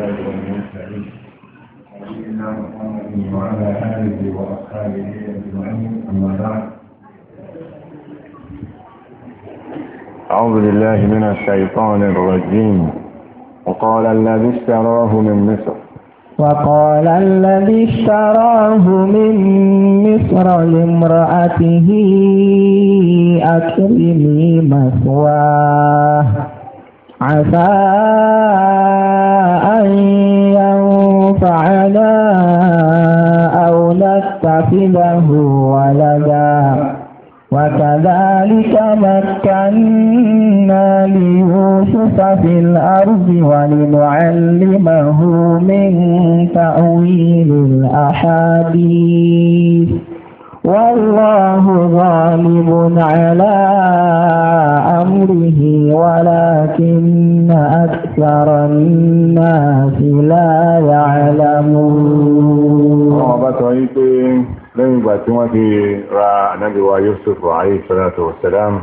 والمرسلين محمد وعلى آله وأصحابه أجمعين أما بعد أعوذ بالله من الشيطان الرجيم وقال الذي اشتراه من مصر وقال الذي اشتراه من مصر لامرأته أكرمي مثواه عسى أن ينفعنا أو نتخذه ولدا وكذلك مكنا ليوسف في الأرض ولنعلمه من تأويل الأحاديث والله غالب على أمره ولكن أكثر الناس لا يعلمون lẹ́yìn ìgbà tí wọ́n ti ra ànábíwá Yusuf alayhi salatu wassalam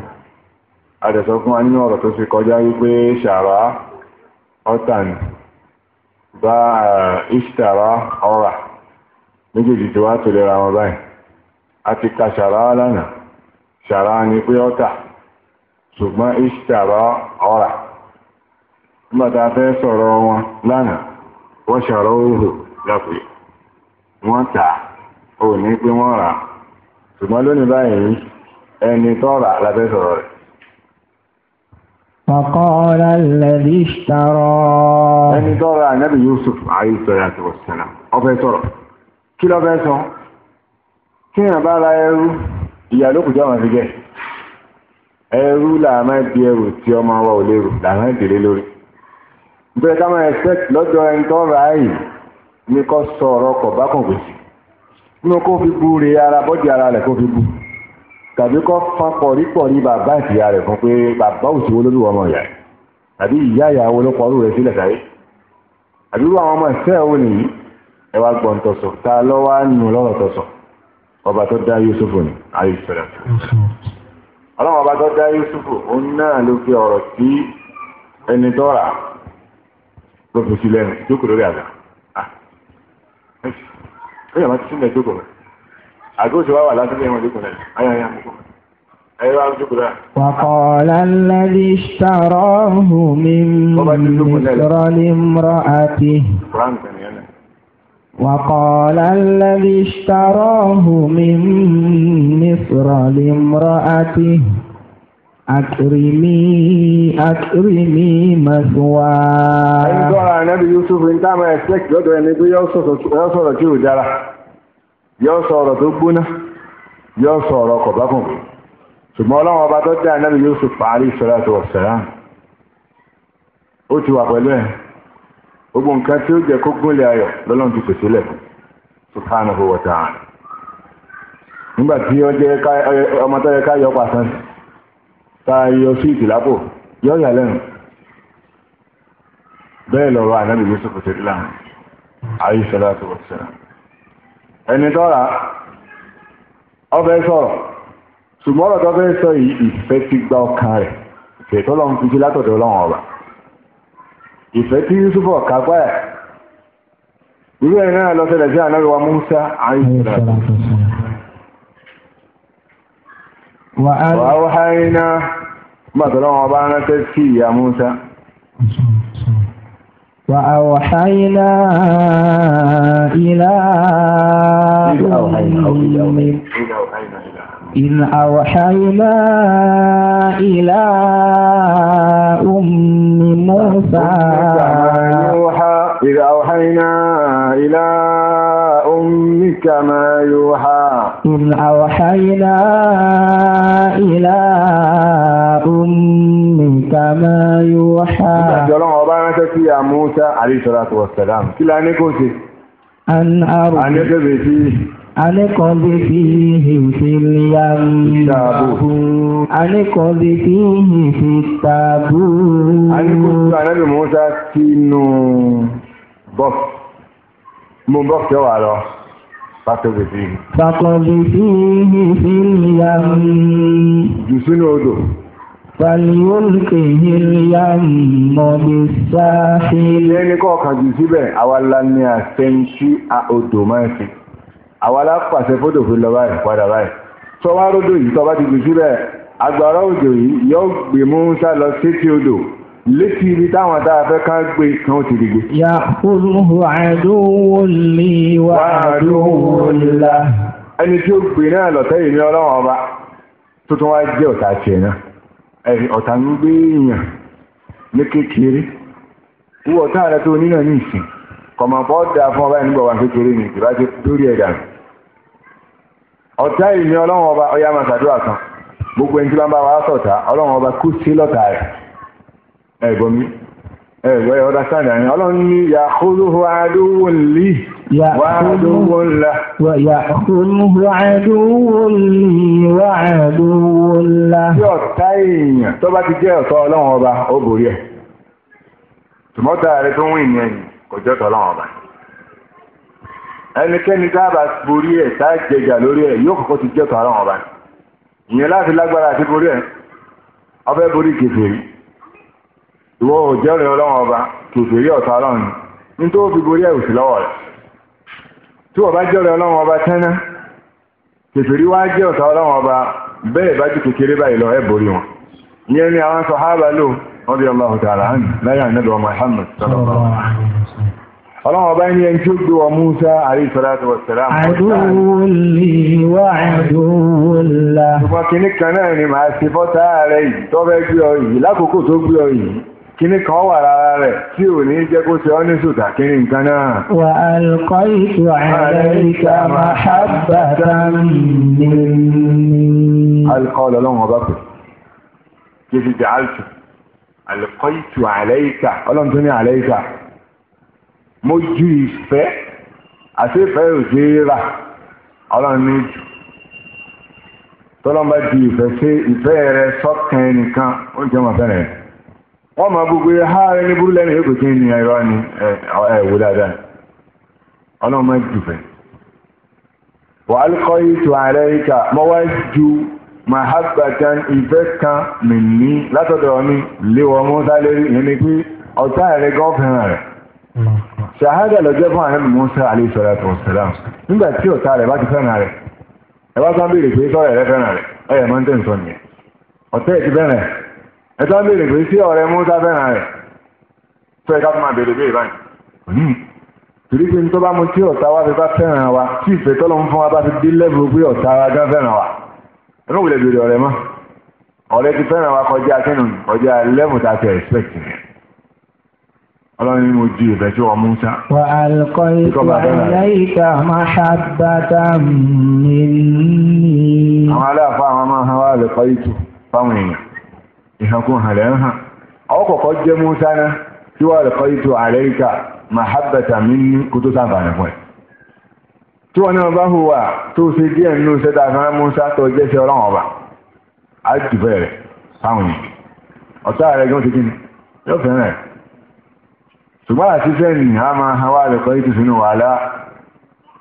adẹ̀sọ fún wa nínú ọ̀rọ̀ tó fi kọjá wípé ṣàrá ọ́tàn bá ìṣtàrá ọ̀rà méjèèjì tí wá tó lè wọn báyìí àti ka ṣàrá lánàá ṣàrá ni pé ọ́tà ṣùgbọ́n ìṣàrá ọ̀rà nígbàtà fẹ́ sọ̀rọ̀ wọn lánàá wọ́n ṣàrá òhù lọ́pẹ́ wọ́n tà ò ní pé wọ́n rà ṣùgbọ́n lónìí báyìí ẹni tọ́ra lábẹ́ sọ̀rọ̀ rẹ̀ فقال الذي اشتراه يعني ترى النبي يوسف عليه الصلاة والسلام أو فيترى كلا فيترى kí èèyàn bá ra ẹrú ìyà ló kù jọ àwọn fi jẹ ẹrú làá máa di ẹrù tí ọmọ wa ò lérò làá máa dèrè lórí bẹ́ẹ̀ ká máa expect lọ́jọ́ ẹni tó ra yìí ní kó sọ ọ̀rọ̀ kọ̀ bá kàn gbèsè nínú kó fi bu re ara bọ́dì ara rẹ̀ kó fi bu tàbí kó fan pọ̀rípọ̀ ní bàbá ìyá rẹ̀ fún pé bàbá òṣìwò lórí ọmọ ìyá tàbí ìyá ìyàwó ló pọ̀rú rẹ̀ sílẹ̀ sáré àbí irú ọmọ ìfẹ́ òun nìyí ẹ wá gbọ́n tọ̀sọ̀ ta lọ́wọ́ á nù lọ́rọ̀ tọ̀sọ̀ ọba tó dá Yusuf ní àìsíra ọlọ́wọ́ ọba tó dá Yusuf òun náà ló fi ọ̀rọ̀ sí ẹni tó ló fi sí lẹ́nu jókòó lórí àgbà ah. ó yàrá ti sílẹ̀ jókòó rẹ̀ àgọ́ òṣèwà wà lásìkò ẹ̀wọ̀n jókòó rẹ̀ ayáyá mọ́kọ́ Ẹ̀rọ àjúkù rẹ̀. Wàkọ̀ọ̀lá lẹ́rí ṣàrọ̀ ọ̀hún mímú ìṣòro ní mọ́ وقال الذي اشتراه من مصر لامرأته أكرمي أكرمي مثواي. ẹni tó ra ànábì yusuf ní táwọn ẹ̀sẹ̀kì lọ́dọ̀ ẹni tó yọ sọ̀rọ̀ tí ò dára yọ sọ̀rọ̀ tó gbóná yọ sọ̀rọ̀ kò bá kùn. ṣùgbọ́n ọlọ́run ọba tó dá ànábì yusuf parí salatu wassalam ó ti wà pẹ̀lú ẹ̀. gbogbo nǹkan tí ó jẹ́ kó gúnlẹ̀ ayọ̀ lọ́lọ́run ti pèsè lẹ̀ subhanahu wa nígbà tí ó ọmọ tó yẹ ká yọ pàṣán tá yọ sí ìtìlápò yọ yà lẹ́nu bẹ́ẹ̀ lọ́rọ̀ ànábì Yusuf ti rí láàrin ayé sọlá tó ẹni tọ́ra tó sọ yìí ọba ìfẹ́ tí Yusufu ọ̀kápá ẹ̀ irú ẹ̀ náà lọ ṣẹlẹ̀ sí ànábì wa Musa àìsíra. wàá wáhá iná gbàtọ́lọ́wọ́n ọba ránṣẹ́ sí ìyá Musa. وأوحينا إلى أم إذ أوحينا إلى أم موسى إذ أوحينا إلى أمك ما يوحى إذ أوحينا إلى أمك ما يوحى أجلون أبانك يا موسى عليه الصلاة والسلام كلا نكوسي أن أرسل أن يكبتي Anikọ̀dé fi hìfì liyàmù. Anikọ̀dé fi hìfì tàbú. Anikọ̀dé Anábì Musa ti nù bọ́ọ̀kì. Mo bọ́ọ̀kì ọ̀wà lọ. Fàkọ̀dé fi hìfì. Fàkọ̀dé fi hìfì liyàmù. Jù sínú odò. Fàlíwọ́lùkèyí liyàmù bí sáfì. Ṣé ní kọ̀ọ̀kan jù síbẹ̀? Àwa la ní àṣẹ ń ṣí odò máa ń sìn àwọn alápàṣẹ fódò fi lọ báyìí padà báyìí tó wá ródò yìí tó bá ti gbèsè bẹ́ẹ̀ agbára òjò yìí yóò gbé Mùsá lọ sétí odò létí ibi táwọn tá a fẹ́ ká gbé kan ó ti di gbé. yà kúrúhù àdúwò lè wà àdúwò la. ẹni tí ó gbé náà lọ́tẹ́ yìí ní ọlọ́wọ́n ọba tuntun wá jẹ́ ọ̀tá tiẹ̀ náà ọ̀tá ń gbé èèyàn ní kékeré wọ́n ọ̀tá rẹ tó nínà ní ìsìn kọ̀mọ̀pọ̀ dà fún ọba ẹni gbọ̀wá kékeré ní ìbájú lórí ẹ̀dá rẹ̀ ọ̀tá ìní ọlọ́run ọba ọya máa ṣàdúrà kan gbogbo ẹni tí bá ń bá wa sọ̀tá ọlọ́run ọba kú sí lọ́tà rẹ̀ ẹ̀gbọ́n mi ẹ̀gbọ́n ẹ̀ ọ̀dà sáàdà ni ọlọ́run ní yàkúrúhu àdúhùn lì wàádùhùn là. yàkúrúhu àdúhùn lì wàádùhùn là. tí ọ̀tá èèyàn tó bá ti jẹ́ ọ̀tá ọlọ́run ọba ó borí ẹ̀ tòmọ́tà rẹ̀ tó ń wí ìyẹn kò jẹ́ ọ̀tá ọlọ́run ọba ẹnikẹ́ni tá a bá borí ẹ̀ tá a jẹjà lórí ẹ̀ yóò kọ́kọ́ ti jẹ́ tọ́ra wọn bá ìyẹn láti lágbára àti borí ẹ̀ ọbẹ̀ borí kèfèrí ìwọ òjẹ́rẹ̀ ọlọ́wọ́n ọba kèfèrí ọ̀tá ọlọ́run nítorí fi borí ẹ̀ òsì lọ́wọ́ rẹ̀ tí wọ́n bá jẹ́rẹ̀ ọlọ́wọ́n ọba tẹ́ná kèfèrí wá jẹ́ ọ̀tá ọlọ́wọ́n ọba bẹ́ẹ̀ bá ju kékeré báyìí lọ ẹ̀ borí wọn ìyẹn ni ọlọ́wọ́ bá ní ẹni tí ó gbé wa Musa alayhi salatu wa salam. àdúwòlì wà àdúwòlà. ṣùgbọ́n kìíní kan náà ni màá ṣe fọ́tà rẹ̀ yìí tó fẹ́ gbé ọ yìí lákòókò tó gbé ọ yìí kìíní kan wà lára rẹ̀ tí ò ní jẹ́ kó ṣe ọ́ ní ọlọ́run tó ní alayka mo ju ìfẹ́ àti ìfẹ́ òjé rà ọlọ́run ní jù tọ́lọ́mbà di ìfẹ́ sí ìfẹ́ rẹ sọ́kàn ẹnìkan ó jẹ́ wọn fẹ́rẹ̀ wọ́n máa gbogbo ha rẹ ní burú lẹ́nu yóò kí ni ẹ̀rọ ni ẹ̀wò dáadáa ọlọ́run máa jù fẹ́ wàá kọ́ ètò ààrẹ ìka mọ́ wá ju mahabbatan ìfẹ́ kan mi ní látọ̀dọ̀ mi léwọ́ mọ́tálẹ́rì ìyẹn ni pé ọ̀tá ẹ̀rẹ́ gọ́ọ̀fẹ́ràn rẹ̀. Hmm. ṣàhádà lọ́jọ́ fún ànábì Musa alayhi salatu wassalam nígbà tí ọ̀tá rẹ̀ bá ti fẹ́ràn rẹ̀ ẹ bá tán béèrè pé sọ́ọ̀rẹ́ rẹ fẹ́ràn rẹ̀ ọ̀yẹ̀ máa ń tẹ̀ nìyẹn ọ̀tẹ́ ẹ̀ ti fẹ́ràn ẹ tán béèrè pé sí ọ̀rẹ́ Musa na rẹ̀ tó ẹ ká fún àbèrè béèrè báyìí torí pé nítorí bá mo tí ọ̀tá wa fi bá fẹ́ràn wa tí ìfẹ́ tọ́lọ́ ń fún wa bá fi dé lẹ́bù pé ọ̀tá wa gán wa ọ̀rẹ́ mọ́ ọ̀rẹ́ ti wa kọjá kọjá tá a ti ọlọ́run ni mo di ìbẹ̀ tí wọ́n mú sá. wà á kọ́ ikú àlẹ́yìká máa ṣàbàtà mímí. àwọn aláàfáà àwọn máa hàn wá lè kọ́ ìtù fáwọn èèyàn ìhànkún hàlẹ́ ń hàn. àwọn kọ̀ọ̀kan jẹ́ mú sáná tí wọ́n lè kọ́ ìtù àlẹ́yìká máa ṣàbàtà mímí kó tó sàǹfààní fún ẹ̀. tí wọ́n náà bá hùwà tó ṣe díẹ̀ nínú iṣẹ́ tá a fẹ́ mú sá tó jẹ́ sí ọlọ́run ṣùgbọ́n àti sẹ́yìn a máa ha wá lẹ́kọ́ ètò sinu wàhálà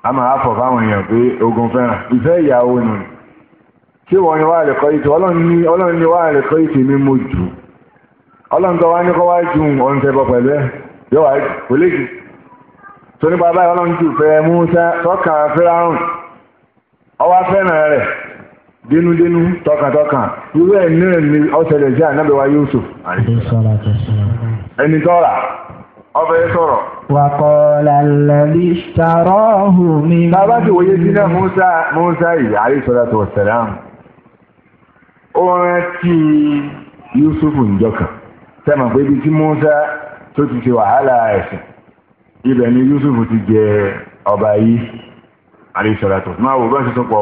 a máa fáwọn èèyàn pé ogun fẹ́ràn ìfẹ́ ìyàwó nù tí wọ́n ni wá lẹ́kọ́ ètò ọlọ́run ni wá mi mo jù tó wá ní wá ju ọ̀n tẹ́ bọ̀ pẹ̀lú ẹ̀ yóò wá kò lè tó nípa báyìí ọlọ́run jù fẹ́ Mùsá tọ́ka fẹ́ràn ọwá dénúdénú ọbẹ̀ sọ̀rọ̀. wàkọ̀ọ̀lá lẹ́lí ṣàrọ́hù mi. bàbá ti wòye sí náà musa musa yìí àríṣọ́lá tó sẹ̀rán ó rántí yusufu njọkan sẹ́mọ̀ pé ibi tí musa tó ti ṣe wàhálà ẹ̀sìn ibẹ̀ ni yusufu ti jẹ ọba yìí àríṣọ́lá tó máa wò bá ṣe tó pọ̀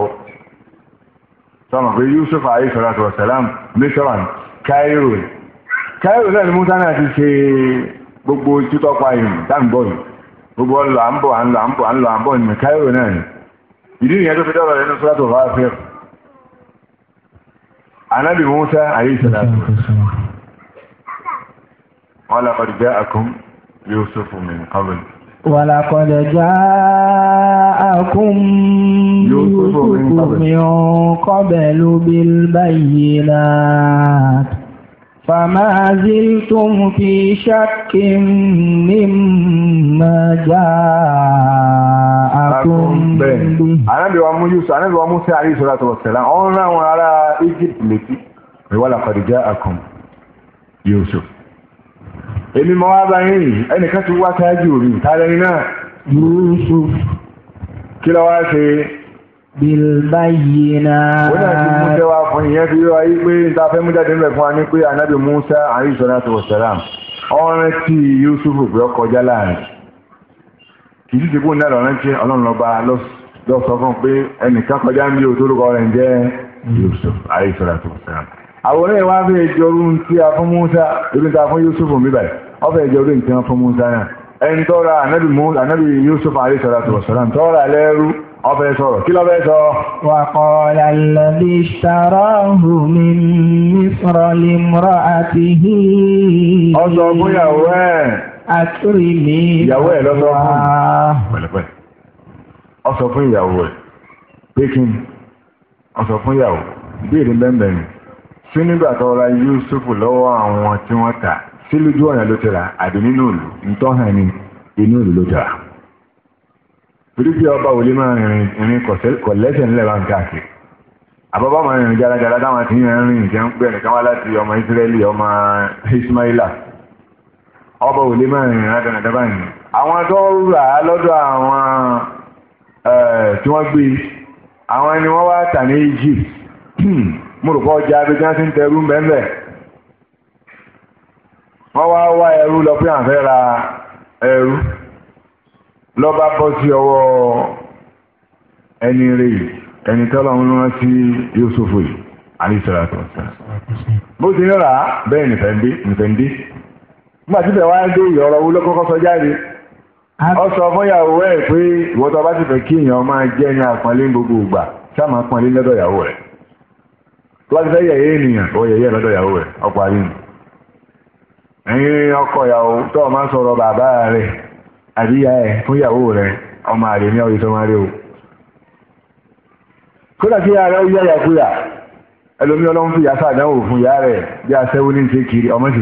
sọ́mọ̀ pé yusufu àríṣọ́lá tó sẹ̀rán mísọ̀rán káírò gbogbo ojú tọ́pa ìrìn dáńgbọ́ yìí gbogbo ọlọ à ń bọ̀ à ń lọ à ń bọ̀ à ń lọ à ń bọ̀ ní káírò náà ni ìdí nìyẹn tó fi dọ́rọ̀ nínú sọ́tò fáfẹ́ anábì Musa ayé ìṣẹ̀lẹ̀ àti wọn làkọ̀dì jẹ́ àkún Yusuf min qabl ولقد جاءكم يوسف من قبل بالبينات فما زلتم في شك مما جاءكم به Ànábì wa Musa Ànábì wa Musa alayhi salatu wa salam ọ̀n rán àwọn ará Egypt létí ìwà làkọ̀dì já àkùn Yusuf èmi mọ́ wá bá yín yìí ẹnìkan ti wá sáájú rí tààrẹ náà Yusuf kí lọ wá ṣe bilbayina. wọ́n náà ti mú sẹ́wà fún ìyẹn fi wá yí pé níta fẹ́ mú jáde nílẹ̀ fún wa ní pé anabi musa alayisalaam tó sẹ́lám ọ̀rẹ́ tí yusufu pé ọkọ̀ ọjà láàrin kì í ti kú náà lọ́rẹ́ tí ọlọ́run lọ́ba lọ sọ fún pé ẹnìkan kọjá ń bí o tó lóko ọ̀rẹ́ ń jẹ́ yusuf alayisalaam tó sẹ́lám. àwòrán ìwà fẹ́ jọrú tí a fún musa ibi tí a fún yusufu mi báyìí ọ fẹ́ jọrú ìtì wọn fún musa náà ẹni tọ́ra anabi yusuf alayisalaam tó sẹ́lám ọbẹ̀ sọ̀rọ̀ kí lọ́bẹ̀ sọ. wàkọ̀ọ̀lá lọ́dí ṣàrọ̀hù mi nífọ̀rọ̀ lè mọ́rọ̀ àti hí. ọsọ fún ìyàwó ẹ. àtúrì mi. ìyàwó ẹ lọ́sọ fún. pẹ̀lẹ́pẹ̀ ọsọ fún ìyàwó ẹ pé kí ni ọsọ fún ìyàwó ìbéèrè bẹ́ẹ̀ ni sí nígbà tó ra torí pé ọba ò lè máa rìn ìrìn kọ̀lẹ́sẹ̀ ńlẹ̀ bá ń káàkiri àbábá máa rìn járadára táwọn ti ń rìn ìjẹ́ ń pẹ́ nìkan wá láti ọmọ ìsírẹ́lì ọmọ ismaila ọba ò lè máa rìn rádaràdà báyìí àwọn tó rà á lọ́dọ̀ àwọn eh, tí wọ́n gbé àwọn ẹni wọ́n wá tà ní Egypt mo rò pé ọjà abidjan ti ń tẹrú bẹ́ẹ̀ wọ́n wá wá ẹrú lọ pé à ra ẹrú. lọ́ba bọ́ sí ọwọ́ ẹni rèé ẹni tọ́lọ́run rán sí Yusufu yìí àríṣàlátọ̀ bó ti rà bẹ́ẹ̀ nìfẹ̀ndé nìfẹ̀ndé nígbà tí bẹ̀wá dé ìyọ̀rọ̀ owó lọ́kọ́kọ́ sọ jáde ọ sọ fọ́yàwó ẹ̀ pé ìwọ́tọ̀ bá ti kí èèyàn máa jẹ́ ní àpọ́nlé gbogbo ìgbà sáàmà pọ́nlé lọ́dọ̀ ìyàwó rẹ̀ fẹ́ yẹ̀yẹ́ ènìyàn ó yẹ̀yẹ́ lọ́dọ̀ ìyàwó rẹ̀ àríyìn ìyàwó tó àbíyá ẹ fún ìyàwó rẹ ọmọ àrè ní ọ̀rẹ́ tó máa rí o kódà kí ara ó yáyà kúyà ẹlòmí ọlọ́run fi yàtọ̀ àdánwò fún ìyá rẹ̀ bí aṣẹ́wó ní ṣe kiri ọmọ sì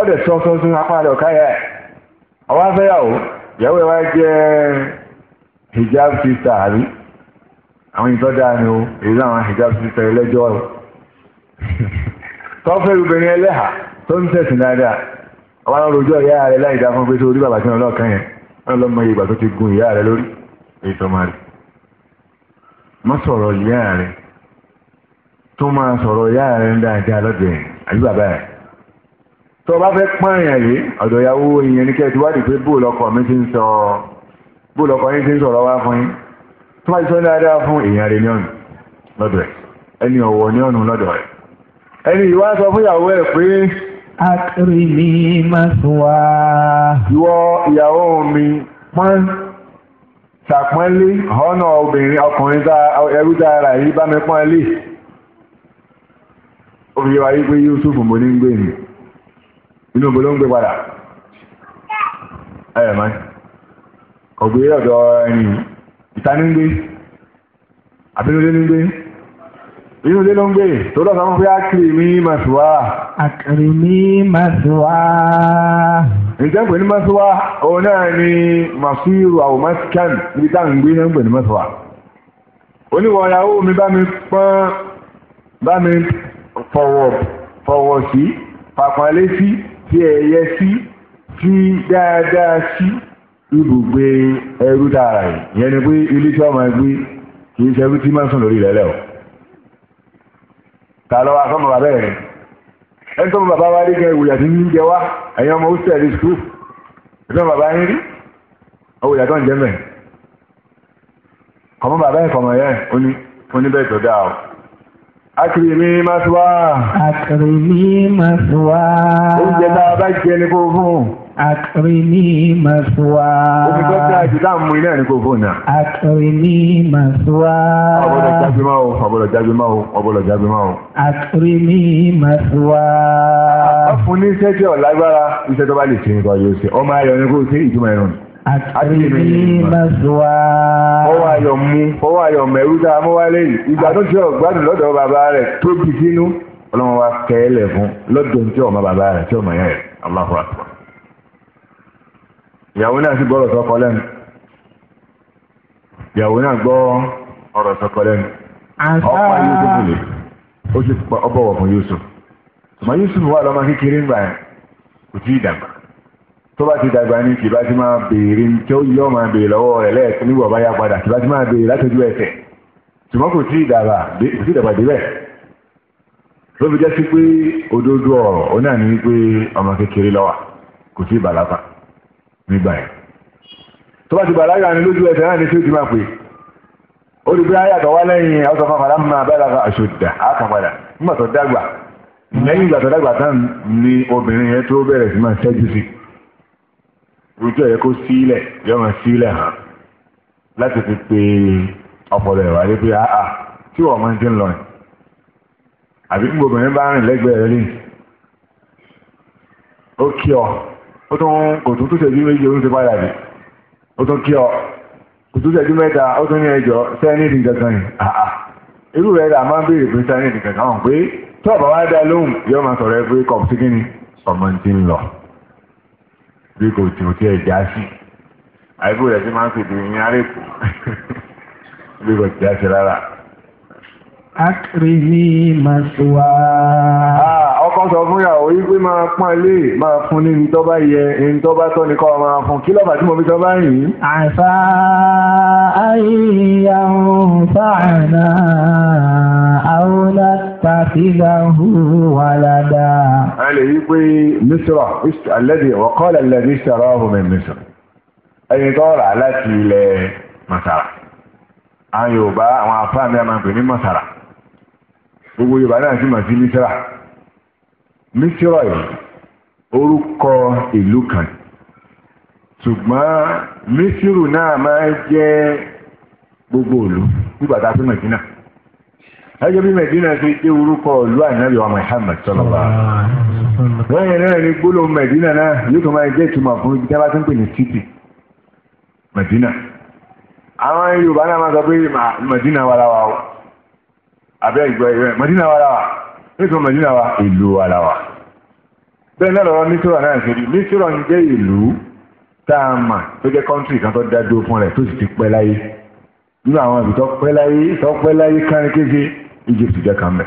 ọdẹ sọ́sọ́ sún apá rẹ̀ ọ̀ká yẹ ọwọ́ afẹ́yàwó ìyàwó ẹ̀ wá jẹ́ hijab sister àbí àwọn ìtọ́ dáa ni o èyí láwọn hijab sister ẹlẹ́jọ́ tọ́fẹ́ obìnrin ẹlẹ́hà tó ń tẹ̀sìn àwọn arojọ́ ìyá rẹ̀ láì dá fún pé sórí bàbá tí wọn lọ́ọ̀kan yẹn wọn lọ́mọ ìgbà tó ti gun ìyá rẹ̀ lórí èyí tó máa rí má sọ̀rọ̀ ìyá rẹ̀ tó máa sọ̀rọ̀ ìyá rẹ̀ ń dáadáa lọ́dọ̀ ẹ̀ àbí bàbá rẹ̀ tó bá fẹ́ pọ́n èèyàn yìí ọ̀dọ̀ ìyàwó ìyẹn ní kẹ́ẹ̀tì wádìí pé bóòlù ọkọ mi ti ń sọ bóòlù ọkọ yín ti ń sọ̀rọ̀ wá fún yín tó máa ti sọ dáadáa fún èèyàn rẹ̀ ní ọ̀nù lọ́dọ̀ ẹ̀ ẹni ọ̀wọ̀ ní ọ̀nù lọ́dọ̀ ẹ̀ ẹni ìwá sọ fún ìyàwó ẹ̀ pé akérèmí masuwa. ìwọ ìyàwó mi pọ́n ṣàpọ́nlé ọ̀nà obìnrin ọkùnrin ẹrú dára yìí bá mi pọ́nlé. obìnrin wa yí pé Yusuf mo ní ń gbé ni inú ibo ló ń gbé padà. ẹ ẹ̀ mọ́ ọ̀gbìn ọ̀dọ̀ ẹ̀yìn ìta ní ń gbé àbínúlé ní ń gbé inú ilé ló ń gbé tó lọ́sàn án pé akirimi masuwa. akirimi masuwa. ǹjẹ́ ní masuwa òun náà ni masiru àwọn masikan níbi tá à ń gbé náà ń pè ní masuwa. oníwọ̀ ìyàwó mi bá mi pọ́n bá mi fọwọ́ fọwọ́ sí pàpàlẹ́ sí tí ẹ̀yẹ sí tí dáadáa sí ibùgbé ẹrú dára yìí yẹn ni pé ilé tí wọ́n máa gbé kì í ṣe ẹrú tí máa ń sùn lórí rẹ̀ lẹ́wọ̀ ta lọ́wọ́ afọ́mọ bàbá rẹ̀ ẹni tó mọ bàbá wa rí gan ìwòyà tí ń jẹ wá ẹ̀yin ọmọ húsẹ̀lì skul ẹ̀fẹ́ bàbá yín rí ọwòyà tó ń jẹ mẹ́ kọ̀mọ́ bàbá yẹn kọ̀mọ́ yẹn oní oníbẹ̀ tó dáa o. Akirimi Masuwa. Akirimi Masuwa. Oúnjẹ tá bá jẹ ní kó fún un. Àkìrìní Màṣúwá. Omi tó tẹ́ àjù láàmú ilé ẹ̀rí kò fóònù à. Àkìrìní Màṣúwá. Ọ̀bọ̀dọ̀ jágbe máa o, ọ̀bọ̀dọ̀ jágbe máa o, ọ̀bọ̀dọ̀ jágbe máa o. Àkìrìní Màṣúwá. Ọ̀fun ní iṣẹ́ tí ọ̀lágbára iṣẹ́ tó bá lè ṣe nǹkan yóò ṣe. Ọmọ ayọ̀ ni kò sí ìtumọ̀ ẹ̀rọ ni. Àkìrìní Màṣúwá. Ọwọ́ ayọ̀ mú, ọwọ́ ayọ̀ mẹ́rú dáa mọ́ wálé yìí. Ìgbà tó ti ọ̀gbádùn lọ́dọ̀ bàbá rẹ̀ tóbi sínú. Ọlọ́run wa kẹ́ ẹ lẹ̀ fún lọ́dọ̀ tí ọmọ bàbá rẹ̀ tí ọmọ yẹn rẹ̀. Allahu Akbar. ìyàwó náà sì gbọ́ ọ̀rọ̀ sọ́kọ lẹ́nu ìyàwó náà gbọ́ ọ̀rọ̀ sọ́kọ lẹ́nu ọ̀pá Yusuf lè ó sì pa ọbọ̀wọ̀ fún Yusuf ṣùgbọ́n Yusuf wà lọ́mọ kékeré ńgbà kò tí ì dàgbà tó bá ti dàgbà ní ti máa béèrè yọ máa béèrè lọ́wọ́ rẹ̀ lẹ́ẹ̀kan bá padà kì bá ti máa béèrè látọjú ẹsẹ̀ ṣùgbọ́n kò tí ì dàgbà débẹ̀ ló nígbà yẹn tó bá ti bàlágà ní lójú ẹsẹ̀ náà ní tí ó ti máa pè ó di pé ayàtọ̀ wá lẹ́yìn ọ̀sán fàfàlà máa bàlágà àṣòdà àkànpadà nígbà tó dàgbà lẹ́yìn ìgbà tó dàgbà tán ni obìnrin yẹn tó bẹ̀rẹ̀ sí máa ṣẹ́jú sí ojú ẹ̀yẹ kó sílẹ̀ yọ máa sílẹ̀ hàn láti fi pe ọpọlọ ẹ̀wà lé pé àà tí wọ́n máa ti ń lọ yẹn àbí gbogbo obìnrin bá rìn lẹ́gbẹ̀ẹ́ rẹ̀ lẹ́yìn ó kí ọ ó tún kò tún túnṣẹ́jú méje ó ti padà dé ó tún kí ọ kò túnṣẹ́jú mẹ́ta ó tún ní ẹjọ́ sẹ́ni ìdí kankan yìí àà irú rẹ̀ là máa ń béèrè pé sẹ́ni ìdí kankan hàn pé tó ọ̀bà wá dá lóhùn yóò máa sọ̀rọ̀ ẹ pé kọ̀ọ̀pù sí kíni ọmọ ti ń lọ bí kò tí ò tí ẹ̀ já sí àìbò rẹ̀ ti máa ń fi di ìyìn àrèkù bí kò tí já sí rárá. akérèmí màṣúwàá ọkọ sọ fún yàwó yìí pé máa pọ́n ilé máa fún ní ní tọ́ba yẹ ní tọ́ba tọ́ ni kọ́ ọ máa fún kí lọ́ba tí mo fi tọ́ba yìí. àṣà àyíyá ń fàánà àwòlá tàfíìdáhù wàládà. a lè yí pé mísírà alẹ́dì ọ̀kọ́lẹ̀ lẹ́dí sọ̀rọ̀ ọ̀hún mísírà ẹni tó rà láti ilẹ̀ masara àwọn yorùbá àwọn afáàmì àmàgbé ní masara gbogbo yorùbá náà sì mà sí mísírà. mísírà yìí orúkọ ìlú kan ṣùgbọ́n mísírù náà máa jẹ́ gbogbo ìlú nígbà tá a fi ẹjọ́ bí mẹ̀dínà ṣe jẹ́ orúkọ náà gbólóhùn náà yóò tó máa jẹ́ ìtumọ̀ fún ibi a na ń pè ní títì mẹ̀dínà àwọn Yorùbá náà máa sọ pé mẹ̀dínà wàrà àbẹ́ ìgbọ́ ẹ̀rẹ́ nítorí Mẹdínà wa ìlú wa la wà bẹ́ẹ̀ náà lọ́wọ́ mísírọ̀ náà ṣe rí mísírọ̀ ń jẹ́ ìlú tá a mà tó jẹ́ kọ́ńtì kan tó dá dúró fún rẹ̀ tó sì ti pẹ́ láyé nínú àwọn ibi tó pẹ́ láyé tó pẹ́ láyé kánkéré Egypt jẹ́ kan mẹ́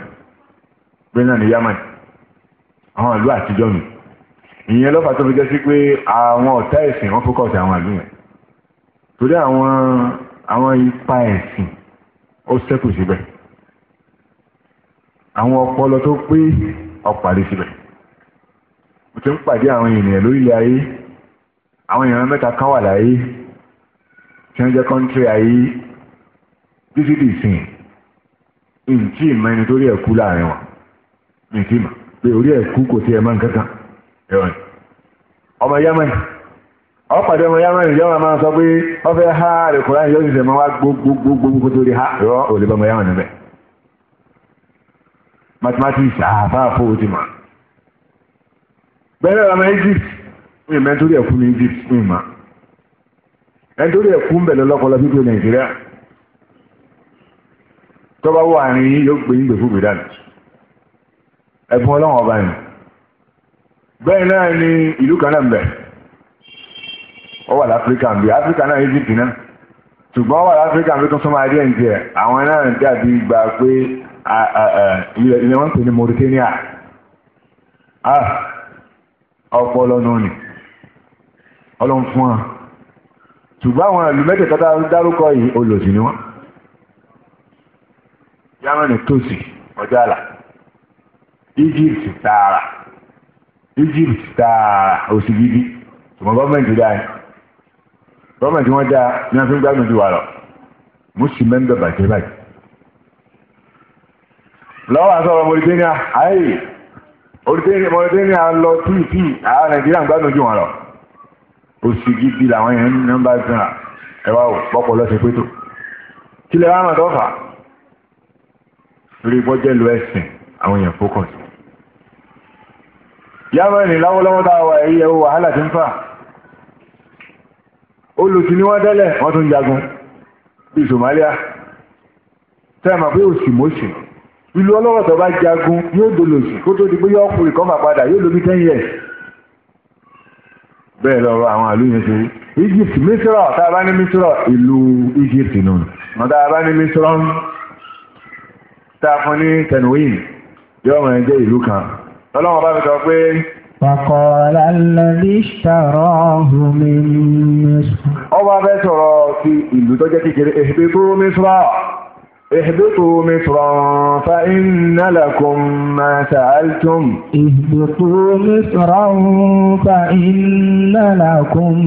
bẹ́ẹ̀ náà ní Yamani àwọn ìlú àtijọ́ mi ìyẹn lọ́fà tó fi jẹ́ sí pé àwọn ọ̀tá ẹ̀sìn wọn fókọ̀ sí àwọn ìlú yẹn torí àwọn àwọn ipa ẹ̀sìn ó ṣẹ́kù síbẹ̀ àwọn ọpọlọ tó pé ọ̀pàdé síbẹ̀ mo ti ń pàdé àwọn ènìyàn lórílẹ̀ ayé àwọn ènìyàn mẹ́ta kan wà láyé tí wọ́n jẹ́ ayé títí di ìsìn ìǹtí ìmọ̀ ẹni tó rí ẹ̀kú láàrin wọn ní ìmọ̀ pé orí ẹ̀kú kò tiẹ̀ mọ́ nǹkan kan ọmọ yámẹ́ni ọ̀pàdé ọmọ máa sọ pé mathematics àfáàfó ah, ti mọ̀ bẹ́ẹ̀ lọ́la ma Egypt mi mẹ́ torí ẹ̀kú ní Egypt mi mọ̀ ẹ̀ torí ẹ̀kú ń bẹ̀ lọ́lọ́kọlọ́ bíbí Nàìjíríà tọ́ba wọ àárín yìí yóò gbé yín gbèfú gbé dànù ẹ̀bùn ọlọ́wọ́n ọba yìí bẹ́ẹ̀ náà ni ìlú kan náà ń bẹ̀ ọ wà láfíríkà ń bẹ̀ áfíríkà náà Egypt náà ṣùgbọ́n wà láfíríkà ń bẹ̀ tó sọ́mọ́ adé ẹ̀ ń jẹ àwọn náà dàbí gbà pé Ah, ah, ah. ilẹ̀ wọn pè ní Mauritania ọpọlọ náà ni ọlọ́run fún wa ṣùgbọ́n àwọn ìlú mẹ́tẹ̀ẹ̀ta dárúkọ yìí olòṣì ni wọ́n yamani tòsí ọjọ́ àlà Egypt tààrà Egypt tààrà òsì gidi ṣùgbọ́n gọ́ọ̀mẹ̀ntì dáa ni gọ́ọ̀mẹ̀ntì wọn dáa ní wọn fi ń gbádùn ju wa lọ mùsùlùmí ń bẹ̀ bàjẹ́ bàjẹ́ lọ́wọ́ àtọ́wọ́ Mauritania ayé Mauritania lọ tíì tíì àwọn Nàìjíríà ń gbádùn jù wọn lọ òsì gidi làwọn yẹn ń nọ́mbà gbọ́nà ẹwà ò pọ́pọ̀ lọ́sẹ̀ pé tó kí lè rámà tọ́fà torí bọ́jẹ́ lu ẹ̀sìn àwọn èèyàn fókàn sí. yàrá ẹni láwọ́lọ́wọ́ tá a wà ẹ̀yí ẹ̀wọ̀ wàhálà ti ń fà olùsí ni wọ́n tẹ́lẹ̀ wọ́n tún jagun bíi Somalia tẹ́ ẹ̀ mọ̀ pé òsì mọ́sìn ìlú ọlọ́rọ̀ tó bá jagun yóò dolo sí kó tó di pé yóò kúrì kọ́mà padà yóò lóbi ten years bẹ́ẹ̀ lọ́rọ̀ àwọn àlú yẹn ṣe Egypt Misra tá a bá ní Misra ìlú Egypt nù wọn tá a bá ní Misra tá a fún ní Tanwin yóò mọ̀ ẹ́ jẹ́ ìlú kan ọlọ́run bá mi sọ pé. فقال الذي اشتراه من مصر. ọba bẹ sọ̀rọ̀ sí ìlú tó jẹ́ kékeré èhìbẹ́ tó Misra. اهبطوا مصرا فإن لكم ما سألتم اهبطوا مصرا فإن لكم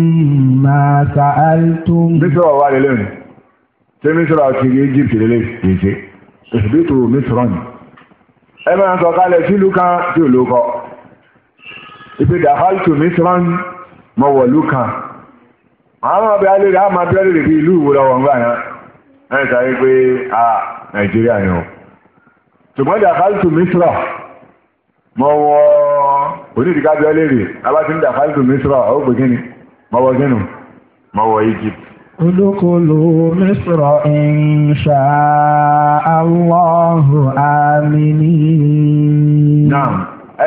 ما سألتم مصر wà lélẹ́nu ṣé مصر àti Egypt lélẹ́ èsì اهبطوا مصرا ẹ máa sọ kalẹ̀ sílùú kan tí ò ló kọ ibi dàháltù مصرا mọ̀wọ̀lú kan àwọn ọbẹ̀ alẹ́ rẹ̀ á máa bẹ́rẹ̀ rẹ̀ bí ìlú ìwòrán wọn gbà náà ẹ̀ sáré pé a nàìjíríà ni o ṣùgbọ́n dàkálùtù misra mọ wọ onídìíkájú ẹlẹ́rìí abájú ní dàkálùtù misra ó pè kíni mọ wọ gínú mọ wọ Egypt. Olúkúlù Mísírọ̀ ìṣà Allahu àmín. Náà.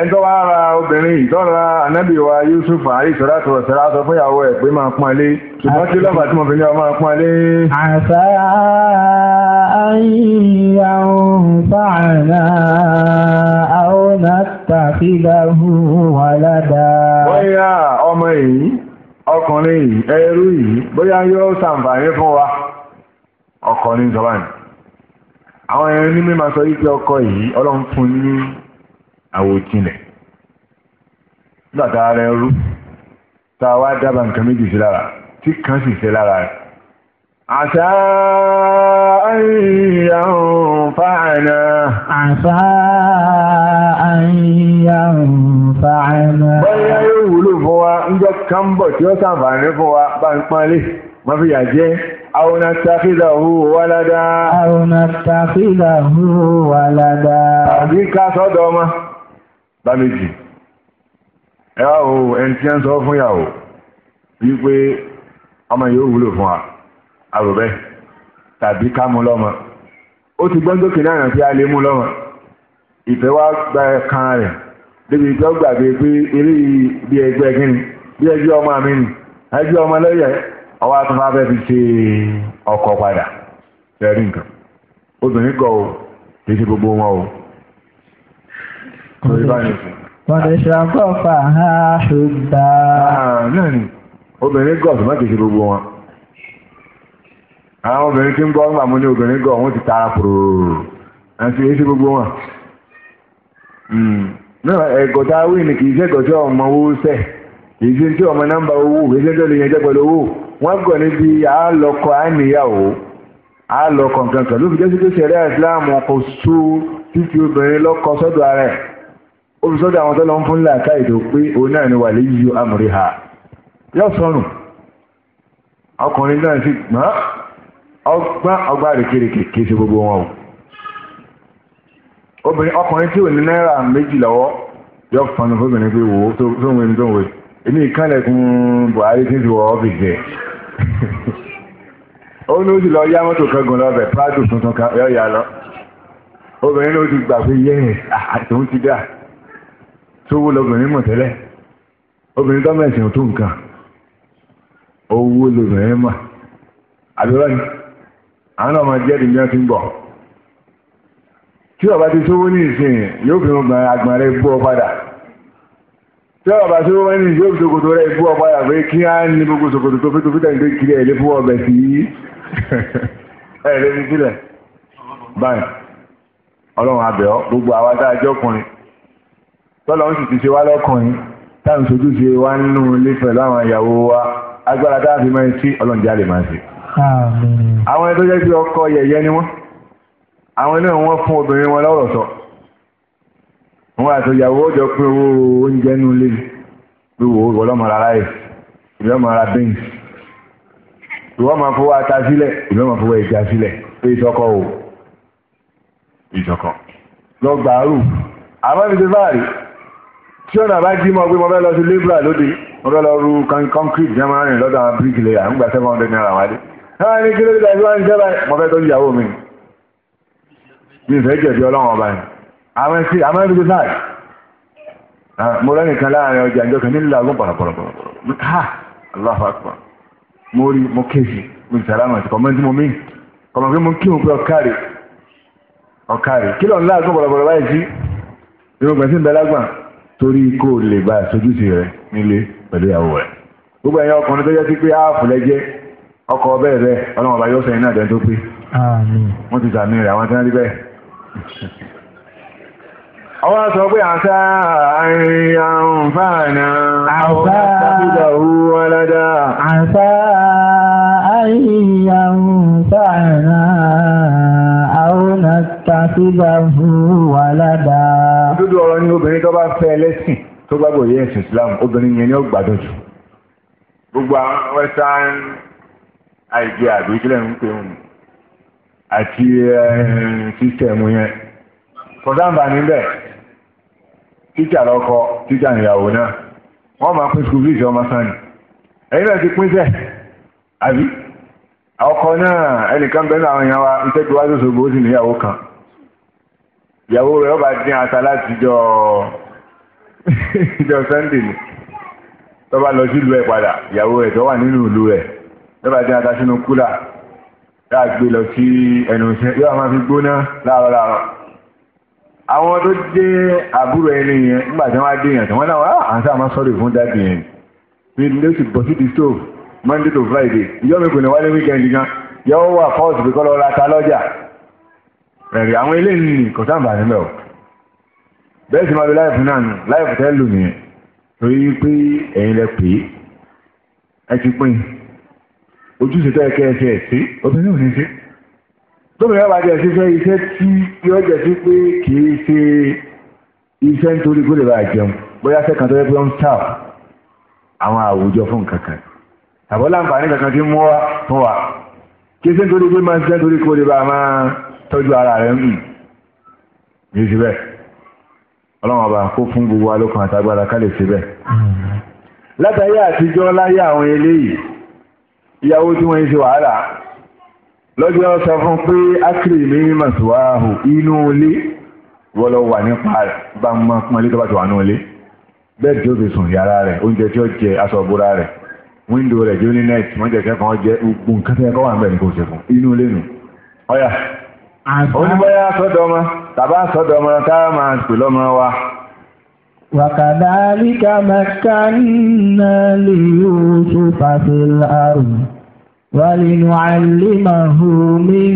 ẹjọ́ wa ara obìnrin ìtọ́ra anábì wa Yusuf àìsọ̀rọ̀ àti ọ̀sẹ̀rọ̀ fún ẹ̀ pé máa pọ́n ilé ṣùgbọ́n kí lọ́ba tí mo fi ní ọ máa pọ́n ilé. a ayíyàwó fàánà àwọn àtàkìdáhù wàládà. bóyá ọmọ yìí ọkùnrin yìí ẹrú yìí bóyá yóò ṣàǹfààní fún wa ọkọ ní àwọn ẹni mímọ sọ yìí ọkọ yìí Ọlọ́run fún àwòjinlẹ̀ nígbàtà rẹ̀ rú tá a wá dábàá nǹkan méjì sí lára tí kan sì ṣe lára rẹ̀ àṣà àyíyàn fàánà àṣà àyíyàn fàánà bọ́yá yóò wúlò fún wa ń jẹ́ kan bọ̀ tí ó sàǹfààní fún wa bá ń pánlé má fi yà jẹ́ أو نتخذه ولدا أو نتخذه ولدا أبيك صدمة bábẹ́jì ẹ wá o ẹni tí ń fún yàwó wípé ọmọ yóò wúlò fún wa àròbẹ́ tàbí ká lọ́mọ ó ti gbọ́n dókè náà tí a lè mú lọ́mọ ìfẹ́ wá gba kan rẹ̀ débi tí gbàgbé pé eré bí ẹgbẹ́ kínní bí ẹgbẹ́ ọmọ mi ẹgbẹ́ ọmọ lẹ́yẹ ọwọ́ àtúnfà fẹ́ fi ṣe ọkọ̀ padà nǹkan obìnrin kọ́ o ṣe Mọ̀dé ṣàgọ́fà ha ṣùgbà. Ah, náà ni, obìnrin gọ̀ tó má kìí ṣe gbogbo wọn. Àwọn obìnrin tí ń gbọ́ ńgbà mú ní obìnrin gọ̀ wọ́n ti tara pòròrò. Àti èyí sí gbogbo wọn. Hmm. Náà ẹ̀gọ́ tá a wí ni kìí ṣẹ́gọ̀ tí ọmọ owó sẹ̀. Kìí ṣe tí ọmọ nọ́mbà owó, kìí ṣe tó lè yẹn jẹ́ pẹ̀lú owó. Wọ́n gọ̀ níbi àálọ́kọ àníyàwó. Àálọ́kọ nǹkan kan ló fi jẹ́ sí pé ṣẹ̀rẹ́ ìsìláàmù kò sú fífi obìnrin lọ́kọ sọ́dọ̀ ara ẹ̀ olùsọ́dọ̀ àwọn tó lọ ń fún làákà ìdò pé òun náà ni wà lè yíyọ àmúrí ha yóò sọnù ọkùnrin náà sì gbọ́n ọgbọ́n ọgbà rèkèrèkè kìí ṣe gbogbo wọn o obìnrin ọkùnrin tí ò ní náírà méjì lọ́wọ́ yóò fọnù fóbìnrin pé wò ó tó ń wé ní tó ń wé èmi ìkànlẹ̀kùn Buhari tí ń wọ ọ́fíìsì ẹ̀ ó ní ó sì lọ yá mọ́tò kan gùn lọ́bẹ̀ Prado tuntun kan yọ yà lọ obìnrin ló ti gbà pé yẹ́ẹ̀ àtòun dáa tó wó lọ́bìnrin mọ̀ tẹ́lẹ̀ obìnrin tó mẹ́sìn tó nǹkan owó lọ́bìnrin mọ̀ àbúrò ni àwọn ọmọ jẹ́rìí ní wọ́n ti ń bọ̀ tí ọba ti sówó ní ìsìn yóò fi hàn àgbọ̀n rẹ̀ bú ọ padà tí ọba sówó wọn ní yóò fi ṣòkòtò rẹ̀ bú ọ padà pé kí á ní gbogbo ṣòkòtò tó fi tó fi tẹ̀ ní kiri ẹ̀ lé fún ọbẹ̀ sí ẹ̀ lé fi sílẹ̀ báyìí ọlọ́run abẹ́ ọ gbogbo àwa tá a jọ́kùnrin tọ́lọ́ ń sì ti ṣe wá lọ́kùnrin táwọn ìṣojú ṣe wá nínú ilé pẹ̀lú àwọn ìyàwó wa agbára tá a fi máa ń sí ọlọ́njà lè máa ṣe. àwọn ẹni tó jẹ́ pé ọkọ yẹ̀yẹ́ ni wọ́n àwọn náà wọ́n fún obìnrin wọn lọ́rọ̀ sọ. wọn àti ìyàwó jọ pé owó oúnjẹ nínú ilé pé wò ó ọlọ́mọ ara rẹ̀ ìlọ́mọ ara bẹ́ǹsì ìwọ́n máa fowó ata sílẹ̀ ìlọ́mọ máa fowó ẹja sílẹ̀ pé ìtọ́kọ o ìtọ́kọ lọ gbàárù àmọ́ ibi tó báyìí tí ọ̀nà bá jí mọ́ pé mo fẹ́ lọ sí libra lóde mo fẹ́ lọ ru concrete jẹ́ máa rìn lọ́dọ̀ bricklayer ń gba seven hundred naira wálé náà ní kí ló dé ìwà ń jẹ́bà mo fẹ́ tọ́jú ìyàwó mi mi fẹ́ jẹ̀bi ọlọ́run ọba yìí àwọn ẹ̀sìn àwọn ẹ̀sìn ti sáà mo rẹ́ nìkan láàrin ọjà ìjọ kan nílò àgùn pọ̀rọ̀pọ̀rọ̀pọ̀rọ̀ ha Allahu akbar mo rí mo kéèsì mo sì sálámà sí kọ́mọ́ tí mo mí kọ́mọ́ pé mo kí mo pé ọ̀kárì ọ̀kárì kí lọ́n láàgùn pọ̀rọ̀pọ̀rọ̀ báyìí sí irun gbẹ̀sìn bẹ́ẹ̀ lágbọ̀n torí kó lè bá ìsojúsí rẹ nílé pẹ̀lú ìyàwó rẹ gbogbo ẹ̀yin ọkùnrin tó jẹ́ sí pé áàfù lẹ́jẹ́ ọkọ bẹ́ẹ̀ bẹ́ẹ̀ ọlọ́run ọba yóò sẹ́yìn náà dẹ́n tó pé wọ́n ti sàmì rẹ̀ àwọn tẹ́lẹ̀ bẹ́ẹ̀. ọwọ́ sọ pé àṣà àìyànfààná àwọn ìṣàkóso òwú ọlọ́dà. àṣà àtúbàbù wàládà. dúdú ọ̀rọ̀ ni obìnrin tó bá fẹ́ ẹlẹ́sìn tó gbàgbọ́ yẹ ẹ̀sìn Islam obìnrin yẹn ni ó gbádùn jù gbogbo àwọn western idea àbí kílẹ̀ ń pè wọn àti eh, sísítẹ̀mù yẹn kọ̀sáǹbà níbẹ̀ tíjà lọ́kọ tíjà ìyàwó náà wọ́n máa pín skul fees ọmọ sani ẹ̀yin náà ti pín sẹ̀ àbí ọkọ náà ẹnìkan bẹ́ẹ̀ náà àwọn wa ń tẹ́gbẹ́ wájú ṣògbó ó sì níyàwó kan ìyàwó rẹ̀ ọba dín ata láti jọ jọ sànńdè ni tọ́ba lọ sílùú ẹ̀ padà ìyàwó rẹ̀ tó wà nínú ìlú rẹ̀ tọ́ba dín ata sínú kúlà yáa gbé lọ sí ẹnu iṣẹ́ yóò máa fi gbóná láàárọ̀ láàárọ̀ àwọn tó dé àbúrò ẹni yẹn nígbà tí wọ́n á dé yẹn tí wọ́n náà ah, à ń sáà máa sọ̀rọ̀ fún dáàbì yẹn ní ilé sì bọ́ sí ti stove Monday to Friday ìjọ́ mi kò ní wálé weekend gan yọ wà fọ́ọ̀sì kọ́ lọ ra ta lọ́jà ẹ̀rì àwọn ilé ní kò sáàbà níbẹ̀ ọ̀ bẹ́ẹ̀ sì máa bí láìpù náà nù láìpù tẹ́ lù nìyẹn torí pé ẹ̀yin lẹ pè é ẹ ti pín ojúṣe tó ẹkẹ ẹsẹ ẹsẹ obìnrin ò ní ṣe tóbi náà bá jẹ ṣiṣẹ́ iṣẹ́ tí yóò jẹ sí pé kì í ṣe iṣẹ́ nítorí kó lè bá jẹun bóyá sẹ́kàn tó yẹ pé ó ń tà àwọn àwùjọ fún nǹkan kan tàbọ́ láǹfààní kankan tí mú wa fún wa kí ṣe nítorí pé máa ṣiṣẹ́ nítorí kó bá máa tọ́jú ara rẹ̀ ń yìí sí bẹ́ẹ̀ ọlọ́run ọba kó fún gbogbo alókun àtagbára ká lè sí bẹ́ẹ̀ látàrí àtijọ́ láyé àwọn eléyìí ìyàwó tí wọ́n ń ṣe wàhálà lọ́jọ́ sọ fún pé ákìrì mi màsùwáhù inú ilé wọ́n lọ wà nípa bá ń mọ pọ́nlé tó bá ti wà ní ilé bẹ́ẹ̀ tí ó fi sùn yàrá rẹ̀ oúnjẹ tí ó jẹ aṣọ ìbora rẹ̀ wíńdò rẹ̀ jóní nẹ́ẹ̀tì wọ́n jẹ́ kẹ́kọ̀ọ́ jẹ́ gbogbo nǹkan tó yẹ kọ́ wà ń bẹ̀ ní kò ṣe fún inú ilé nù ọ̀yà oníbọ́yá sọ́dọ̀mọ́ tàbá sọ́dọ̀mọ́ ká máa pè lọ́mọ wa. وكذلك مكنا ليوسف في الأرض ولنعلمه من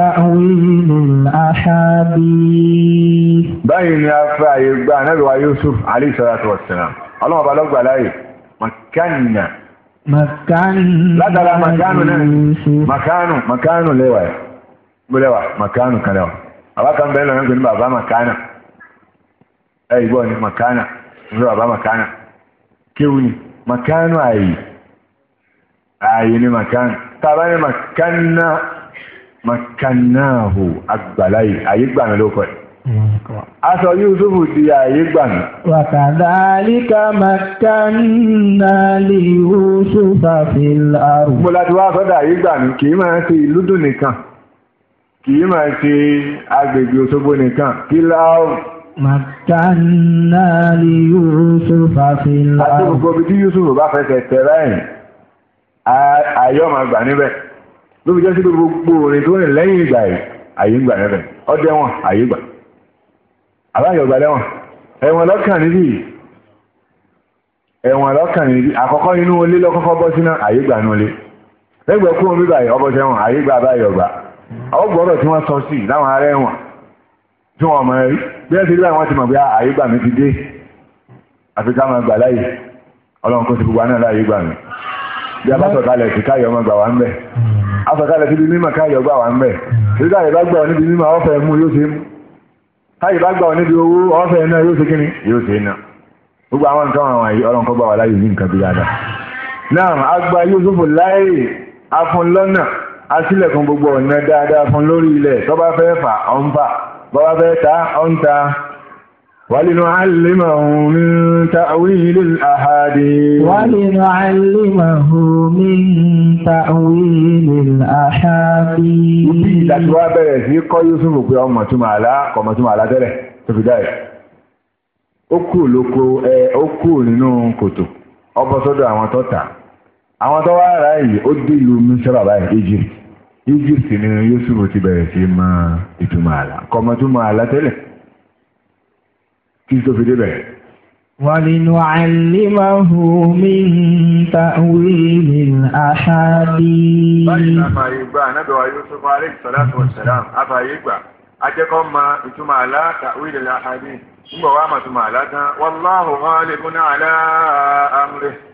تأويل الأحاديث báyìí ni a fẹ́ àyè gba ànábì wa Yusuf alayhi salatu wassalam ọlọ́run ọba lọ́gbà láàyè makanna. makanna látara makanu náà makanu makanu lẹ́wàá gbọ́lẹ́wà makánù kan lẹ́wà àbákan bẹ́ẹ̀ lọ́nà ní bàbá makánà ẹ̀ ìbọn ni makánà ní bàbá makánà kéwù ni makánù ààyè ààyè ni makánù tàbá ni makánà makánáhù agbàláyè ààyè gbàmí ló kọ́ ẹ̀. Aṣọ Yúsúfù di ààyè gbàmí. Wàkàdálíkà makánnà lè Yúsúfà fìlà rù. Mo láti wá sọ́dọ̀ ààyè gbàmí kì í máa ṣe ìlú dùn nìkan kìí máa ṣe agbègbè Òṣogbo nìkan kí láàrù. Màkánná lè Yúsùfà fi láàrù. Àti gbogbo ibi tí Yúsùfù bá fẹsẹ̀ tẹ̀lá ẹ̀ ayọ́ máa gbà níbẹ̀. Ló fi jẹ́ sí gbogbo orin tó rìn lẹ́yìn ìgbà yìí, àyè ń gbà níbẹ̀. Ọdẹ wọn, àyè gbà. Aláyọ̀ gbà lẹ́wọ̀n. Ẹ̀wọ̀n lọ́kàn níbí. Ẹ̀wọ̀n lọ́kàn níbí. Àkọ́kọ́ inú olé lọ́kọ́kọ́ bọ́ sínú àyè gbà nulẹ̀. Lẹ́gbẹ̀ẹ́ kú omi báyìí, ọbọ̀ ọgbọ́rọ̀ tí wọ́n sọ sí láwọn ará ẹ̀wọ̀n tí wọ́n mọ̀ rí bí ẹ ti rí àwọn ti mọ̀ bí ààyè ah, gbà mí ti dé àfi ká máa gbà láyè ọlọ́run kò ti gbogbo àná láàyè gbà mí bí a bá sọ̀kalẹ̀ sí káyọ̀ ọmọ gbà wá ń bẹ̀ a sọ̀kalẹ̀ síbi mímọ̀ káyọ̀ gbà wá ń bẹ̀ torí káyọ̀ bá gbà ọ níbi mímọ̀ ọ̀fẹ́ mú yóò ṣe mú káyọ̀ bá gbà ọ níbi owó ọ̀fẹ́ náà yóò ṣe kíni yóò ṣe náà gbogbo àwọn nǹkan àwọn àyè ọlọ́run kọ́ gbà wá láyè ní nǹkan bí dáadáa náà a gba Yúsúfù láyè afúnlọ́nà asílẹ̀kùn gbogbo ọ̀nà dáadáa fún lórí ilẹ̀ tó bá fẹ́ fà ọ́n fà bó bá fẹ́ ta ọ́n ta ولنعلمه من تأويل الأحاديث ولنعلمه من تأويل الأحاديث Ibi ìdàtíwá bẹ̀rẹ̀ sí kọ́ Yúsùfù pé ọmọ túnmọ̀ àlá kọmọ túnmọ̀ àlá tẹ́lẹ̀ tó fi dáẹ̀. Ó kù lóko ẹ ó kù nínú kòtò, ọ bọ́ sọ́dọ̀ àwọn tọ́ta àwọn tó wá rà yìí ó dé ìlú mísírà báyìí Egypt Egypt ni Yusuf ti bẹ̀rẹ̀ sí mọ ìtumọ̀ àlá kọmọtúmọ̀ àlá tẹ́lẹ̀ kí tó fi débẹ̀. ولنعلمه من تأويل الأحاديث. báyìí náà fàyè gbà ànábì wa Yusuf alayhi salatu wa salam àfàyè gbà akẹ́kọ̀ọ́ ma ìtumọ̀ àlá tàwí ìdílé àhàdí nígbà wàá mà ìtumọ̀ àlá tán wallahu ghalibun ala amrihi.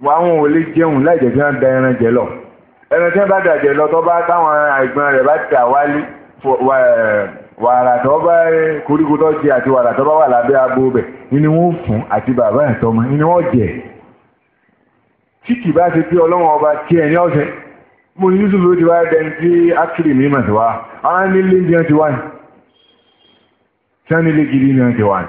wọn àwọn ò lè jẹun láì jẹ́ kí wọ́n da ẹran jẹ lọ ẹran tí wọ́n bá dà jẹ lọ tó bá táwọn àìgbọ́n rẹ̀ bá tà wálé wàrà tó bá koríko tó jẹ àti wàrà tó bá wà lábẹ́ abo bẹ̀ ni wọ́n fún àti bàbá ẹ̀ tọmọ ni wọ́n jẹ tí bá ti pé ọlọ́wọ́n ọba tí ẹni ọ̀sẹ̀ mo ní Yusuf ló ti wá dẹni tí ákìrì mímọ̀ ti wá àwọn nílé ní wọ́n ti wá ní tí wọ́n nílé gidi ní ti wá ní.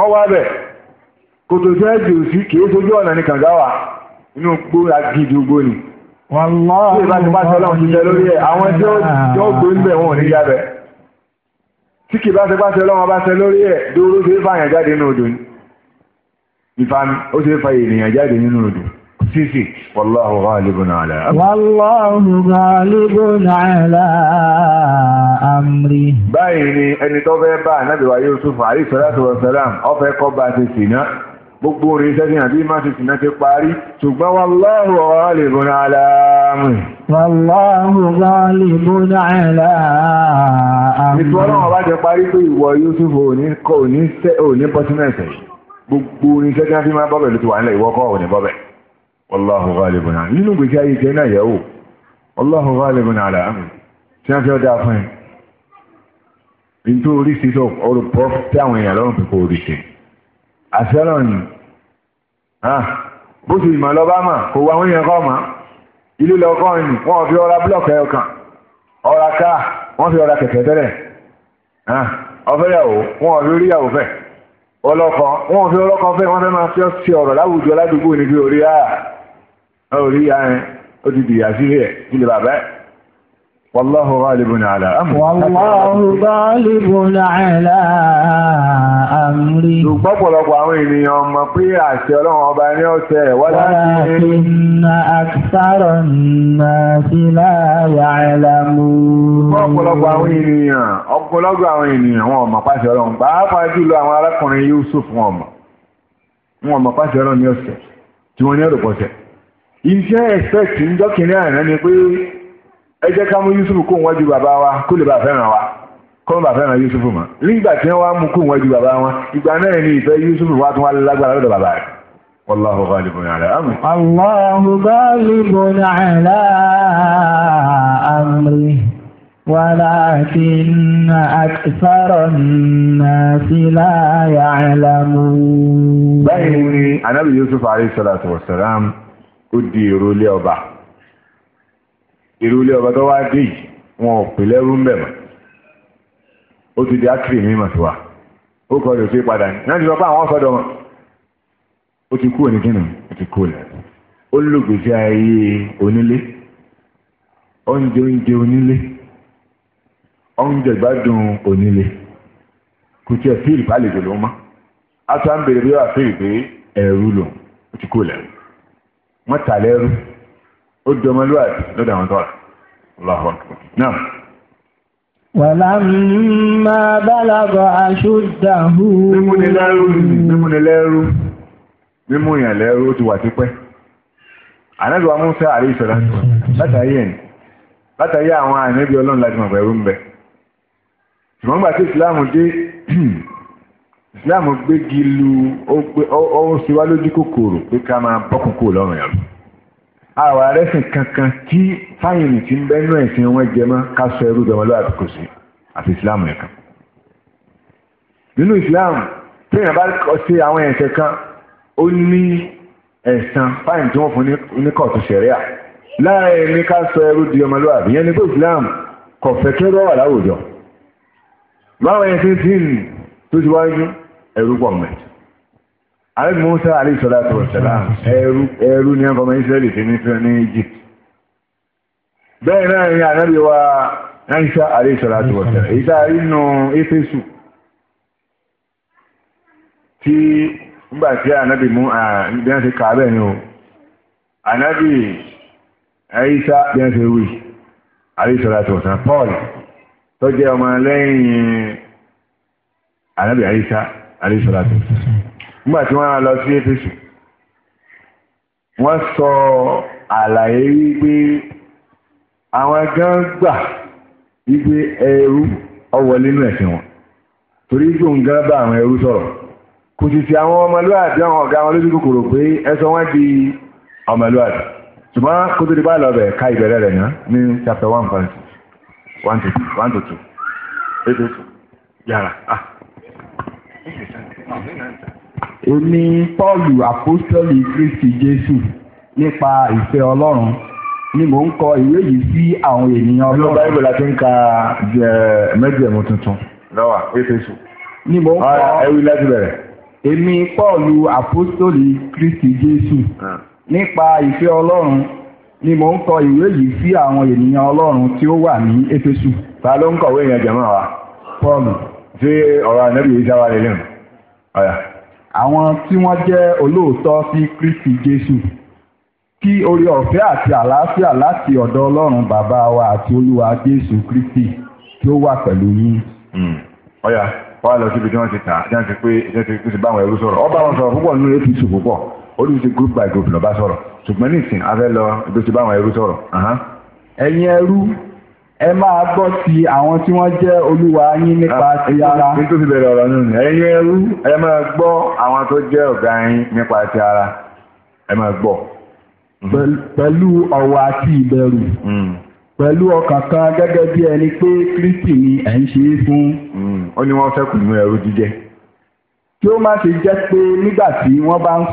wọ́n wá bẹ̀ kòtò tí wọ́n jù sí kìí sojú ọ̀nà ní kànga wa inú gbó agidi gbó ni. wàlláhùn tí ìbáṣe bá sọlọ́run ti tẹ lórí ẹ̀ àwọn tí ó gbé ńbẹ̀ wọn ò ní yábẹ̀ lọ́wọ́ bá ṣe nínú odò ni ìfami ó ṣe sísì والله غالب على amri. wàláhù ghalibun ala amri. báyìí ni ẹni tó fẹ́ bá ànábì wa Yusuf alayhi salatu wa salam ó fẹ́ kọ́ bá ti sì náà gbogbo orin iṣẹ́ ní àbí máa ti sìnà ti parí ṣùgbọ́n wallahu ghalibun ala amri. wallahu ghalibun ala amri. ìtọ́lọ́ wọn bá jẹ parí pé ìwọ Yusuf òní bọ́sínẹ̀sẹ̀ gbogbo orin iṣẹ́ tí wọ́n bọ́bẹ̀ ló ti wà nílẹ̀ ìwọ́kọ̀ òní bọ́bẹ̀. Wallahu ghalibun ala nínú gbèsè ayé jẹ́ náà yẹ̀wò Wallahu ghalibun ala àmì tí wọ́n fi ọdá fún ẹ nítorí oríṣi tó ọrọ̀ pọ̀ tí àwọn èèyàn lọ́rùn pípọ̀ oríṣi àṣẹ lọ́nà bó ti ìmọ̀ lọ bá mà kò wá àwọn èèyàn kọ́ mà ilé lọ kọ́ ni wọ́n fi ọra búlọ̀kì ẹ̀yọ kan ká wọ́n fi ọra kẹ̀kẹ́ tẹ́lẹ̀ ọfẹ́yàwó wọ́n wọ́n fi ọlọ́kọ fẹ́ fẹ́ máa orí ya ẹ ó ti dìyà sílé ẹ ilé bàbá ẹ wàláhù ghalibun ala amri. wàláhù ghalibun ala amri. ṣùgbọ́n pọ̀lọpọ̀ àwọn ènìyàn mọ̀ pé àṣẹ ọlọ́run ọba ní ọ̀sẹ̀ wọ́lá sí i. inna akthara an-nasi la ya'lamun. ọ̀pọ̀lọpọ̀ àwọn ènìyàn ọ̀pọ̀lọpọ̀ àwọn ènìyàn wọn ò mọ̀ pàṣẹ ọlọ́run pàápàá jùlọ àwọn arákùnrin Yusuf wọn ò mọ̀ wọn ò mọ̀ pàṣẹ ọlọ́run ní ọ̀sẹ̀ tí wọ́n ní ọ̀rọ̀ pọ̀ṣẹ̀ iṣẹ́ ẹ̀sẹ̀tì ń dọ́kìnrin àná ni pé ẹ jẹ́ ká mú Yusuf kó wọ́n ju bàbá wa kó lè bá fẹ́ràn wa kó lè bá fẹ́ràn Yusuf mọ́ nígbà tí wọ́n mú kó wọ́n ju bàbá wọn ìgbà náà ni ìfẹ́ Yusuf wá tún wá lágbára lọ́dọ̀ bàbá rẹ̀. والله غالب على أمره الله غالب على أمره ولكن أكثر الناس لا يعلمون بيني عن أبي يوسف عليه الصلاة والسلام ó di ìrólé ọba ìrólé ọba tó wá dé yìí wọn ò pè lẹ́rú ń bẹ̀ mọ́ ó ti di ákìrì mímọ̀ sí wa ó kọ́ lè fi padà ní láti sọ pé àwọn sọ́dọ̀ wọn ó ti kú oníkínú ó ti kú lẹ̀ ó lògbèsè ayé onílé oúnjẹ oúnjẹ onílé oúnjẹ ìgbádùn onílé kò tiẹ̀ fíìlì pálí ìdòló mọ́ a bí wàá fíìlì pé ẹ̀rú lòun ó ti kú lẹ́rú wọ́n tà lẹ́rú ó di ọmọlúwàbí lọ́dọ̀ àwọn tọ́ra lọ́wọ́ náà. Wàlámà bálàgọ̀ aṣúdàhù. Mímúni lẹ́rú mímúni lẹ́rú mímú yàn lẹ́rú ó ti wà tipẹ́. Ànábì wa Musa àríyí sọ̀rọ̀ látàrí ẹ̀ látàrí àwọn ànábì ọlọ́run láti mọ̀ pẹ̀lú ń Ṣùgbọ́n gbà tí Ìsìláàmù dé islam gbégi lu ó ṣe wá lójú kòkòrò pé ká máa bọ́kùn kúrò lọ́rùn ẹ̀rù àwọn arẹ́sìn kankan tí fáyìnì ti ń bẹ́nu ẹ̀sìn wọn jẹ mọ́ ká sọ ẹrú dọmọlúwàbí kò sí àti islam nìkan nínú islam téèyàn bá ṣe àwọn ẹ̀ṣẹ̀ kan ó ní ẹ̀san fáyìnì tí wọ́n fún ní kóòtù ṣẹ̀ríà láàrin ní ká sọ ẹrú di ọmọlúwàbí yẹn ni pé islam kò fẹ́ kí ó rọ̀ wà láwùjọ báwọn ẹ̀sìn tí ń tó ti wáyé ẹrú pọ̀ mẹ́. ààrẹ Musa alayhi salatu wa ẹrú ẹrú ní ní fẹ́ ní Egypt. bẹ́ẹ̀ náà ni a tí nígbà tí ànábì mú bí wọ́n ti o Isa bí wọ́n ti wí alayhi salatu wa Paul tó jẹ́ ọmọ lẹ́yìn ànábì àríṣọ́láṣọ́ nígbà tí wọ́n lọ sí éfésù wọ́n sọ àlàyé wípé àwọn gan gbà wípé ẹrú ọwọlé nínú ẹ̀sìn wọn torí gbòǹ gan bá àwọn ẹrú sọ̀rọ̀ kò sì ti àwọn ọmọlúwàbí àwọn ọ̀gá wọn lójú kòkòrò pé ẹsọ wọn di ọmọlúwàbí ṣùgbọ́n kó tó di bá lọ bẹ̀ ká ìbẹ̀rẹ̀ rẹ̀ ná ní chapter one verse one to two one to yàrá ah. Èmi Pọ́ọ̀lù Àpọ́sítọ́lì Kristi Jésù nípa ìfẹ́ Ọlọ́run ni mò ń kọ ìwé yìí sí àwọn ènìyàn Ọlọ́run. Nínú Báíbù la ti ń ka mẹ́jẹ̀mú tuntun lọ́wọ́ Éfésù. Ni mò ń kọ ẹ̀wí láti bẹ̀rẹ̀. Èmi Pọ́ọ̀lù Àpọ́sítọ́lì Kristi Jésù ah. nípa ìfẹ́ Ọlọ́run ni mò ń kọ ìwé yìí sí àwọn ènìyàn Ọlọ́run tí ó wà ní Éfésù. Ta ló ń kọ̀wé yẹn jẹ̀mọ́ wa? Pọ́ọ̀lù tí ọ̀rọ̀ ànábì yìí sáwà lélẹ̀ ọ̀yà. àwọn tí wọ́n jẹ́ olóòótọ́ sí Kristi Jésù kí orí ọ̀fẹ́ àti àlàáfíà láti ọ̀dọ̀ Ọlọ́run bàbá wa àti Olúwa Jésù Kristi tí ó wà pẹ̀lú yín. Hmm. ọ̀yà wọ́n á lọ síbi tí wọ́n ti tà á jáde pé jáde pé ti bá àwọn ẹrú sọ̀rọ̀ ọba wọn sọ̀rọ̀ púpọ̀ nínú apc púpọ̀ olùsí group by group lọ́ba sọ̀rọ̀ ṣùgbọ́n nísìnyí a fẹ́ lọ ibi tí bá àwọn ẹrú sọ̀rọ̀. ẹ̀yin ẹrú ẹ máa gbọ́ ti àwọn tí wọ́n jẹ́ olúwa yín nípa ah, ti ara. ní tó fi bẹ̀rẹ̀ ọ̀rọ̀ nínú ẹ̀yin ẹrú ẹ máa gbọ́ àwọn tó jẹ́ ọ̀gá yín nípa ti ara ẹ máa gbọ́. pẹ̀lú ọ̀wọ̀ àti ìbẹ̀rù hmm. pẹ̀lú ọkàn kan gẹ́gẹ́ bí ẹni pé Kristi ni ẹ̀ ń ṣe é fún. Hmm. ó ní wọ́n fẹ́ kùnú ẹrú jíjẹ́ kí ó má ṣe jẹ́ pé nígbà tí wọ́n bá ń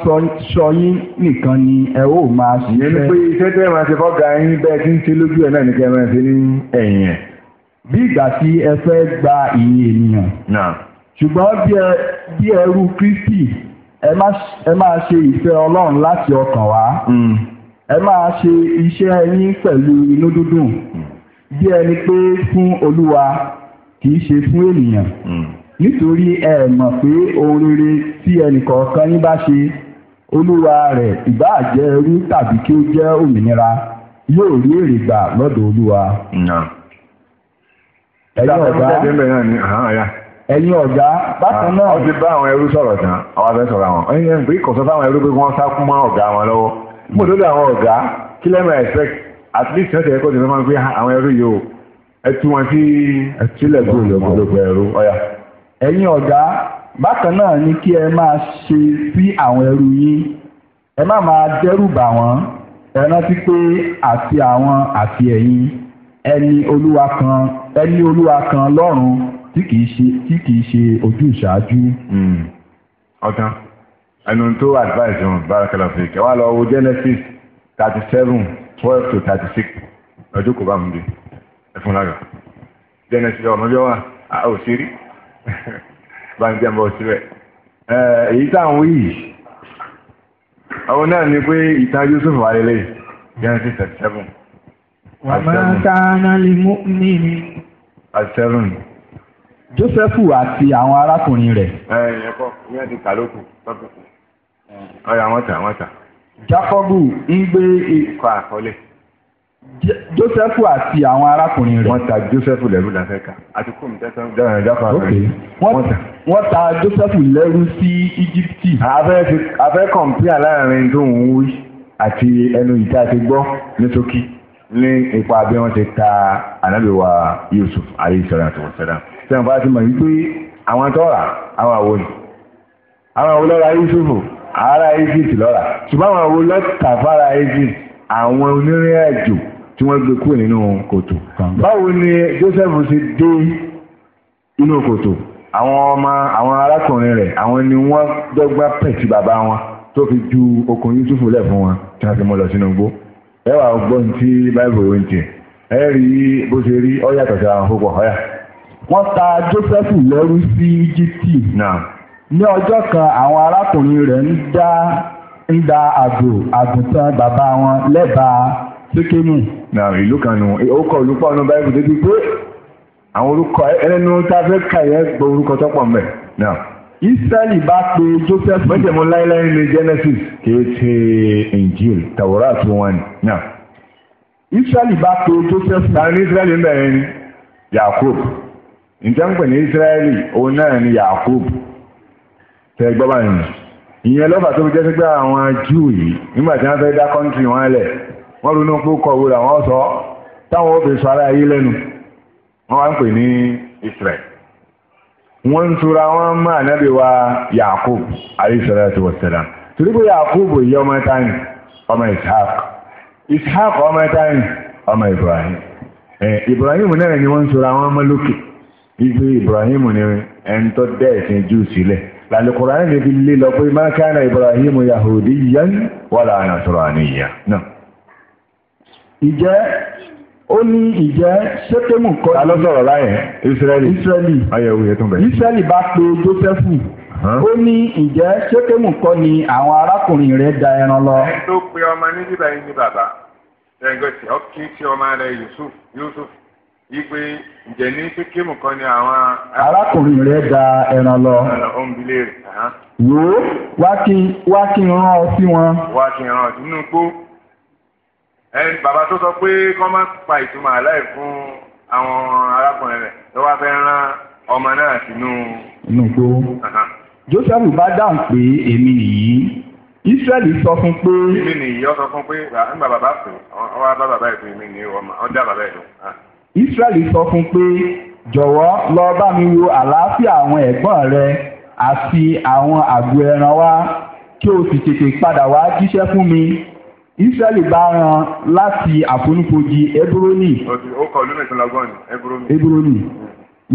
sọ yín nìkan ni ẹ ó máa ṣe fẹ́. ìyẹn ni pé iṣẹ́ tẹ́ ẹ máa ṣe fọ́gà yín bẹ́ẹ̀ tí ń ṣe lójú ẹ̀ náà ní kẹ́ ẹ máa ṣe ní ẹ̀yìn ẹ̀. bí ìgbà tí ẹ fẹ́ gba ìyìn ènìyàn ṣùgbọ́n bí ẹrú Kristi ẹ máa ṣe ìfẹ́ Ọlọ́run láti ọkàn wá mm. ẹ máa ṣe iṣẹ́ yín pẹ̀lú inú dídùn mm. bí ẹni pé fún Olúwa kì í ṣe fún ènìyàn. Mm nítorí ẹ mọ̀ pé ohun rere tí ẹnìkọ̀ọ̀kan yín bá ṣe olúwa rẹ̀ ìbáà jẹ́ ẹrú tàbí kí ó jẹ́ òmìnira yóò rí èrè gbà lọ́dọ̀ olúwa. ẹ̀yin ọ̀gá ẹ̀yin ọ̀gá bákan náà. ó ti bá àwọn ẹrú sọ̀rọ̀ tán àwọn afẹ́ sọ̀rọ̀ àwọn ẹ̀yin ẹ̀rù pé kò sọ fáwọn ẹrú pé wọ́n sá kún mọ́ ọ̀gá wọn lọ́wọ́ mo lórí àwọn ọ̀gá kí lẹ́mọ̀ expect at least ṣẹ́ṣẹ́ ẹ̀kọ́ ti fẹ́ máa ń pé àwọn ẹrú yìí ó ẹ tú wọn sí ẹtúlẹ̀ tó lọ́gbọ̀lọ́gbọ̀ ẹrú ọ̀yà ẹ̀yin ọ̀gá bákan náà ni kí ẹ máa ṣe sí àwọn ẹrú yín ẹ má máa dẹ́rù bà wọ́n ẹ pé àti àwọn àti ẹ̀yin ẹni olúwa kan ẹni olúwa kan lọ́run tí kìí ṣe tí kìí ṣe ojú ìṣáájú. Hmm. ọ̀tán ẹnu tó advice wọn bárakẹ́lá fún ìkẹ́ wà lọ wo Genesis thirty seven twelve to thirty six ọjọ́ kò bá mi dé ẹ̀fún lága Genesis ọmọ bí wọ́n wà á ò sí rí. bá ń jẹ́ bọ́ síbẹ̀ èyí tá ń wí yìí náà ni pé ìtàn Yusuf wà lélẹ̀ Genesis chapter seven. wàmọ́ lè mú mi ni. seven. Joseph àti àwọn arákùnrin rẹ̀. ẹ ẹ kọ ìyẹn ti kà lóko Jósẹ́fù àti àwọn arákùnrin rẹ̀. Wọ́n ta Jósẹ́fù lẹ́rú láfẹ́ka. Àti kò mí tẹ́tẹ́ dáhùn ẹ̀dá fún àwọn ọmọ rẹ̀. Wọ́n ta Jósẹ́fù lẹ́rú sí Íjíbítì. Afẹ́ kọ̀m̀pìà láàrin tó ń wí àti ẹnu ìta ti gbọ́ ní Tókì ní ipa bí wọ́n ti ta ànábìwá Yusuf alayhi salatu wa salam. Sẹ́yìn bá ti mọ̀ wípé àwọn tọ́ra àwọn àwo ni. Àwọn àwo lọ́ra Yusuf, ará Egypt lọ́ra. Ṣùgbọ́n àwọn àwo lọ́ta fára Egypt, àwọn onírìn àjò tí wọ́n gbé kúrò nínú kòtò. báwo ni Joseph ṣe dé inú kòtò àwọn ọmọ àwọn arákùnrin rẹ̀ àwọn ni wọ́n dọ́gba pẹ̀tì bàbá wọn tó fi ju okùn Yusuf lẹ̀ fún wọn tí wọ́n fi mọ́ lọ sínú igbó ẹ wà gbọ́n tí báìbù ń tiẹ̀ ẹ rí bó ṣe rí ọ yàtọ̀ sí àwọn púpọ̀ ọ̀yà. wọ́n ta Joseph lẹ́rú sí Íjíbítì náà ní ọjọ́ kan àwọn arákùnrin rẹ̀ ń da àgbò àgùntàn bàbá wọn lẹ́bàá Sékémù. Nà ìlú kan nù, ó kọ ìlú pọ̀ nù báyìí débi pé àwọn orúkọ ẹlẹ́nu tá a fẹ́ kà yẹ gbọ́ orúkọ tó pọ̀ mbẹ̀. Nà. Ísírẹ́lì bá pe Joseph Mẹ́tẹ̀mú láíláí ní Genesis kìí ṣe Injil Tàwọ́rà tó wọn ni. Nà. Ísírẹ́lì bá pe Joseph Tàwọn ní Ísírẹ́lì ń bẹ̀rẹ̀ ni Yakub. Ǹjẹ́ ń pè ní Ísírẹ́lì òun náà ni Yakub. Tẹ̀ gbọ́ báyìí. Ìyẹn lọ́fà tó fi jẹ́ sí pé àwọn Júù yìí nígbà tí wọ́n fẹ́ dá kọ́ńtì wọn lẹ̀. wọ́n ronú pé ó kọ̀wé làwọn sọ táwọn ó fi sọ ara ayé lẹ́nu wọ́n wá ń pè ní Israel wọ́n ń tura wọn mọ́ ànábì wa Yakub alayhi salatu wassalam torí pé Yakub yí ọmọ ọmọ Ishaq Ishaq ọmọ Ibrahim Ibrahim náà ni wọ́n ń mọ́ lókè ibi Ibrahim ni tó dẹ́ ẹ̀sìn jù sílẹ̀ lílọ pé má Ibrahim náà. ìjẹ́ ó ní ìjẹ́ ṣékémù kọ́ ta ló láyẹ̀ pe ó ní ìjẹ́ ṣékémù ni àwọn arákùnrin rẹ̀ da ẹran lọ. ẹni tó pe ọmọ ní bíbá yìí ní bàbá ẹgbẹ́sì ọkì tí ọmọ rẹ̀ Yusuf Yusuf yí pé ǹjẹ́ kọ́ ni àwọn. arákùnrin rẹ̀ da ẹran lọ. wá kí n rán ọ sí wọn. wá kí n rán ọ sínú ẹn bàbá tó sọ pé kọ́ máa pa ìtumọ̀ àláì fún àwọn arákùnrin rẹ̀ tó wá fẹ́ rán ọmọ náà sínú. inú igbó Joseph bá dáhùn pé èmi nìyí Ísírẹ́lì sọ fún pé. èmi nìyí ó sọ fún pé nígbà bàbá pè ọ wá bá bàbá ìpè mi ní ọmọ ọjà bàbá ìlú. Ísírẹ́lì sọ fún pé jọ̀wọ́ lọ bá mi wo àlàáfíà àwọn ẹ̀gbọ́n rẹ àti àwọn àgbo ẹran wa kí o sì tètè padà wá jíṣẹ́ fún mi israeli bá ran láti àfonífojì ebroni. ó kọ ọdún mẹ́tàlágọ́rin ebroni. ebroni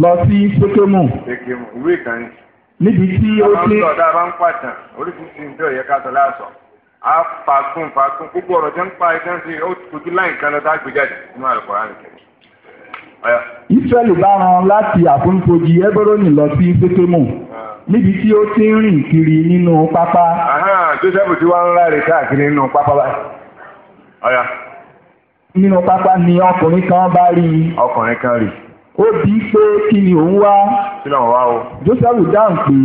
lọ sí pékémù. pékémù ìwé ìkànnì. níbi tí ó ti. àwọn ọ̀dọ́ ọ̀dà bá ń pàtàn oríṣiríṣi ń bẹ̀rẹ̀ yẹ ká sọ a fàákùn fàákùn gbogbo ọ̀rọ̀ tẹ́ ń pa ẹ̀jẹ̀ ń ṣe láì kan lọ tá nínú àlùkòrán nìkẹ́. israeli bá ran láti àfonífojì ebroni lọ sí pékémù níbi tí ó ti ń rìn kiri nínú pápá. Jósẹ́fù ti wá ń ráre káàkiri nínú pápá báyìí. Ọ̀yà. Nínú pápá ni ọkùnrin kan bá rí. Ọkùnrin kan rí. Ó bí pé kí ni òun wá. Kí ni òun wá o? Jósẹ́fù dáhùn pé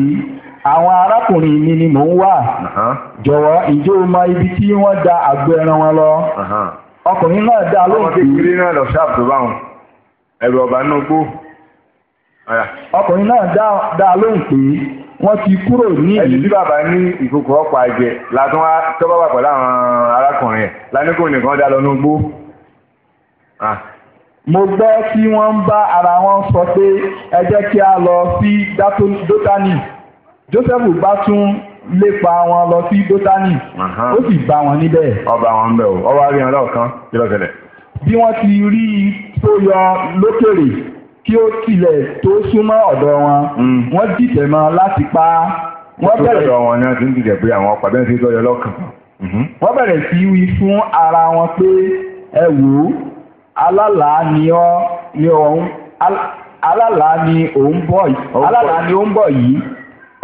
àwọn arákùnrin mi ni mò ń wà. Jọ̀wọ́ ìjọ mọ ibi tí wọ́n da àgbo ẹran wọn lọ. Ọkùnrin náà dá lóhùn pé. Ọmọ kékeré náà lọ ṣáàpù báwọn. Ẹ̀rù ọ̀bà náà gbó ọkùnrin náà dá lóhùn pé wọ́n ti kúrò ní ìlú. ẹni tí bàbá ní ìkòkò ọ̀pọ̀ àjẹ látún wá tọ́ bàbá pẹ̀lú àwọn arákùnrin ẹ̀ lánìkò nìkan dá lọ nígbó. mo gbọ́ tí wọ́n ń bá ara wọn sọ pé ẹ jẹ́ kí a lọ sí dótánì Joseph bá tún lépa wọn lọ sí dótánì ó sì bá wọn níbẹ̀. ọba wọn bẹ̀ o ọba rí wọn lọ́ọ̀kan kí ló ṣẹlẹ̀. bí wọ́n ti rí i tó yọ lókèrè kí ó tilẹ̀ tó súnmọ́ ọ̀dọ̀ wọn hmm. wọ́n dìtẹ̀ mọ́ láti pa á. wọ́n bẹ̀rẹ̀ ọ̀dọ̀ wọn náà ti ń dìtẹ̀ pé àwọn ọ̀pá bẹ́ẹ̀ ti ń tọ́jọ́ lọ́kàn. Hmm. wọ́n bẹ̀rẹ̀ sí wí fún ara wọn pé ẹ wò ó alálàá ni ọ́ ni òun alálàá ni òun bọ̀ yìí alálàá ni òun bọ̀ yìí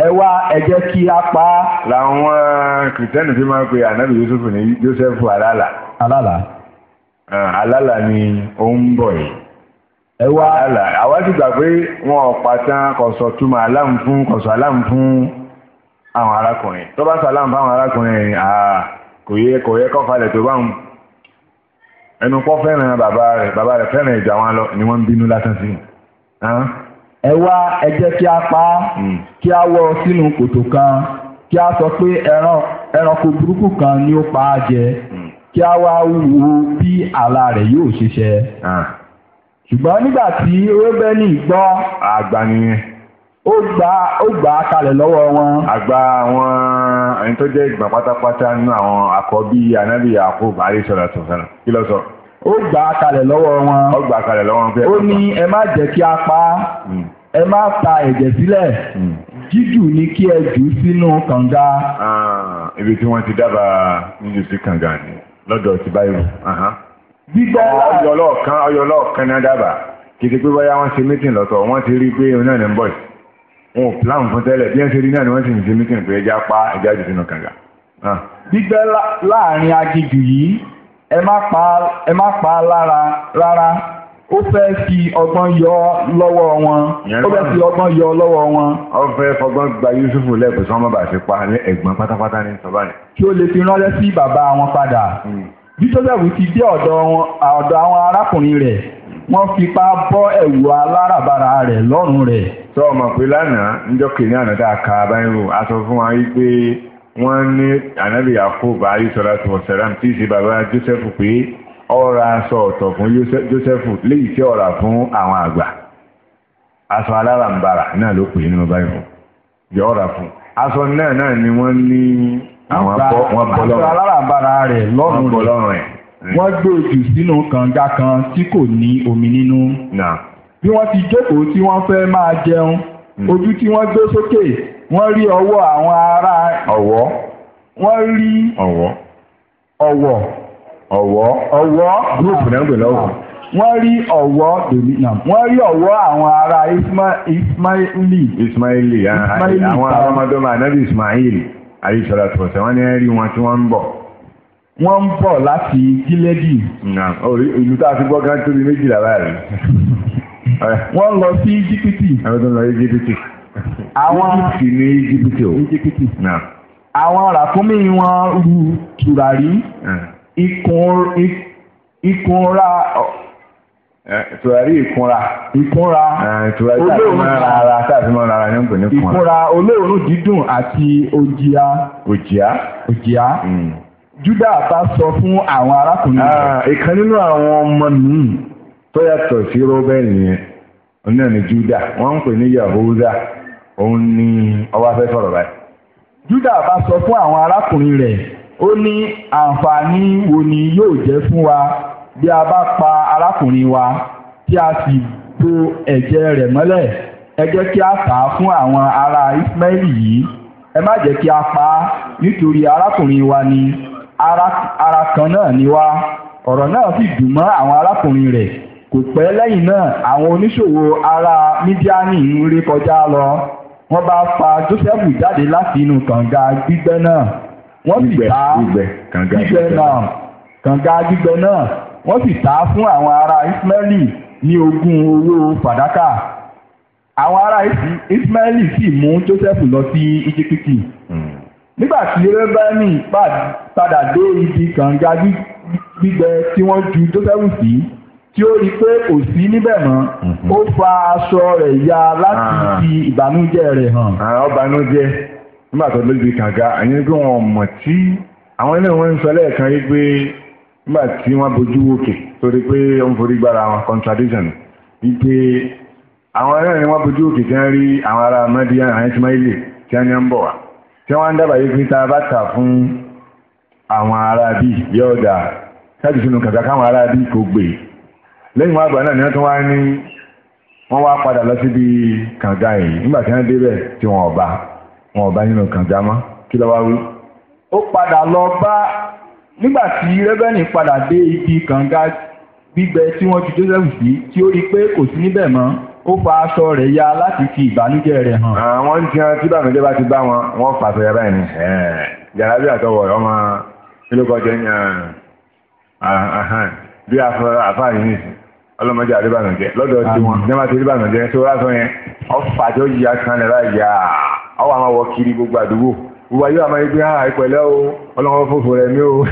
ẹ wá ẹ jẹ́ kí a pa á. làwọn eh, kìrìtẹ́nì fi máa ń pe ànábì Yusuf ní Joseph alálàá. alálàá. Eh, alálàá ni òun bọ̀ yìí ẹwà àlà àwa ti gbà pé wọn ọ̀pá tán kọ̀sọ̀ túmọ̀ aláàmù fún kọ̀sọ̀ aláàmù fún àwọn arákùnrin tó bá sọ aláàmù fún àwọn arákùnrin àà kò yẹ kò yẹ kọ́ falẹ̀ tó bá ń ẹnu pọ́ fẹ́ràn bàbá rẹ̀ bàbá rẹ̀ fẹ́ràn ìjà wọn lọ ni wọ́n ń bínú lásán sí ẹ wá ẹ jẹ́ kí a pa hmm. kí a wọ sínú kòtò kan kí a sọ pé ẹranko burúkú kan ni ó pa á jẹ hmm. kí a wá wo bí àlá rẹ̀ yóò ṣiṣẹ́ ṣùgbọ́n nígbà tí ewébẹ́lì gbọ́ àgbà nìyẹn ó gbà ó gbà á kalẹ̀ lọ́wọ́ wọn. àgbà àwọn ẹni tó jẹ́ ìgbà pátápátá nínú àwọn àkọ́bí anábì Yakub àríṣọ́lá tó fẹ́ràn kí ló sọ. ó gbà á kalẹ̀ lọ́wọ́ wọn. ó gbà á kalẹ̀ lọ́wọ́ wọn. ó ní ẹ má jẹ́ kí a pa hmm. ẹ má ta ẹ̀jẹ̀ sílẹ̀ hmm. jíjù ni kí ẹ jù sínú kànga. Ah, ibi tí wọ́n ti dábàá jíjù sí kànga ni lọ́dọ̀ ti báyìí gbígbọ́ ọyọlọ́ọ̀kan ọyọlọ́ọ̀kan náà dábàá kì í ṣe pé bóyá wọ́n ṣe mítìn lọ́tọ̀ wọ́n ti rí pé òun náà ní ń bọ̀ yìí wọn ò plan fún tẹ́lẹ̀ bí ẹ ṣe rí náà ni wọ́n sì ń ṣe mítìn pé ẹja pa ẹja jù sínú kànga. Ah. gbígbẹ́ láàrin aginjù yìí ẹ má pa á lára rárá ó fẹ́ fi ọgbọ́n yọ lọ́wọ́ wọn ó fẹ́ fi ọgbọ́n yọ lọ́wọ́ wọn. ó fẹ́ fọgbọ́n gba Yusuf lẹ́ẹ̀kọ́ sọ́mọ́bà ṣe pa ẹ̀gbọ́n pátápátá ní sọ́bà ni. kí ó lè fi ránṣẹ́ sí bàbá wọn padà. Hmm bí joseph ti dé ọ̀dọ̀ àwọn arákùnrin rẹ̀ wọ́n fipá bọ́ ẹ̀wù aláràbarà rẹ̀ lọ́rùn rẹ̀. sọ ọmọ pé lánàá níjọ́ kìíní àná tá báyìí o a fún wa wípé wọ́n ní ànábì Yakub àyíṣọ́lá tó sẹ́rán tí ì ṣe bàbá joseph pé ọ̀rọ̀ aṣọ ọ̀tọ̀ fún joseph léyìí tí ọ̀rà fún àwọn àgbà aṣọ aláràǹbarà náà ló pè é nínú báyìí o yọ ọ̀rà fún aṣọ náà náà ni wọ́n ní àwọn bọ́ wọn bọ́ lọ́rùn. alárànbarà rẹ̀ lọ́rùn rẹ̀ wọ́n gbé ojú sínú kànga kan tí kò ní omi nínú. bí wọ́n ti jókòó tí wọ́n fẹ́ máa jẹun hmm. ojú tí wọ́n gbé sókè wọ́n rí ọwọ́ àwọn ará ọ̀wọ́ wọ́n rí ọ̀wọ́ ọ̀wọ́ ọ̀wọ́ ọ̀wọ́ gúrùpù náà ń gbè lọ́wọ́ wọ́n rí ọ̀wọ́ domina wọ́n rí ọ̀wọ́ àwọn ará ismaili ismaili ah, àwọn ọmọdé ọmọ anábì ismaili àyíṣọ́lá tó ṣe wọ́n ní rí wọn tí wọ́n ń bọ̀ wọ́n ń bọ̀ láti gílẹ́dì ìlú tá a ti gbọ́ gan tóbi méjìlá báyìí wọ́n lọ sí íjíbítì. àwọn tó ń lọ íjíbítì. àwọn íjíbítì ní íjíbítì o. íjíbítì. àwọn ràkúnmí wọn lu tùràrí ikùn ra tùràrí ìkunra ìkunra olóòórùn ara sáfimọ́ ara ní nǹkan ní kunra ìkunra olóòórùn dídùn àti òjìá òjìá òjìá hmm. Júdà bá sọ fún àwọn arákùnrin ah, ìkan nínú àwọn ọmọ mi tó yàtọ̀ sí Róbẹ́lì yẹn náà ni juda wọ́n ń pè ní Yahuda òun ni ọba fẹ́ sọ̀rọ̀ báyìí. Júdà bá sọ fún àwọn arákùnrin rẹ̀ ó ní àǹfààní wo ni yóò jẹ́ fún wa bí a bá pa arákùnrin wa tí a sì bo ẹ̀jẹ̀ rẹ̀ mọ́lẹ̀ ẹ jẹ́ kí a tà á fún àwọn ará Ismaili yìí ẹ má jẹ́ kí a pa á nítorí arákùnrin wa ni ara kan náà ni wá ọ̀rọ̀ náà sì dùn mọ́ àwọn arákùnrin rẹ̀ kò pẹ́ lẹ́yìn náà àwọn oníṣòwò ará Mídíánì ń ré kọjá lọ wọ́n bá fa Jósẹ́fù jáde láti inú kànga gbígbẹ́ náà wọ́n sì ta gbígbẹ́ náà kànga gbígbẹ́ náà wọ́n sì tà á fún àwọn ará ismaili ní ogún owó fàdákà àwọn ará ismaili sì mú joseph lọ sí íjíbítì nígbà tí rẹ́bẹ́nì padà dé ibi kànga gbígbẹ tí wọ́n ju joseph sí tí ó rí i pé kò sí níbẹ̀ mọ́ ó fa aṣọ rẹ̀ ya láti ah. fi ìbànújẹ́ rẹ̀ hàn. àwọn ah, ọbànújẹ́ nígbà tó lójú kànga àyẹ̀gbọ́n ọmọ tí àwọn ilé wọn ń sọ lẹ́ẹ̀kan yìí pé nígbà tí wọ́n bojú wòkè torí pé ó ń forí gbára àwọn contradiction wípé àwọn ará ni wọ́n bojú òkè tí wọ́n rí àwọn ará mẹ́díà àwọn ìsmáìlì tí wọ́n ní ń bọ̀ wá tí wọ́n ń dábàá yìí pé tá a bá tà fún àwọn ará bí yóò dà káàdì sínú kàkà káwọn ará bí kò gbé lẹ́yìn wọn àgbà náà ni wọ́n tún wá ní wọ́n wá padà lọ síbi kànga yìí nígbà tí wọ́n débẹ̀ tí wọ́n ọba wọn ọba nínú kànga mọ́ kí ló wá wí. ó padà lọ bá nígbà tí rẹ́bẹ̀nì padà dé ibi kànga gbígbẹ tí wọ́n ju Joseph sí tí ó rí i pé kò sí níbẹ̀ mọ́ ó fa aṣọ rẹ̀ ya láti fi ìbànújẹ́ rẹ̀ hàn. àwọn ah, ń tiẹ́ tí bàmídẹ́ bá ti bá wọn wọ́n fàṣọ yàrá ẹ̀ yàrá bí àtọwọ̀ ọmọ ilé-ìkọ́jẹ́ ní bí àfáà yìí nìyí ọlọ́mọdé àríbànújẹ́ lọ́dọ̀ tí wọn ní wọ́n ti ríbànújẹ́ tó rásọ yẹn ọ̀fà tó yíya kan lẹ́ra yà ọwọ́ àwọn wọ kiri gbogbo àdúgbò ìwà yóò àmọ́ ibi hàn ìpẹ̀lẹ́ o ọlọ́wọ́ fòfò rẹ̀ ní o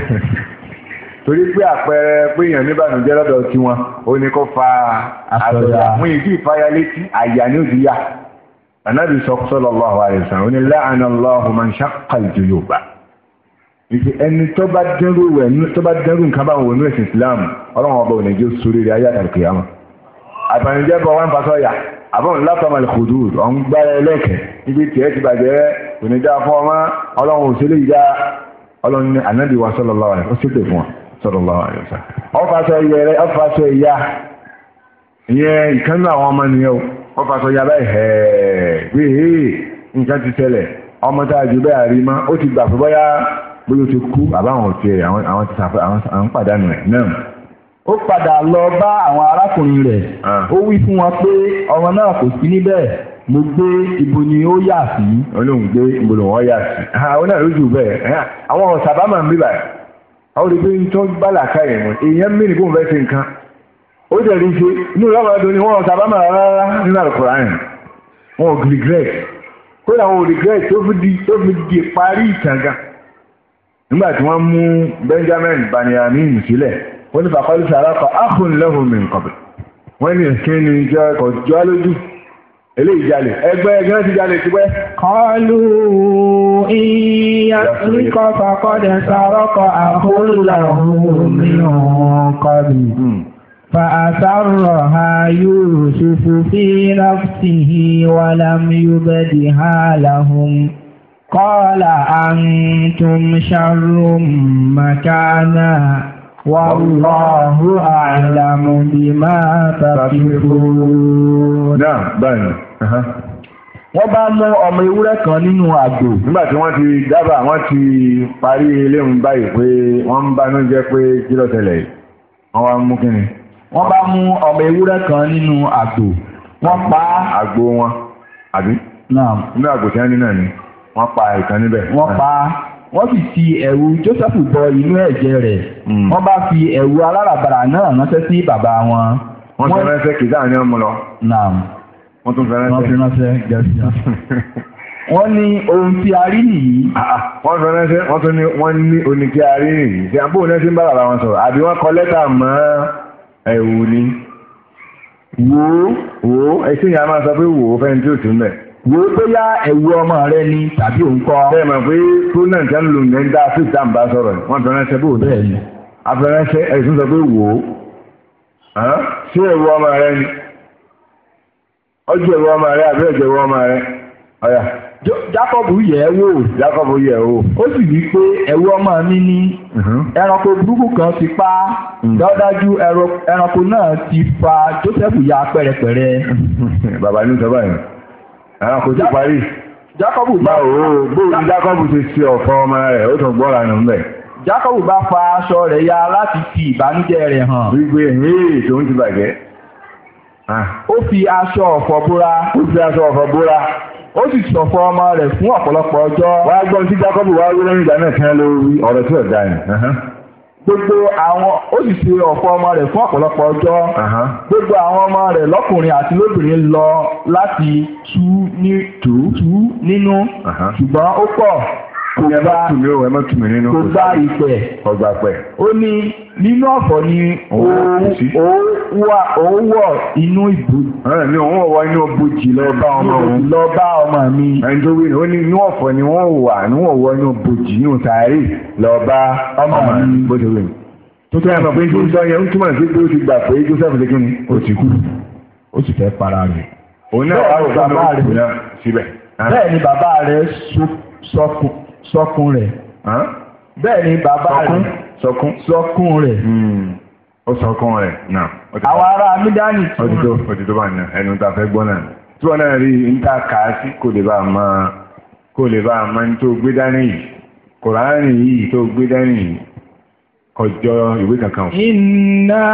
torí pé àpẹẹrẹ pé èèyàn níbànújẹ́ lọ́dọ̀ tiwọn ó ní kó fa àtọ̀dà mú ìdí ìfáyà létí àyà ní òdì yá ànábì sallallahu alaihi wasallam ó ní la'ana Allahu man shaqqa al-juyuba ìfi ẹni tó bá dẹ́rù rẹ̀ tó bá dẹ́rù nǹkan bá wọnú ẹ̀sìn Islam ọlọ́run ọba òní jẹ́ sórí rẹ̀ ayé àtàlùkè àmọ́ àbànújẹ́ bọ̀ wọ́n ń fasọ́yà àbọ̀n látọ̀mọ̀ ìkòdù ọ̀ ń gbára ẹlẹ́kẹ̀ẹ́ ibi tiẹ̀ ti bàjẹ́ kò ní dá fún ọmọ ọlọ́run òṣèlú yìí dá ọlọ́run ní ànábì wa sallallahu alaihi ó ṣépè fún wa sallallahu alaihi wasallam ọfàṣọ ìyẹ rẹ ọfàṣọ ìyá ìyẹn ìkànnì àwọn ọmọ nìyẹn o ọfàṣọ ìyá báyìí hẹ́ẹ́ pé nǹkan ti ṣẹlẹ̀ ọmọ tá a jù bẹ́ẹ̀ rí mọ́ ó ti gbà fún bọ́yá bóyá ó ti kú àbáwọn ò tiẹ̀ àwọn ti sàfẹ́ àwọn pàdánù rẹ̀ náà ó padà lọ bá àwọn arákùnrin rẹ̀ ah. ó wí fún wọn pé ọmọ náà kò sí níbẹ̀ mo gbé ibo ni ó yà sí. olóhùn gbé ibo ni wọ́n yà sí. àwọn náà lójú bẹ́ẹ̀ àwọn ọ̀sàbá máa ń bíbà àwọn olùgbé ń tọ́ bàlàkà yẹn wọn èèyàn mìíràn bó ń fẹ́ ṣe nǹkan ó tẹ̀lé ṣe inú ìlọ́mọ ẹ̀dọ́ ni wọ́n ọ̀sàbá máa rárá nínú àlùkòrá yẹn wọn ò regret ó làwọn ò regret tó fi di tó fi di parí ìtàngà nígbà tí wọ́n mú Benjamin Banyamin sílẹ̀ wọ́n ní fàkọ́lùsọ alákọ̀ọ́ áhùn lẹ́hùn mi nǹkan bẹ̀ wọ́n ní ẹ̀kíni jẹ́ ọjọ́ lójú eléyìí jalè ẹgbẹ́ ẹgbẹ́ ti jalè ti pẹ́. kọlu ìyàtúkọ fàkọdẹ sàrọkọ àhólàhùn mìíràn kọbi. فأسرها يوسف في نفسه ولم يبدها لهم قال أنتم شر مكانا Wàlláhu àìlàmù bí máa tàbíkún. Náà báyìí. Wọ́n bá mú ọmọ ewúrẹ́ kan nínú àgbò. Nígbà tí wọ́n ti dábàá, wọ́n ti parí eléhùn báyìí pé wọ́n ń banú jẹ́ pé kí ló ṣẹlẹ̀. Wọ́n wá mú kíni. Wọ́n bá mú ọmọ ewúrẹ́ kan nínú àgbò. Wọ́n pa Àgbò wọn, àbí? Náà. Nínú àgbò tí wọ́n ní náà ni, wọ́n pa ìkan níbẹ̀. Wọ́n pa á wọ́n sì fi ẹ̀rù Jósẹ́fù bọ inú ẹ̀jẹ̀ rẹ̀ hmm. wọ́n bá fi ẹ̀rù aláràbarà náà ránṣẹ́ sí bàbá wọn. wọ́n tún ránṣẹ́ kìí sáà ní ọmọ lọ. naam wọ́n tún ránṣẹ́. wọ́n fi ránṣẹ́ gẹ̀ẹ́sì. wọ́n ní ohun tí a rí nìyí. Ah, ah. wọ́n fi ránṣẹ́ wọ́n tún ní wọ́n ní ohun tí a rí nìyí. ṣé àbúrò náà ti ń bá bàbá wọn sọ̀rọ̀ àbí wọ́n kọ lẹ́tà mọ́ ẹ̀wù ni. wò ó wò ó ẹ̀ wo bóyá ẹ̀wù ọmọ rẹ ni tàbí òǹkọ. bẹ́ẹ̀ mọ̀ pé tó náà tẹ́ ń lò ní dá sí ìta nbà sọ̀rọ̀ wọ́n fẹ́ ránṣẹ́ bò bẹ́ẹ̀ ni afẹ́ránṣẹ́ ẹ̀sùn sọ pé wò ó ṣé ẹ̀wù ọmọ rẹ ni ọjọ́ ẹ̀wù ọmọ rẹ àbí ẹ̀jẹ̀ ẹ̀wù ọmọ rẹ ọ̀yà. jákọ́bù yẹ̀ ẹ́ wò. jákọ́bù yẹ̀ ẹ́ wò. ó sì wí pé ẹ̀wù ọmọ mi ni ẹranko burúkú kan ti pa hmm. dájúdájú ẹranko náà ti fa Jósẹ́fù ya pẹ́rẹpẹ̀rẹ. bàbá ní sọ báyìí kò tí parí Jákọ́bù bá òó bóòlù Jákọ́bù ti ṣe ọ̀fọ̀ ọmọ rẹ̀ ó tún gbọ́ra nù mẹ́. Jákọ́bù bá fa aṣọ rẹ̀ ya láti fi ìbànújẹ́ rẹ̀ hàn. wípé ẹ̀yìn tòun ti bàjẹ́. ó fi aṣọ ọ̀fọ̀ búra. ó fi aṣọ ọ̀fọ̀ búra. ó sì ṣọ̀fọ̀ ọmọ rẹ̀ fún ọ̀pọ̀lọpọ̀ ọjọ́. wàá gbọ́n tí Jákọ́bù wá rí lẹ́yìn ìdáná kan lórí ọ̀rọ̀ tí ò gbogbo àwọn ó sì ṣe ọ̀pọ̀ ọmọ rẹ̀ fún ọ̀pọ̀lọpọ̀ ọjọ́ gbogbo àwọn ọmọ rẹ̀ lọ́kùnrin àti lóbìnrin lọ láti tú nínú ṣùgbọ́n ó pọ̀ tó gbá ìpẹ́ ó ní nínú ọ̀fọ̀ ni òun wọ inú ìbò. ní òun wọ inú bojì lọ bá ọmọ òun. lọ bá ọmọ mi. ẹni ni ó ní inú ọ̀fọ̀ ni wọ́n wà ní wọ́n wọ inú bojì ní òtàrí lọ bá ọmọ mi ti tuntun yà máa pé ní sọ yẹn túmọ̀ sí pé ó ti gbà pé Joseph ṣe kíni ó ti kú ó sì fẹ́ para rẹ̀. òun náà wà á wò fún mi òun síbẹ̀. bẹ́ẹ̀ ni bàbá rẹ̀ sọ fún sọkún rẹ̀ bẹ́ẹ̀ ni bàbá rẹ̀ sọkún sọkún rẹ̀ hmm. ó sọkún rẹ̀ náà. àwọn ará amídánì tún. òtítọ́ òtítọ́ bá ní ẹnu tá a fẹ́ gbọ́ náà tí wọ́n náà rí níta kà á sí kò lè bá a máa kò lè bá a máa ní tó gbé dání yìí kòránì yìí tó gbé dání yìí ọjọ́ ìwé kankan. Inna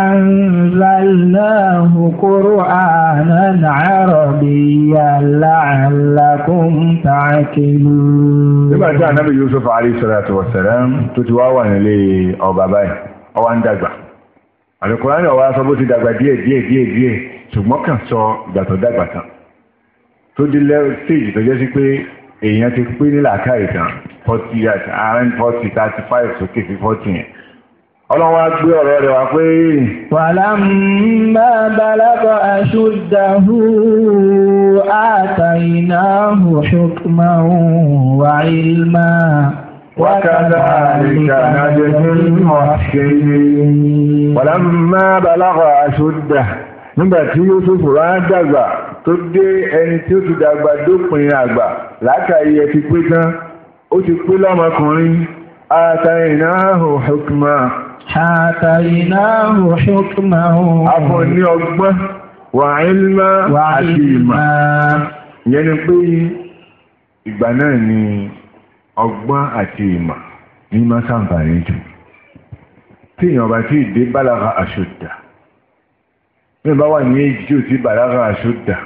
anzalnahu Qur'anan Arabiyyan la'allakum ta'qilun. Nígbà tí Ànábì Yusuf alayhi salatu wa salam tó ti wá wà nílé ọba báyìí, ó wá ń dàgbà. Àlùkùránì ọ̀wá sọ bó ti dàgbà díẹ̀ díẹ̀ díẹ̀ díẹ̀ ṣùgbọ́n kàn sọ ìgbà tó dàgbà tán. Tó di stéèjì tó jẹ́ sí pé èèyàn ti pé ní làákà ìtàn forty years àárín forty thirty five sókè sí forty yẹn ọlọ́wọ́ gbé ọ̀rọ̀ rẹ̀ wá pé. Falamma balagha ashuddahu atainahu hukman wa ilma. وكذلك نجزي المحسنين. ولما بلغ أشده nígbà tí Yusuf wá tó dé ẹni tí ó ti dàgbà dópin àgbà látàrí ẹ ti pé tán ó ti pé lọ́mọkùnrin àtàyìnáhù hukma. àtàyìnáhù hukma. afọ ní ọgbọ́n wà àti ìmọ̀ ìyẹn ni pé ìgbà náà ni ọgbọ́n àti ìmọ̀ ní máa jù tí èèyàn bá tí dé bàlágà àṣùdà bí wọ́n bá wà ní èjì tí ò sí bàlágà àṣùdà.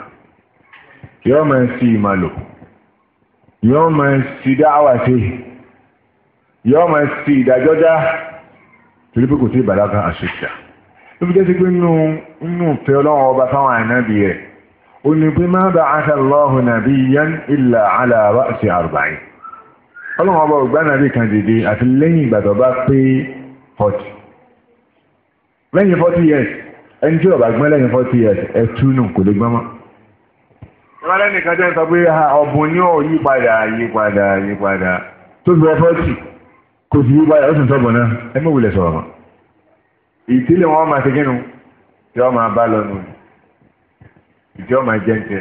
yóò máa sí ìmàlò yóò máa sí dáwà sí yóò máa sí ìdájọ́ dá torí pé kò sí ìbàdàkà àṣìṣà ló fi jẹ́ sí pé nínú ìfẹ́ ọlọ́run ọba fáwọn ànábì rẹ̀ ó ní pé má bá aṣa lọ́hù nàbí yẹn ìlà aláàbá sí àrùbáyìn ọlọ́run ọba ògbà 40 years ìwádìí nìkan jẹ́ sọ pé ọ̀bùn ni ó yí padà yí padà yí padà tó fi wọ́n fọ́ọ̀tì kò sì yí padà ó sì ń sọ̀bọ̀ náà ẹ mọ̀ wulẹ̀ sọ̀rọ̀ mọ́ ìtílé wọn máa ṣe kínú tí wọ́n máa bá lọ nù ìjọ́ máa jẹ́ ń tẹ̀lé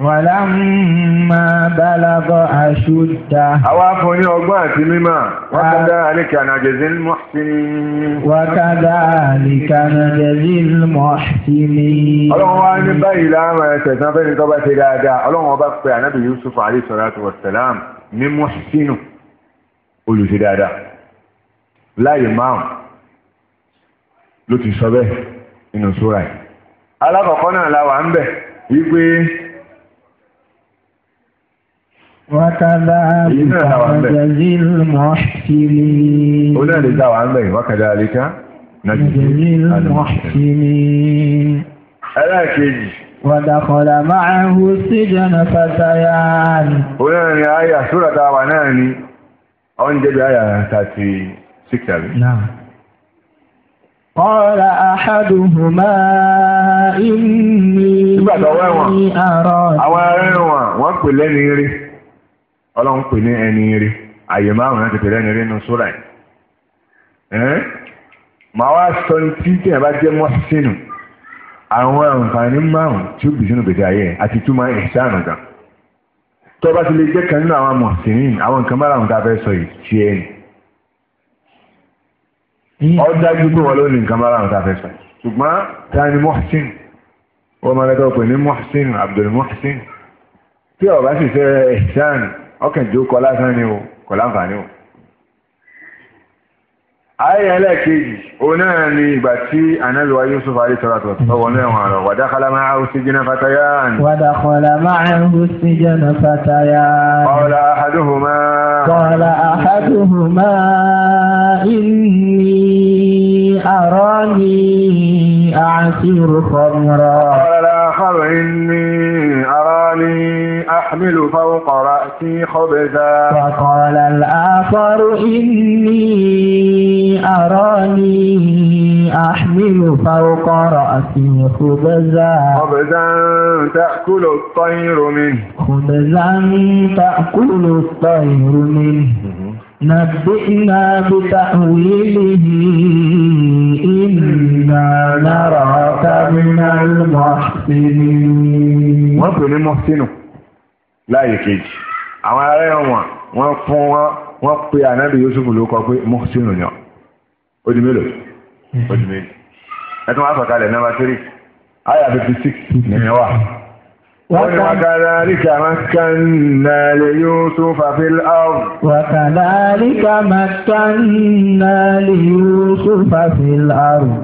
Wàlámà bálagọ́ àṣúdá. Àwọn afúnni ọgbọ́n àti mímọ̀, wákàdá àlìkà nàjẹ̀zí mọ́síní. Wákàdá àlìkà nàjẹ̀zí mọ́síní. Ọlọ́run wá ní báyìí láàmà ẹsẹ̀ tán fẹ́ni tó bá ṣe dáadáa. Ọlọ́run ọba pé ànábì Yusuf alayhi salatu wa salam ní mọ́sínú olùṣe dáadáa. Láyé márùn ló ti sọ bẹ́ẹ̀ nínú súra yìí. Alákọ̀ọ́kọ́ náà la wà ń bẹ̀ wípé وكذلك نجزي المحسنين أولئك دعوا عن بين وكذلك نجزي المحسنين ألاكي ودخل معه السجن فتيان أولئك آية سورة دعواناني أنجب آية تاتي سكتابي نعم قال أحدهما إني أرى àwọn arẹ́rìn wọn wọ́n pè lẹ́nu eré ọlọ́run pè ní ẹni rí àyè márùn-ún láti pèlẹ́ ẹni rí nínú sóra ẹ̀ màá wá sọ tí tí ẹ bá jẹ́ mọ́ sínú àwọn àǹfààní márùn-ún tí ó bì sínú gbèdé ayé ẹ̀ àti túmọ̀ ìṣàánú gan tó bá ti lè jẹ́ kan nínú àwọn mọ̀ àwọn nǹkan márùn-ún tá fẹ́ sọ yìí tí ẹ hmm. ní ọ dájú wọn ló nǹkan márùn-ún tá fẹ́ sọ yìí ṣùgbọ́n ta ni mọ́ wọ́n máa lọ́tọ́ pè ní mọ́ sínú tí ó sì fẹ́ ìṣàánú ọkàn jókòó lásán ni o kò láǹfààní o. ayé ẹlẹ́ẹ̀kejì òun ni ìgbà tí ànábì Yusuf alẹ́ sọ̀rọ̀ àtọ̀tọ̀ tọ́wọ́ náà wọn rọ̀ wàdà kọ́lá máa ń sí jẹ́nà fatayá. wàdà kọ́lá máa ń sí jẹ́nà fatayá. qala ahaduhuma. qala ahaduhuma inni arani a'siru khamra. qala al-akhar inni. تراني أحمل فوق رأسي خبزا وقال الآخر إني أراني أحمل فوق رأسي خبزا خبزا تأكل الطير منه خبزا تأكل الطير منه نبئنا بتأويله إنا نراك من المحسنين wọ́n pè ní mọ́sínù láàyè kejì àwọn ará ẹ̀wọ̀n wọn pe ànábì Yusuf ló pé mọ́sínù yàn ó mélòó ó mélòó ẹ tún wá sọ̀kalẹ̀ nọ́mbà tírì àyà fifty six nìyẹn wà. وكذلك مكنا ليوسف في الأرض وكذلك مكنا ليوسف في الأرض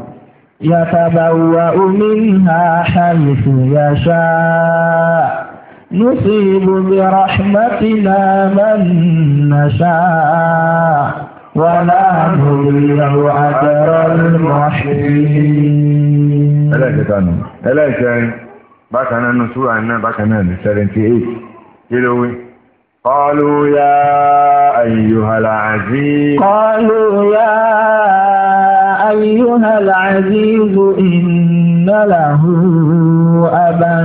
يتبوأ منها حيث يشاء نصيب برحمتنا من نشاء ولا نضيع أجر المحسنين. bákan náà nùsúrà náà bákan náà ní 78 kí ló wí قالوا يا أيها العزيز قالوا يا أيها العزيز إن له أبا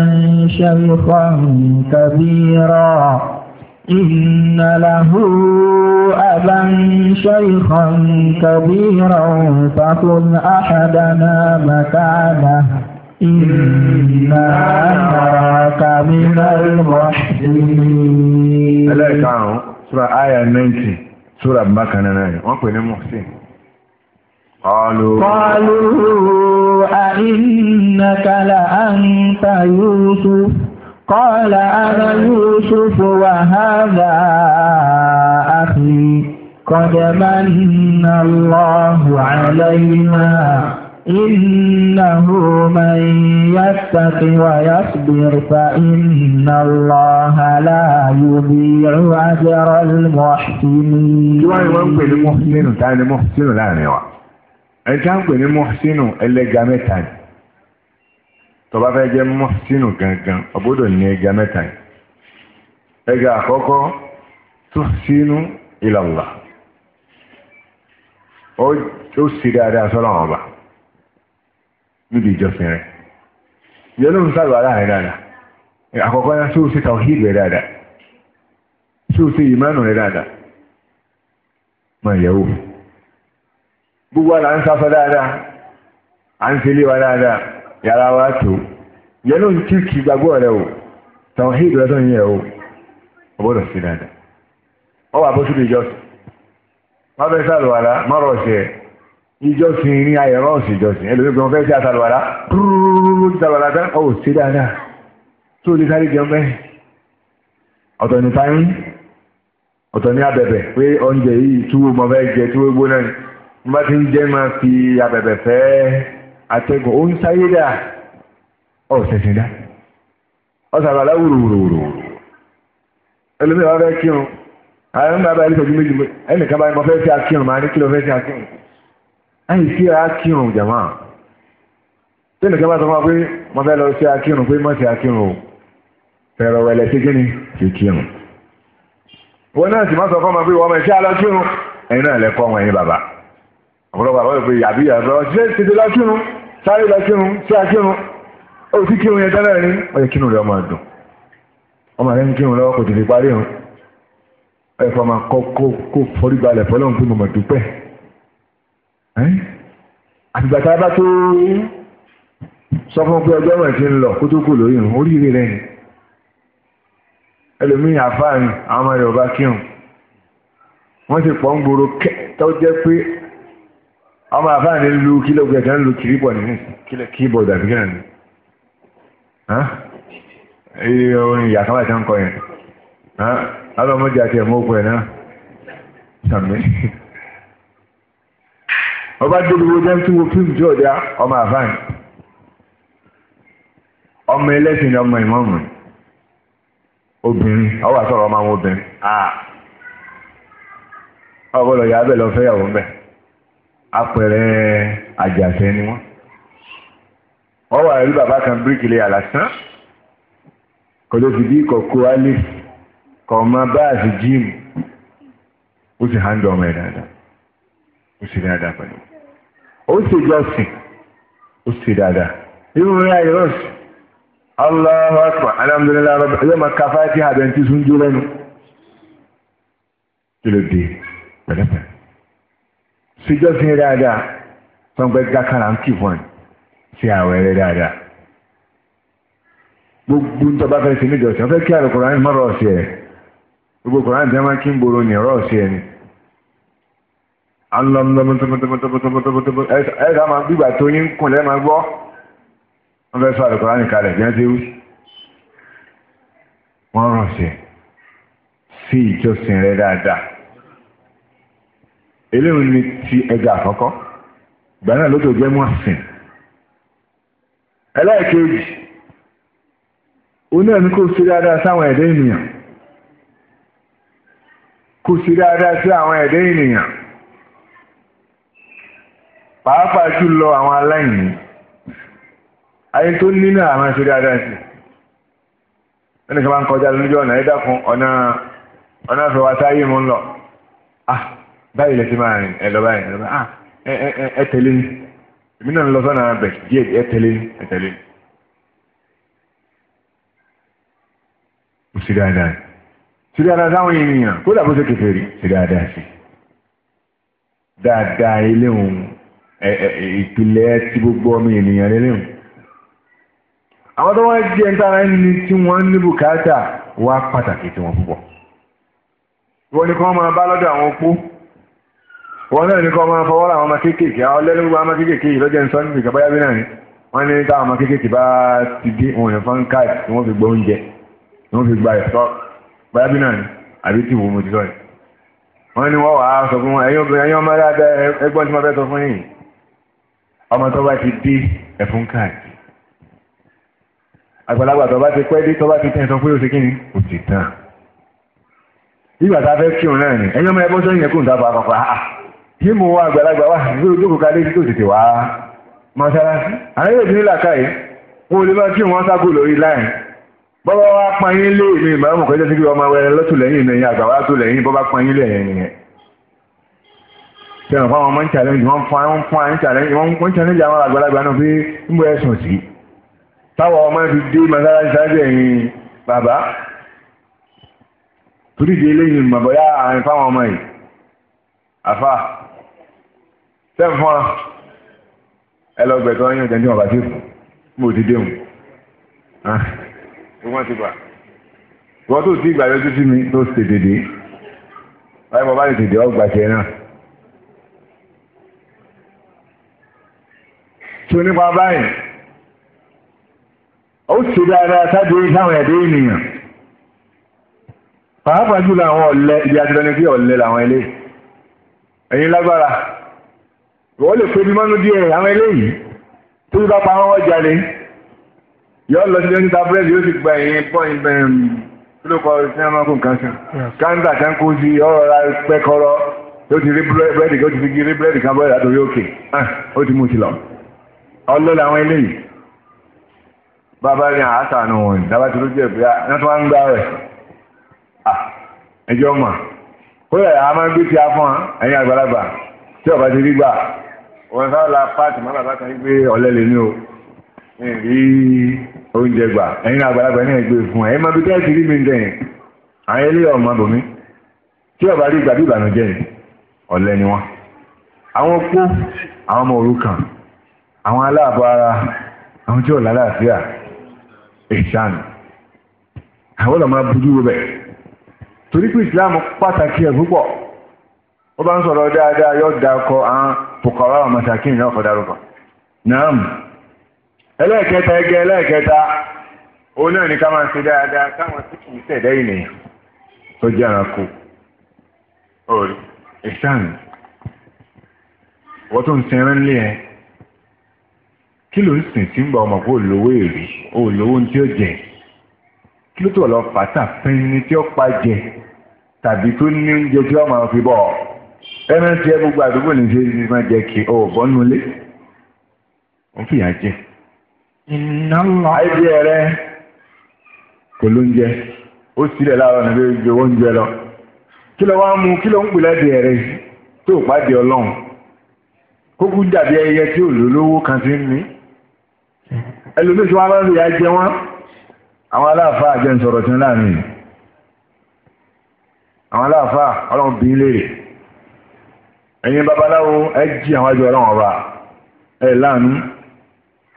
شيخا كبيرا إن له أبا شيخا كبيرا فخذ أحدنا مكانه إنا نراك من المحسنين ẹlẹ́ẹ̀karùn-ún sura aya 90 sura bákan náà ni wọ́n pè ní muhsin قالوا قالوا أئنك لأنت يوسف قال أنا يوسف وهذا أخي قد من الله علينا إنه من يتق ويصبر فإن الله لا يضيع أجر المحسنين. Tí wọ́n ń pè ní Mọ́sínù, ta ni Mọ́sínù láàrin wa? Ẹni tí wọ́n ń pè ní Mọ́sínù ẹlẹ́ga mẹ́ta ni. Tó bá fẹ́ jẹ́ Mọ́sínù gangan, ó gbọ́dọ̀ ní ẹga mẹ́ta ni. Ẹga àkọ́kọ́ tó sínú ìlàlá. Ó sì dáadáa sọ́lọ́wọ́n bá níbi ìjọsìn rẹ̀ ìyẹn ló ń sàlùwà láàrin dáadáa àkọ́kọ́ náà tí ó ṣe tawhid rẹ̀ dáadáa tí ó ṣe ìmánù rẹ̀ dáadáa máa yẹ̀ wò gbogbo àlà ń sáfẹ́ dáadáa à ń ṣẹlẹ̀ wa dáadáa yàrá wa tó ìyẹn ló ń kí kí gbàgbọ́ rẹ̀ o tawhid rẹ̀ tó ń yẹ̀ o ọ gbọ́dọ̀ sí dáadáa ọ wà bó síbi ìjọsìn wọ́n fẹ́ sàlùwà lá mọ́rọ̀ ọ̀sẹ̀ ìjọsìn ní ayẹ̀rọ́ọ̀sì ìjọsìn ẹlòmíì pé wọ́n fẹ́ sí àtàlùwàlá púrúrú tàbàlà tán ò sí dáadáa tó lè sáré jẹun bẹ́ẹ̀ ọ̀tọ̀ ní táyín ọ̀tọ̀ ní abẹ̀bẹ̀ pé oúnjẹ yìí túwó mo fẹ́ jẹ túwó gbóná ni mo bá ti ń jẹ́ máa fi abẹ̀bẹ̀ fẹ́ atẹ́gùn ó ń sáyé dà ọ̀ sẹ̀sìn dá ọ̀ sàbàlá wùrùwùrùwùrù ẹlòmíì wọ́n fẹ́ kírun àwọn ọmọ bàbá ẹlẹ́sọ̀jú méjì ẹnìkan bá ní mo fẹ́ sí akírun màá ní kí ló àìsí akírun jàmá tẹ́lẹ̀ kí wọ́n sọ fún wa pé wọ́n fẹ́ lọ sí akírun pé mọ́sí akírun o fẹ̀rọ̀ wẹ̀lẹ̀ sí kíni sí kírun wọn náà sì má sọ fún ọmọ pé wọ́n mọ̀ sí alọ́kírun ẹ̀yin náà lẹ́kọ́ wọn ẹ̀yin bàbá ọ̀pọ̀lọpọ̀ àwọn ìpè yàbí yàtọ̀ ṣé tètè lọ́kírun sáré lọ́kírun sí akírun ó sì kírun yẹn tẹ́lẹ̀ ní ọyẹ kírun rẹ ọmọ dùn ọmọ rẹ ń kírun lọ́wọ́ kò tètè parí hàn ẹ̀fọ́ máa kọ́ kó forí balẹ̀ fọlọ́run pé mo mọ̀ dúpẹ́ àtìgbà tá a bá tó sọ fún pé ọjọ́ rẹ̀ ti ń lọ kó tó kù lórí ìrùn oríire rẹ̀ ni ẹlòmíì àfáàrin àwọn ọmọ Yorùbá kírun wọ́n ti pọ̀ ń gbòòrò kẹ́ tó jẹ́ pé ọmọ àfáàrin lu kílò gbẹ̀dẹ̀ ń lu kìrìbọ̀ nínú kíbọ̀ dàbí kí nàní ilé orin ìyá kan láti ń kọ yẹn lọ́dọ̀ mọ́jà tiẹ̀ mọ́ òkú ẹ̀ náà sàmì ọba débi wo jẹ́ ń tún wo fíìmù tí ọ̀dà ọmọ àfáàn ọmọ ẹlẹ́sìn ni ọmọ ìmọ̀ọ́mù obìnrin ọwọ́ àtọ̀rọ̀ ọmọ àwọn obìnrin ọgbọ́dọ̀ yà á bẹ̀ lọ fẹ́yàwó mbẹ́ apẹ̀rẹ̀ àjàṣẹ́ ni wọ́n wọ́n wà lórí bàbá kan bíríkì lè àlàsán kò ló fi bí kòkó alif kò mọ báàsì jíìmù ó sì hàn dọ́ ọmọ ẹ̀ dáadáa ó sì dáadáa pẹ̀lú ó sì jọ́sìn ó sì dáadáa nínú rẹ̀ àìrọ́sì Allahu akbar alhamdulilayi rabbi ẹ̀yọ́ máa ka fáyà tí àbẹ̀ntì sún jó lẹ́nu kí ló dé pẹ̀lẹ́pẹ̀lẹ́ sì jọ́sìn dáadáa sọ̀gbẹ́ gákàrà ń kì fún ẹ̀ sí àwẹ̀ rẹ̀ dáadáa gbogbo ń tọba fẹ́ sí níjọ́sìn ọ fẹ́ kí àlùkùránì mọ́ rọ̀ọ̀sì ẹ̀ gbogbo kùránì tẹ́ máa kí ń gbòòrò ní rọ̀ọ̀sì ẹ̀ ni alọ́mọdọ́mọdọ́mọdọ́mọdọ́mọdọ́mọdọ́mọ ẹ ká máa gbígbà tó yín kùn lẹ́ máa gbọ́ wọ́n fẹ́ sọ àlùkòrán nìkan rẹ̀ bí wọ́n ti wí wọ́n rọ̀ sí sí ìjọsìn rẹ̀ dáadáa eléyìí ni ti ẹja àkọ́kọ́ ìgbà náà lótò jẹ́ mọ́ sìn ẹlẹ́ẹ̀kejì oní ẹ̀mí kò sí dáadáa sáwọn ẹ̀dẹ́ ènìyàn kò sí dáadáa sí àwọn ẹ̀dẹ́ ènìyàn pàápàá jùlọ àwọn aláìní ayé tó ní náà àwọn aṣọ dáadáa sí ẹni kan máa ń kọjá lójú ọ̀nà ẹ̀dá kan ọ̀nà ọ̀nà àfẹ́wà táyé mú ń lọ ah báyìí lẹ́sìn máa rìn ẹ̀ lọ báyìí ẹ̀ lọ ah ẹ tẹ̀lé ní èmi náà ń lọ sọ́nà abẹ díẹ̀ ẹ tẹ̀lé ní ẹ tẹ̀lé ní. mo ṣe dáadáa ṣe dáadáa sáwọn ènìyàn kó dàbó ṣe kẹfẹ́ ṣe dáadáa sí dáadáa ilé òun ìpìlẹ̀ tí gbogbo ọmọ ènìyàn lélẹ̀ àwọn tó wọ́n jẹ́ ń tara ẹni tí wọ́n ní bùkátà wá pàtàkì tí wọ́n púpọ̀ wọ́n ní kọ́ máa bá lọ́dọ̀ àwọn opó wọ́n náà ní kọ́ máa fọwọ́ ra àwọn ọmọ kéékèèké àwọn lẹ́nu gbogbo ọmọ kéékèèké yìí lọ́jọ́ ìsọ́nù ìgbà báyá bí náà ni wọ́n ní táwọn ọmọ kéékèèké bá ti dé òun ẹ̀fọn káàdì tí wọ́n fi gbọ́ oúnjẹ tí ni àbí tí wò mo ti sọ ni wọ́n ní wọ́n wàá sọ ọmọ tó bá ti dé ẹ̀fún káàdì àgbàlagbà tó bá ti pẹ́ dé tó bá ti tẹ̀ sọ pé ó ṣe kí ni kò ti tàn ìgbà tá a fẹ́ kírun náà ni ẹ̀yin ọmọ ẹ̀bọ́n sọ́yìn ẹ̀kú nǹkan àpapọ̀ àà ah, kí mo wá àgbàlagbà wá ìgbé ojókòó kalẹ̀ tí kò tètè wá mọ́sálásí àwọn yóò ti nílà káyé wọn ò lè máa kírun wọn ságò lórí láì bọ́bá wá pọnyín lé mi ìmọ̀ ọmọkọ́jọ́ sí kí wọ́n máa lọ́tù lẹ́yìn ṣe àwọn ọmọ ń challenge wọ́n fún àwọn fún àwọn challenge wọ́n ń challenge àwọn àgbàlagbà náà pé ń bọ̀ ẹ̀sùn sí táwọn ọmọ fi dé mọ́sálásí sáájú ẹ̀yìn bàbá torí di eléyìí mọ̀ bọ́yá àrùn fáwọn ọmọ yìí àfà ṣe ń fún ọ ẹ lọ gbẹ̀tọ́ yín ọ̀jẹ̀ tí wọ́n bá ti fún mo ti dé wọn ah. wọ́n ti bà wọ́n tó ti gbà yọjú sí mi tó ṣe dédé báyìí mo bá lè tètè ọgbà tiẹ̀ náà. tó nípa báyìí ó sì dáadáa sáde sáwọn ẹ̀dẹ́ ènìyàn pàápàá jùlọ àwọn ọ̀lẹ ibi àti lọ́ni pé ọ̀lẹ làwọn ilé ẹ̀yin lágbára wọ́n lè pé bí mọ́nú díẹ̀ àwọn eléyìí tó bá pa àwọn ọjà lé yọ lọ sí ẹni tábúrẹ́dì yóò sì gba ẹ̀yìn pọ́ìn bẹ́ẹ̀m tó ló kọ sinamakun kan sàn káńtà kan kó sí ọ̀rọ̀ ra pẹ́kọ́rọ́ tó ti rí búrẹ́dì kan ó ti fi rí búrẹ́dì kan bọ́ọ̀dà torí òkè ah, ó ti mú ti lọ ọlọ́lẹ̀ àwọn eléyìí bàbá rí àásàánú wọn ní dábàá tí ló jẹ́ ìpìlẹ̀ náà tó wá ń gbá rẹ̀ ah, ẹjọ́ mà ó yẹ àwọn máa ń gbé ti afọ́n ẹ̀yìn àgbàlagbà tí ọba ti rí gbà wọn sáré la pààtì má bàbá kan gbé ọlẹ́lẹ̀ ní o rí oúnjẹ gbà ẹ̀yìn àgbàlagbà ní ẹgbẹ́ fún ẹ̀yìn máa bí tẹ́ẹ̀tì rí mi dẹ̀yìn àwọn eléyìí ọmọ bòmí tí ọba rí gbà bí ìbànújẹ́ ọ̀lẹ ni wọn àwọn opó àwọn ọmọ òrukàn àwọn aláàbọ̀ ara àwọn tí ò lálàáfíà ìṣàánù àwọn ọ̀dọ̀ máa bójú rẹ̀ torí pé ìsìláàmù pàtàkì ẹ̀ púpọ̀ ó bá ń sọ̀rọ̀ dáadáa yóò da àwọn pòkọ̀rọ̀ àwọn masakin náà ẹlẹ́ẹ̀kẹta ẹgẹ ẹlẹ́ẹ̀kẹta ó náà ní ká máa ṣe dáadáa káwọn tí kì í ènìyàn tó jẹ́ ẹranko kí ló ń sìn tí ń gba ọmọ kó lówó èrè ó lówó ní tí ó jẹ kí ló tó lọ fàtà pín ní tí ó pa jẹ tàbí tó ní oúnjẹ tí wọn máa fi bọ ẹran tí ẹ gbogbo àdúgbò ní ṣe ní máa jẹ kí ọ bọ́ nu ilé ó fìyà jẹ. àìdí ẹrẹ kò lóúnjẹ ó sílẹ̀ láàárọ̀ níbi oúnjẹ oúnjẹ lọ kí ló wá mú kí ló ń pè lẹ́dí ẹrẹ tó pàdé ọlọ́run kókó dàbí ẹyẹ tí ò lólówó kan ti ń mí ẹlòmíì tí wọ́n bá ń fi ìyá jẹ wọ́n àwọn aláàfáà àjẹ́ ń sọ̀rọ̀ tí ń láàrin àwọn aláàfáà ọlọ́run bí léèrè ẹ̀yin babaláwo ẹ jí àwọn àjọ ọlọ́run ọba ẹ láàánú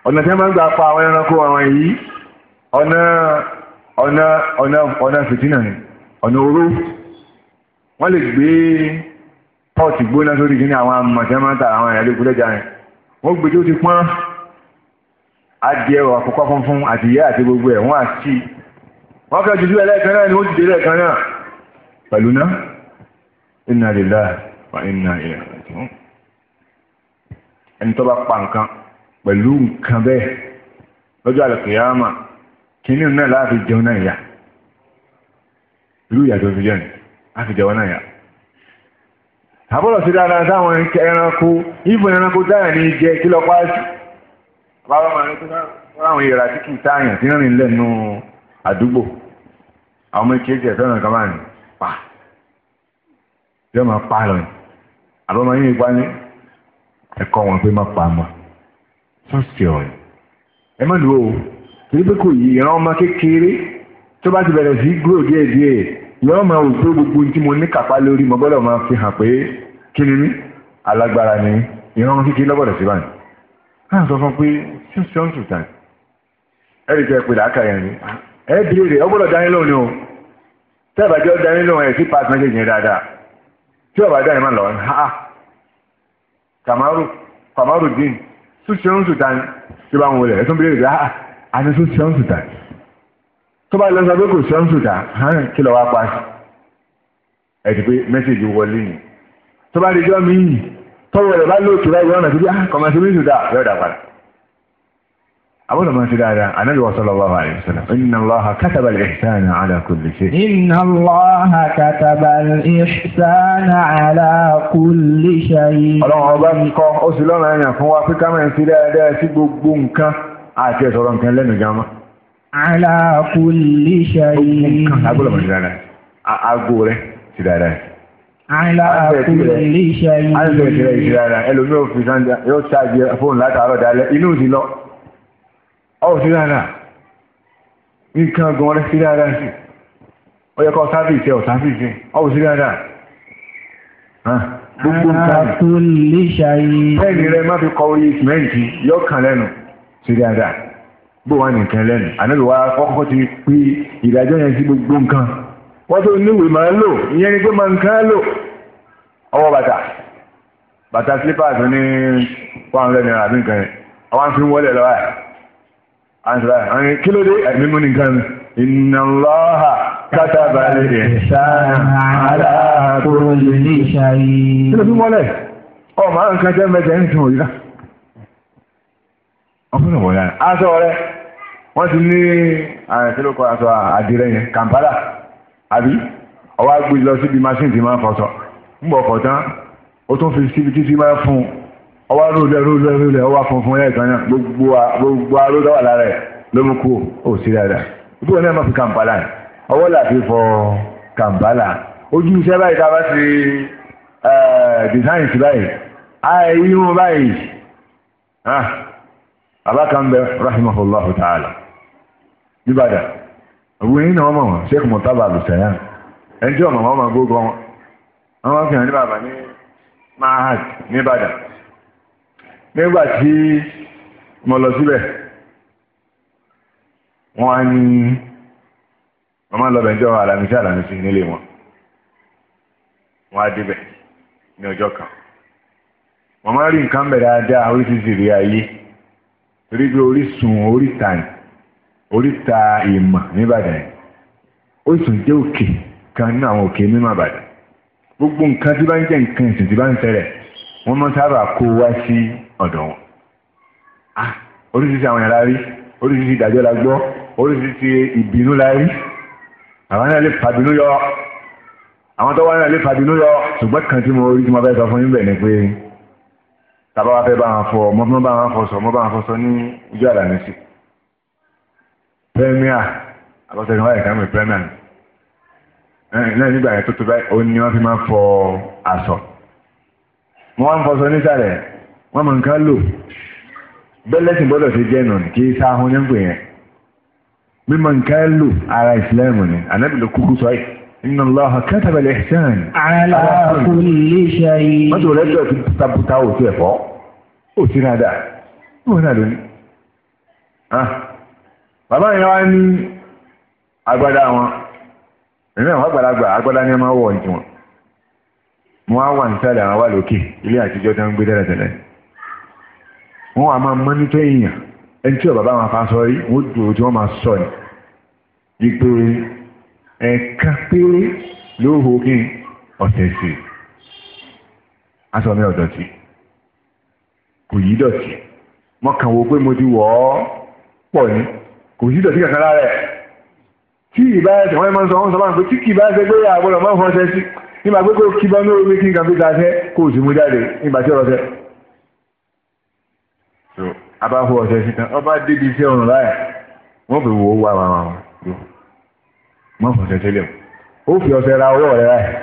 ọ̀nà tí wọ́n máa ń gbà pa àwọn ẹranko àwọn èyí ọ̀nà ọ̀nà ọ̀nà ọ̀nà fìtínà ni ọ̀nà oró wọ́n lè gbé pọ́ọ̀tì gbóná sórí kí ní àwọn amọ̀tẹ́mọ́ta àwọn ẹ̀yà lókùlẹ́jà yẹn wọ́n gbé tó ti pọ́n adìẹ wà kókó funfun àti ìyá àti gbogbo ẹ̀ wọ́n á sí i wọ́n fẹ́ jùlọ ẹlẹ́ẹ̀kan náà ni wọ́n ti dé lẹ́ẹ̀kan náà pẹ̀lú náà inna lillahi wa inna ilaihi raji'un ẹni tó bá pa nǹkan pẹ̀lú nǹkan bẹ́ẹ̀ lọ́jọ́ àlùkìyàmà kìíní náà láàfin jẹun náà yá irú ìyàtọ̀ fi jẹun láti jẹun náà yá àbọ̀lọ̀ sí dáadáa sáwọn ẹranko ìbùn ẹranko dáhà ní jẹ kí lọ́pàá sí bàbá wọn rẹ tó láwọn èèrà tí kì í táyàn tí ń rìn lẹ́nu àdúgbò àwọn ọmọ ìkéjì ẹ̀fẹ́ ọ̀nà kan ní pa yóò máa pa lọ ní àbọ̀ máa yín ipá ní ẹ̀kọ́ wọn pé má pa mọ́ sọ́ọ̀sì ọ̀rẹ́ ẹ má lù ó torí pé kò yí ìran ọmọ kékeré tó bá ti bẹ̀rẹ̀ sí gúrò díẹ̀ díẹ̀ yóò máa wò pé gbogbo tí mo ní kápá lórí mo gbọ́dọ̀ máa fi hàn pé kí ni mí alágbára ni ìran ọmọ kékeré lọ́gbọ̀dọ̀ sí báyìí náà sọ fún pé ṣíṣe ọ̀sùn tàn ẹ̀rì jẹ́ pé làákà yẹn ni ẹ̀ bèèrè ọ gbọ́dọ̀ dání lónìí o tẹ́ẹ̀bà jẹ́ dání lónìí ẹ̀ sí pass message yẹn dáadáa tí ọ̀bà dání má lọ ha kàmárù kàmárù dín ṣíṣe ọ̀sùn tàn tí bá ń wọlé ẹ̀sùn bèèrè pé ha àti ṣíṣe ọ̀sùn tàn tó bá lọ́sọ pé kò ṣe ọ̀sùn tàn hàn kí lọ́ wá pa ẹ̀ ti pé message wọlé yìí tó bá dijọ́ mi yìí tọ́wọ́ rẹ̀ bá lóòtù láì yọ̀nà síbi ah, kọ̀mọ̀ síbi ìṣúdà yóò dà padà. àbúrò máa ṣe dáadáa anábì wa sallallahu alaihi wasallam inna allaha kataba al-ihsana ala kulli shay. inna allaha kataba al-ihsana ala kulli shay. ọlọ́run ọba ń kọ́ ó sì lọ́nà ẹ̀yàn fún wa pé ká máa ń fi dáadáa sí gbogbo nǹkan àti ẹ̀sọ̀rọ̀ nǹkan lẹ́nu gan-an. ala kulli shay. gbogbo nǹkan àgbọ̀lọ̀ àìlà àkùnlé iṣẹ́ ayé ìṣẹ́ ìṣẹ́ ara ẹlòmí òfin sáńdà yóò ṣáàjì fóònù látàárọ̀ dalẹ́ inú ti lọ ọ̀hún sí dáadáa nǹkan gan ọ̀rẹ́ sí dáadáa sí ó yẹ kọ́ sáfìsì ọ̀ sáfìsì ọ̀hún sí dáadáa gbogbo nǹkan bẹ́ẹ̀ni rẹ má fi kọ orí sìmẹ́ǹtì yóò kàn lẹ́nu sí dáadáa gbọ́ wà nìkan lẹ́nu ànábìwá kọ́kọ́ ti pín ìdájọ́ yẹn sí gbogbo nǹkan. wọ́n tó níwèé máa ń lò ìyẹn ni pé máa ń ká lò ọwọ́ bàtà bàtà slippers ní one hundred naira àbí nǹkan yẹn àwọn fi ń wọlé lọ́wọ́ ẹ̀ àwọn kí ló dé ẹ̀mí mú nìkan mi inna Allaha kataba al-ihsana ala kulli kí ló fi ń wọlé ọ máa ń kan jẹ́ mẹ́tẹ̀ ń sìn òyìnbá ọkùnrin wọlé aṣọ rẹ wọ́n ti ní eh, àdìrẹ yẹn Kampala. àbí ọwọ́ agbè lọ síbi machine ti máa fọṣọ ń bọ̀ fọ̀ tán ó tún fi síbi títí máa fún ọwọ́ rúlẹ̀ rúlẹ̀ rúlẹ̀ ọwọ́ funfun lẹ́ẹ̀kan náà gbogbo aró dáwà lára ẹ̀ ló mú kú ó sí dáadáa ojú ọ̀nà máa fi kàǹpálà ọwọ́ là fi fọ kàǹpálà ojú iṣẹ́ báyìí tá a bá ti eh, design sí báyìí àìrí wọn báyìí ah, bàbá kan bẹ rahimahullahu ta'ala nígbàdàn. òwe yìí náà mọ̀ wọ́n sẹ́kù mọ̀tàbà àlùsẹ̀yà ẹni tí ọmọ ọmọ máa gbógun wọn wọn fi hàn ní bàbá ní mahad ní Ìbàdàn nígbà tí mo lọ á ní máa lọ jọ nílé wọn á ní kan máa rí nǹkan oríṣiríṣi rí ayé torí pé oríta ìmọ̀ nìbàdàn yìí ó sì jẹ́ òkè kan nínú àwọn òkè mímọ́ àbàdàn gbogbo nǹkan tí bá ń jẹ́ nǹkan ìsìn tí bá ń ṣẹlẹ̀ wọ́n máa sábà kó wá sí ọ̀dọ̀ wọn. oríṣiríṣi àwọn yàrá rí oríṣiríṣi ìdájọ́ la gbọ́ oríṣiríṣi ìbínú la rí àwọn náà lè fàbínú yọ àwọn tó wá náà lè fàbínú yọ ṣùgbọ́n kan tí mo rí tí mo fẹ́ sọ fún yín bẹ̀ ni pé tàbá wa fẹ́ bá wọn fọ mo bá wọn fọ sọ mo bá wọn fọ sọ ní ọjọ́ àlàmísì premier àbọ̀sẹ̀ni wáyé kàmí premier náà nígbà yẹn tó tó báyìí ó ní wọ́n fi máa fọ aṣọ wọ́n wá ń fọṣọ nísàlẹ̀ wọ́n mọ̀ nǹkan lò bẹ́lẹ́sìn gbọ́dọ̀ ṣe jẹ́ nù kí sáhun ní ń pè yẹn mímọ̀ nǹkan lò ara ìsìlẹ́mù ni ànábì ló kúkú sọ yìí inna Allaha kataba al-ihsan ala kulli shay mọ́tò rẹ̀ tó ti tabuta òtún ẹ̀fọ́ òtún náà dà ó náà lónìí. Ah bàbá yẹn wá ní agbádá wọn ẹ̀mí àwọn àgbàlagbà agbádá ni a máa wọ̀ ní tiwọn wọn á wà nísàlẹ̀ àwọn wà lókè ilé àtijọ́ tó ń gbé tẹ́lẹ̀ tẹ́lẹ̀ wọn á máa mọ́nítọ́ èèyàn ẹni tí bàbá wọn fa sọ rí wọn dùn tí wọ́n máa sọ ni wípé ẹ̀ka péré ló hó kí ọ̀sẹ̀ sí aṣọ mi ọ̀dọ̀ kò yí dọ̀tí mọ́kànwó pé mo ti wọ̀ ọ́ pọ̀ ni kò sí ìdọ̀tí kankan lára ẹ̀ tí ìbá ẹsẹ̀ wọ́n máa sọ wọ́n tí kì ẹsẹ̀ gbé àgbọ̀dọ̀ máa ń fọ́n sí nígbà pé kó kí bá ní omi kí n kan fi ta kó sì mú jáde nígbà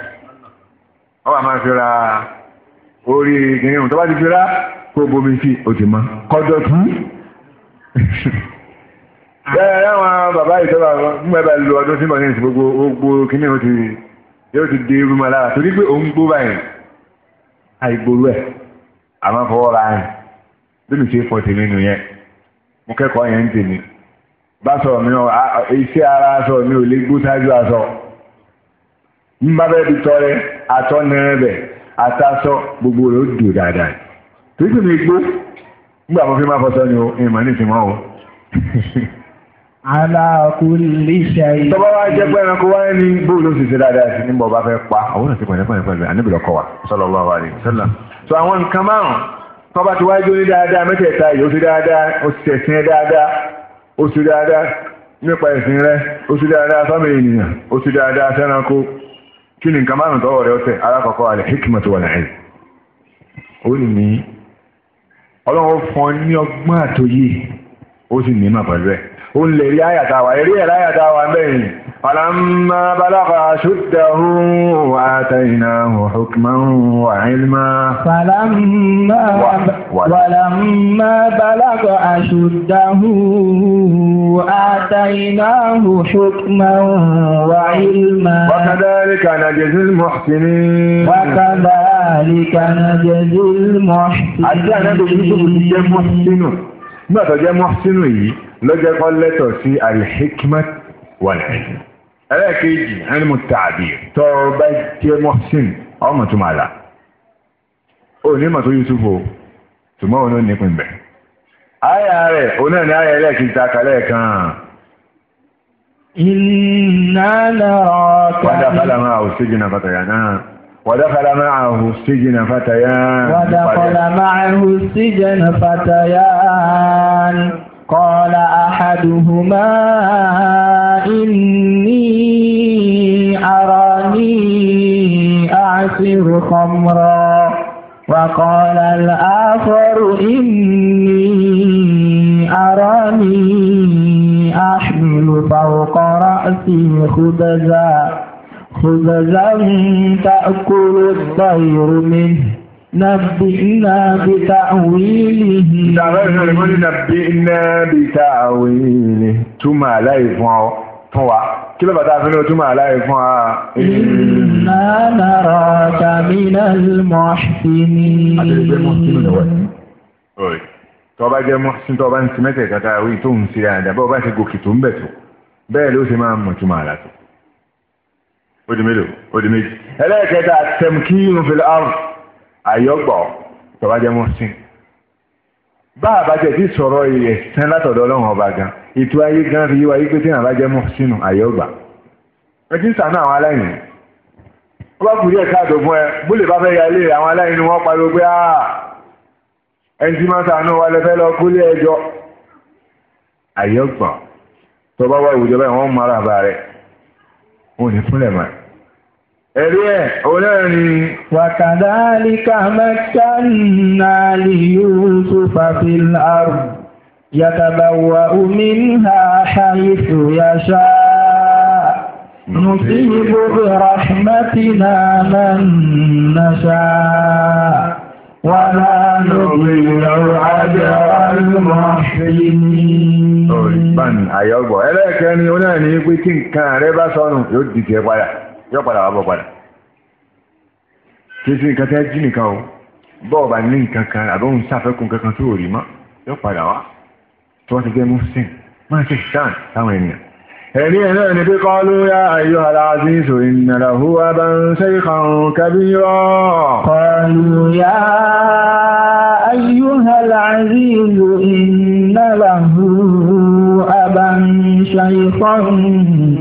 tí ọ̀rọ̀ orí kìnìún tó bá ti fi ra kó bomi sí òtì mọ́ kọjọ tún Ah. bẹ́ẹ̀ wọn bàbá ìjọba mẹ́bàá lọ ọdún sí mọ̀sí gbogbo ó di torí pé òun gbó báyìí àìgbòrú ẹ̀ ra ẹ̀ lónìí ṣe fọ́ tèmi nù yẹn mo kẹ́kọ̀ọ́ yẹn ń tèmi bá sọ mi iṣẹ́ ara sọ mi ò atasọ gbogbo rẹ̀ ó dáadáa torí pé mi gbó nígbà mo fi máa fọṣọ ni o o. alákùnléṣàyí. tọ́ba wa jẹ́ pé ẹranko wáyé ní bóòlù ó sì ṣe dáadáa sí ní bọ̀ọ̀bá fẹ́ pa. àwọn ọ̀nà ti pẹ̀lẹ́ pẹ̀lẹ́ àníbi lọ́kọ̀ wa sallallahu alaihi wasallam. so àwọn nǹkan márùn-ún tọ́ba ti dáadáa mẹ́tẹ̀ẹ̀ta yìí ó ṣe dáadáa ó ṣe ẹ̀sìn dáadáa ó ṣe dáadáa nípa ẹ̀sìn ó ṣe dáadáa ènìyàn ó ṣe dáadáa sẹ́ranko kí ni nǹkan márùn ọ ní ọgbọ́n àtòyè ó sì ní قل لي يا تاوى لي إيه لا يا تاوى فلما بلغ أشده وآتيناه حكما وعلما فلما ولما بلغ أشده آتيناه حكما وعلما وكذلك نجزي المحسنين وكذلك نجزي المحسنين nígbà tó jẹ́ mọ́sínú yìí lọ́jẹ́ kọ́ lẹ́tọ̀ sí alhikmat wàlẹ́yìn ẹlẹ́ẹ̀kejì ẹnimu tàbí tó bá jẹ́ mọ́sín ọmọ tó máa là ó ní mọ̀ tó Yusuf o tùmọ̀ òun ó nípìn bẹ̀ ayà rẹ̀ òun ní ayà ẹlẹ́ẹ̀kejì ta kalẹ̀ kan. ìnáná ọ̀kà ní. wàdà bàlámà òṣèjì náà bàtàyà náà. ودخل معه السجن فتيان ودخل معه السجن فتيان قال أحدهما إني أراني أعصر خمرا وقال الآخر إني أراني أحمل فوق رأسي خبزا خبزا تأكل الطير منه نبئنا بتأويله نبئنا بتأويله ثم لا يفعل fún wa kí ló bàtà fínú túmọ̀ aláì fún wa. iná nàrà kàmínà mọ̀síní. àtẹ̀lẹ́gbẹ́ ni tọ́ba jẹ́ mọ̀síní tọ́ba ń ti mẹ́tẹ̀ẹ̀kata wí tó ń ṣe àdàbọ̀ bá ti gòkè tó ń bẹ̀ tó bẹ́ẹ̀ ló ṣe máa mọ̀ túmọ̀ àlàtò ó di mélòó ó di méjì ẹlẹ́ẹ̀kẹta tẹmkínu fìlà ọ̀rùn àyọ̀gbọ̀ tọ́ba jẹ́ mọ́sìn bá a bá jẹ́ tí sọ̀rọ̀ ilẹ̀ sẹ́n látọ̀dọ̀ ọlọ́run ọba gan ètò ayé gan fi wáyé pé tí àwọn abájẹ́ mọ́sìn àyọ̀gbà ẹ ti ń sànú àwọn aláìní ó bá kù díẹ̀ káàdó fún ẹ bólè bá fẹ́ ya ilé àwọn aláìní wọn pariwo pé áà ẹni tí máa ń wa lẹ́fẹ́ lọ kú ẹjọ́ àyọ̀gbọ̀n tó wá ìwùjọba ẹ̀ wọ́n mú ara bá rẹ̀ wọn ò ní fúnlẹ̀ mọ́ ẹ̀rí ẹ̀ olórin. wàkàdálíkà mẹ́tàlá lè Yusufa fil ard yatabawa minha haythu yasha. نصيب برحمتنا من نشاء ولا نضيع أجر المحسنين. ìbáni àyọ̀gbọ̀ ẹlẹ́ẹ̀kẹ́ni ó náà ní pé kí nǹkan rẹ bá sọnù yóò di tiẹ̀ padà yóò padà wà bọ̀ padà. kí sí nǹkan tẹ́ jí nìkan o bọ́ọ̀ bá ní nǹkan kan àbọ̀ ń ṣàfẹ́kùn kankan tó rí mọ́ yóò padà wá tí wọ́n ti jẹ́ mú sin máa ṣe ṣáà táwọn ènìyàn. إن النبي قالوا يا أيها العزيز إن له أبا شيخا كبيرا قالوا يا أيها العزيز إن له أبا شيخا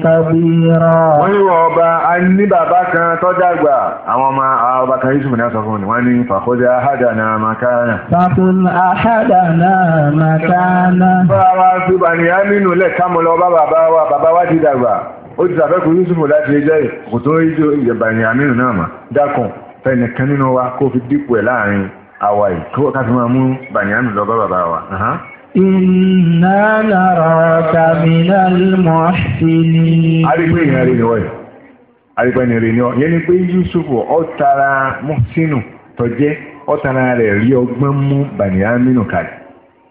كبيرا wọ́n ní wọ́n ọba a ní bàbá kan tó dàgbà àwọn ọmọ ọba kan yusuf ní asọ́fún ni wọ́n ní fàkójá àhádàna makana. fàkùn àhádàna makana. bá wa fi bàníyá nínú lẹ́ka mọ́ lọ bá bàbá wa bàbá wa ti dàgbà ó ti sàfẹ́kù yusuf láti ẹjẹ́ kò tó ìjọ ìbàníyá nínú náà mà dákun fẹ́nìkan nínú wa kó fi dípò ẹ̀ láàrin àwa yìí kó káfí máa mú bàníyá lọ bá bàbá wa. Inna naraka minal muhsinin. Arígbé ìyẹn rí ni wọ́n yìí. Arígbé ni rí ni wọ́n. Yẹn ni pé Yusufu ọ̀tara Mọ̀sínù tọ́jẹ́ ọ̀tara rẹ̀ rí ọgbọ́n mú Bàníámínù kalẹ̀.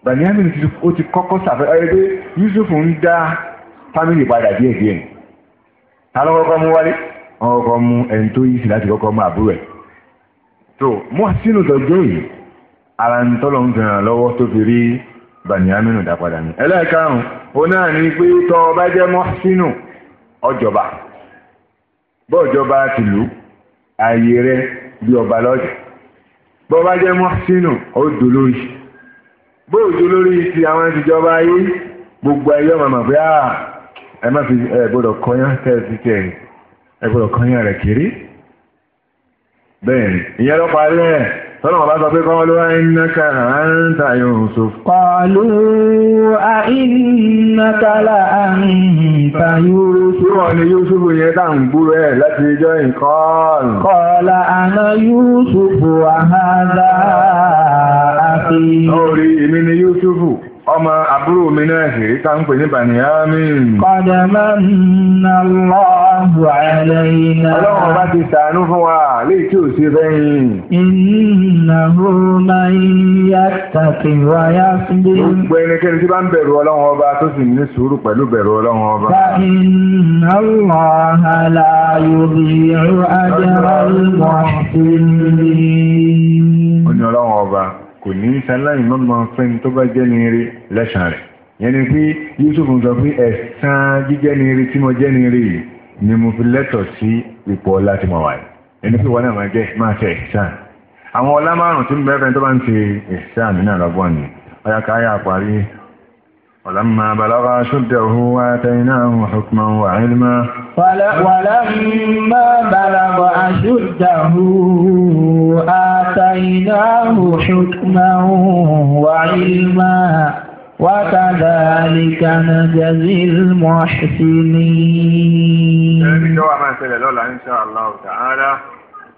Bàníámínù ti ó ti kọ́kọ́ sàfẹ́ ẹ pé Yusufu ń dá fámìlì padà díẹ̀ díẹ̀ ni. Ta ló kọ́kọ́ mú wálé? Wọ́n kọ́kọ́ mú ẹni tó yí sí láti kọ́kọ́ mú àbúrò ẹ̀. Tó Mọ̀sínù tọ́jẹ́ yìí, ara ń tọ́lọ́ bàníyàmínú dápadà ní ẹlẹ́ẹ̀kárùn ó náà ní pé tọ́ ọba jẹ́ mọ́sínú ọjọba bọ́ọ̀jọba tìlú ààyè rẹ bí ọba lọ́jọ́ bọ́ọ̀bá jẹ́ mọ́sínú ó dolórí bóòjó lórí ti àwọn ìjọba ayé gbogbo ayé ọmọ àmọ̀ pé àà ah, ẹ má fi ẹ gbọ́dọ̀ kọyán tẹ́ẹ̀sì tẹ̀ ẹ gbọ́dọ̀ kọyán rẹ̀ kiri bẹ́ẹ̀ ìyẹn lọ́pàá rẹ̀ Tọ́lọ̀wọ̀ bá sọ pé kọ́ ló ẹ́nàkà àǹtà Yusuf. Kọlu àìnàkàlà àǹtà Yusuf. Wọ́n ni Yusuf yẹn dá ń gbúrò ẹ̀ láti ijọ́ ìkọ́ọ̀lù. Kọ́lá àná Yusuf àhádá àti. Orí èmi ni Yusuf ọmọ àbúrò mi náà ṣèrí ká ń pè ní bàní àmín. Kọ̀dẹ̀ máa ń na lọ́ọ̀bù àlẹ́ iná. Ọlọ́run bá ti ṣàánú fún wa léyìí tí ò ṣe bẹ́yìn. Ìnáwó máa ń yá tàkì wáyá sílé. Gbogbo ẹnikẹ́ni tí bá ń bẹ̀rù ọlọ́run ọba tó sì ní sùúrù pẹ̀lú bẹ̀rù ọlọ́run ọba. Fa lọ àlà yorì ẹ̀rọ ajẹ́rọ̀ ìmọ̀ sí Ó ní ọlọ́run ọba kò ní sáláì mọ́mọ́ fẹ́ni tó bá jẹ́ ní eré lẹ́sàn rẹ̀ yẹn ni pé Yusuf ń sọ pé ẹ̀sán jíjẹ́ tí mo jẹ́ ni mo fi lẹ́tọ̀ sí ipò ọlá tí mo wà yìí ẹni pé wọn náà máa jẹ́ máa ṣe ẹ̀sán àwọn ولما بلغ أشده واتيناه حكما وعلما ولما بلغ أشده آتيناه حكما وعلما وكذلك نجزي المحسنين. إن شاء الله تعالى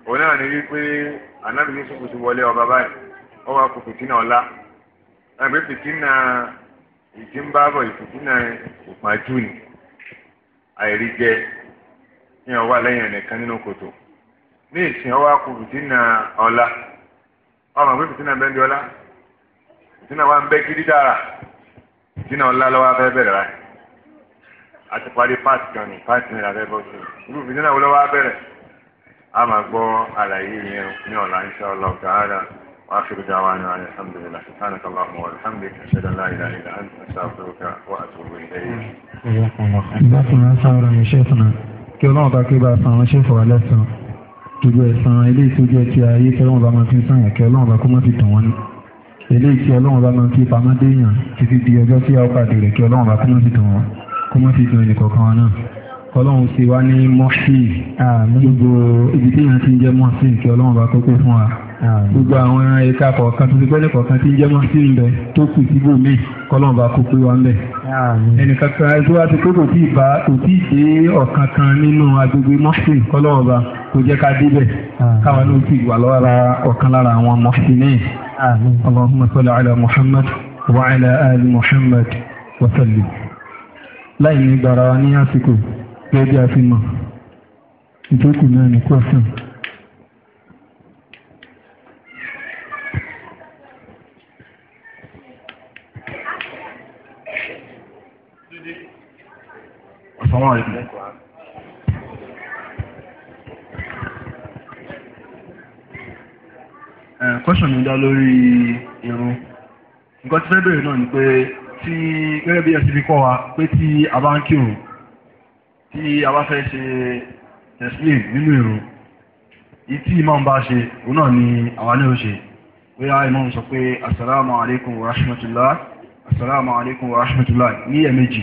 هنا نريد أن نبني سكوت ولي وباباي هو كفتنا ولا أنا بفتنا ìdí ń bá bọ̀ ìfìdínà òpájú ni àìrí jẹ ní ọwọ́ lẹ́yìn ẹ̀nìkan nínú kòtò ní ìsìn ọwọ́ kò fìdínà ọlá ọmọ pé fìdínà bẹ́ẹ̀ ń di ọlá fìdínà wa ń bẹ́ gidi dára fìdínà ọlá lọ́wọ́ abẹ́ bẹ̀rẹ̀ rà àti parí páàtì kan ní páàtì ní abẹ́ bọ́ sí irú fìdínà wo lọ́wọ́ abẹ́rẹ̀ a máa gbọ́ àlàyé yẹn ní ọ̀la ń ṣe ọlọ́ọ̀gá ara. وآخر دعوانا عن الحمد لله سبحانك اللهم وبحمدك أشهد أن لا إله إلا أنت أستغفرك وأتوب إليك. جزاكم الله خيرا. الله خيرا يا شيخنا. kí ọlọ́run bá kí bá san àwọn ṣẹ́fọ̀ alẹ́sàn gbogbo ẹ̀sán eléyìí tó jẹ́ ti ayé tí ọlọ́run bá máa fi sàn kí ọlọ́run bá kó má fi tàn wọ́n ní eléyìí tí ọlọ́run bá máa fi pamọ́ déèyàn títí di ọjọ́ tí a ó rẹ̀ kí ọlọ́run bá kó má fi tàn wọ́n kó má fi tàn ẹnì kọ̀ọ̀kan wọn náà ọlọ́run ṣe wá ní mọ́ṣí gbogbo ibi téèyàn ti ń jẹ́ mọ́ṣí kí ọlọ́run bá kó pé fún wa gbogbo àwọn ẹ̀ka kọ̀ọ̀kan tó ti gbọ́dọ̀ kọ̀ọ̀kan tí ń jẹ́ mọ́sí ń bẹ tó kù síbò míì kọ́lọ́n bá kó pé wá ń bẹ̀. ẹnìkan kan tó wá ti pé kò tíì bá kò tíì dé ọ̀kan kan nínú agbègbè mọ́sí kọ́lọ́n bá kò jẹ́ ká débẹ̀ káwọn ló ti wà lọ́wọ́ ara ọ̀kan lára àwọn mọ́sí náà. Allahumma salli ala Muhammad wa ala ali Muhammad wa láì ní gbàrà wa ní àsìkò gẹ́gẹ́ bí a fi mọ̀ ìjókòó Assalamu alaikum. Question mi dá lórí irun. Nǹkan tí fẹ́ bèèrè náà ni pé tí gẹ́gẹ́ bí ẹ̀sìn fi kọ́ wa pé tí a bá ń kírun tí a bá fẹ́ ṣe tẹ̀sílẹ̀ nínú irun ìtí imam bá ṣe òun náà ni àwa náà ó ṣe pé a imam sọ pé assalamu alaikum wa rahmatullah assalamu alaikum wa rahmatullah ní ẹ̀mejì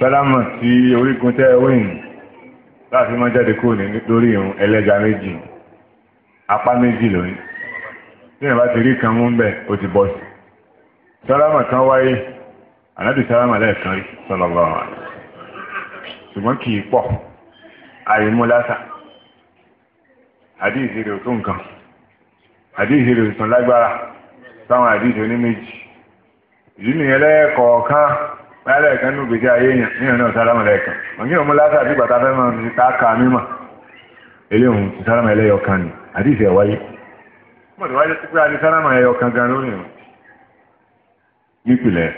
sálámù sí orígun tẹ́ wíìn láti máa jáde kúrò ní lórí ìrun ẹlẹ́ja méjì apá méjì lónìí tí ìrìn bá ti rí kan mú ń bẹ̀ ó ti bọ́ sí sálámù kan wáyé ànábì sálámù lẹ́ẹ̀kan rí sọlọ́lọ́ ṣùgbọ́n kì í pọ̀ àìmúlásà àdí ìṣeré òtún nǹkan àdí ìṣeré òtún lágbára táwọn àdí ìṣeré méjì ìdí nìyẹn lẹ́ẹ̀kọ̀ọ̀kan. pẹ́lẹ́ ẹ̀kan ní ògbèjì ayé èèyàn ní ọ̀nà ìsálámù lẹ́ẹ̀kan òní òun lásà àti bàtà fẹ́ máa fi ta ka mímọ̀ eléhùn ìsálámù ẹlẹ́yọ kan ni àti ìfẹ́ wáyé mo ti wáyé pé àti ìsálámù gan lónìí o nípìnlẹ̀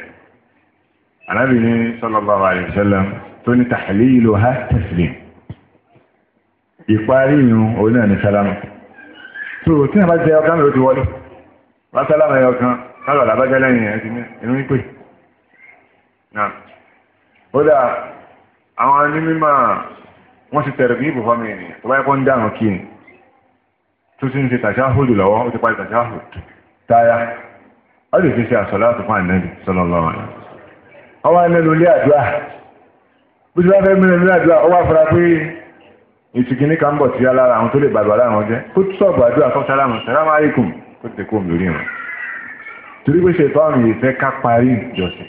tó ní ìparí òun náà ní tó tí bá ti ẹyọ kan ló ti wọlé wọn sálámù náà ó dà àwọn anímọ̀ wọ́n ti tẹ̀rẹ̀ bí ibùfọ́ mi tó bá yẹ ń dáhùn kí ni tó ti ń ṣe tàṣáhùdù lọ́wọ́ ó ti parí tàṣáhùdù táyà ó lè fi ṣe àsọ̀lá tó fún ànẹ́bì sọ́nà lọ́wọ́ rẹ̀ ọwọ́ ẹlẹ́nu ilé àdúrà bí ti bá fẹ́ mẹ́rin ilé àdúrà ọwọ́ àfọlá pé ìtìkíní kan bọ̀ sí alára àwọn tó lè bàbá lára wọn jẹ́ kó tó sọ̀bù àdúrà fún sálámù sálámù aláìkùm kó torí pé ṣètọ́ àmì ìfẹ́ ká parí ìjọsìn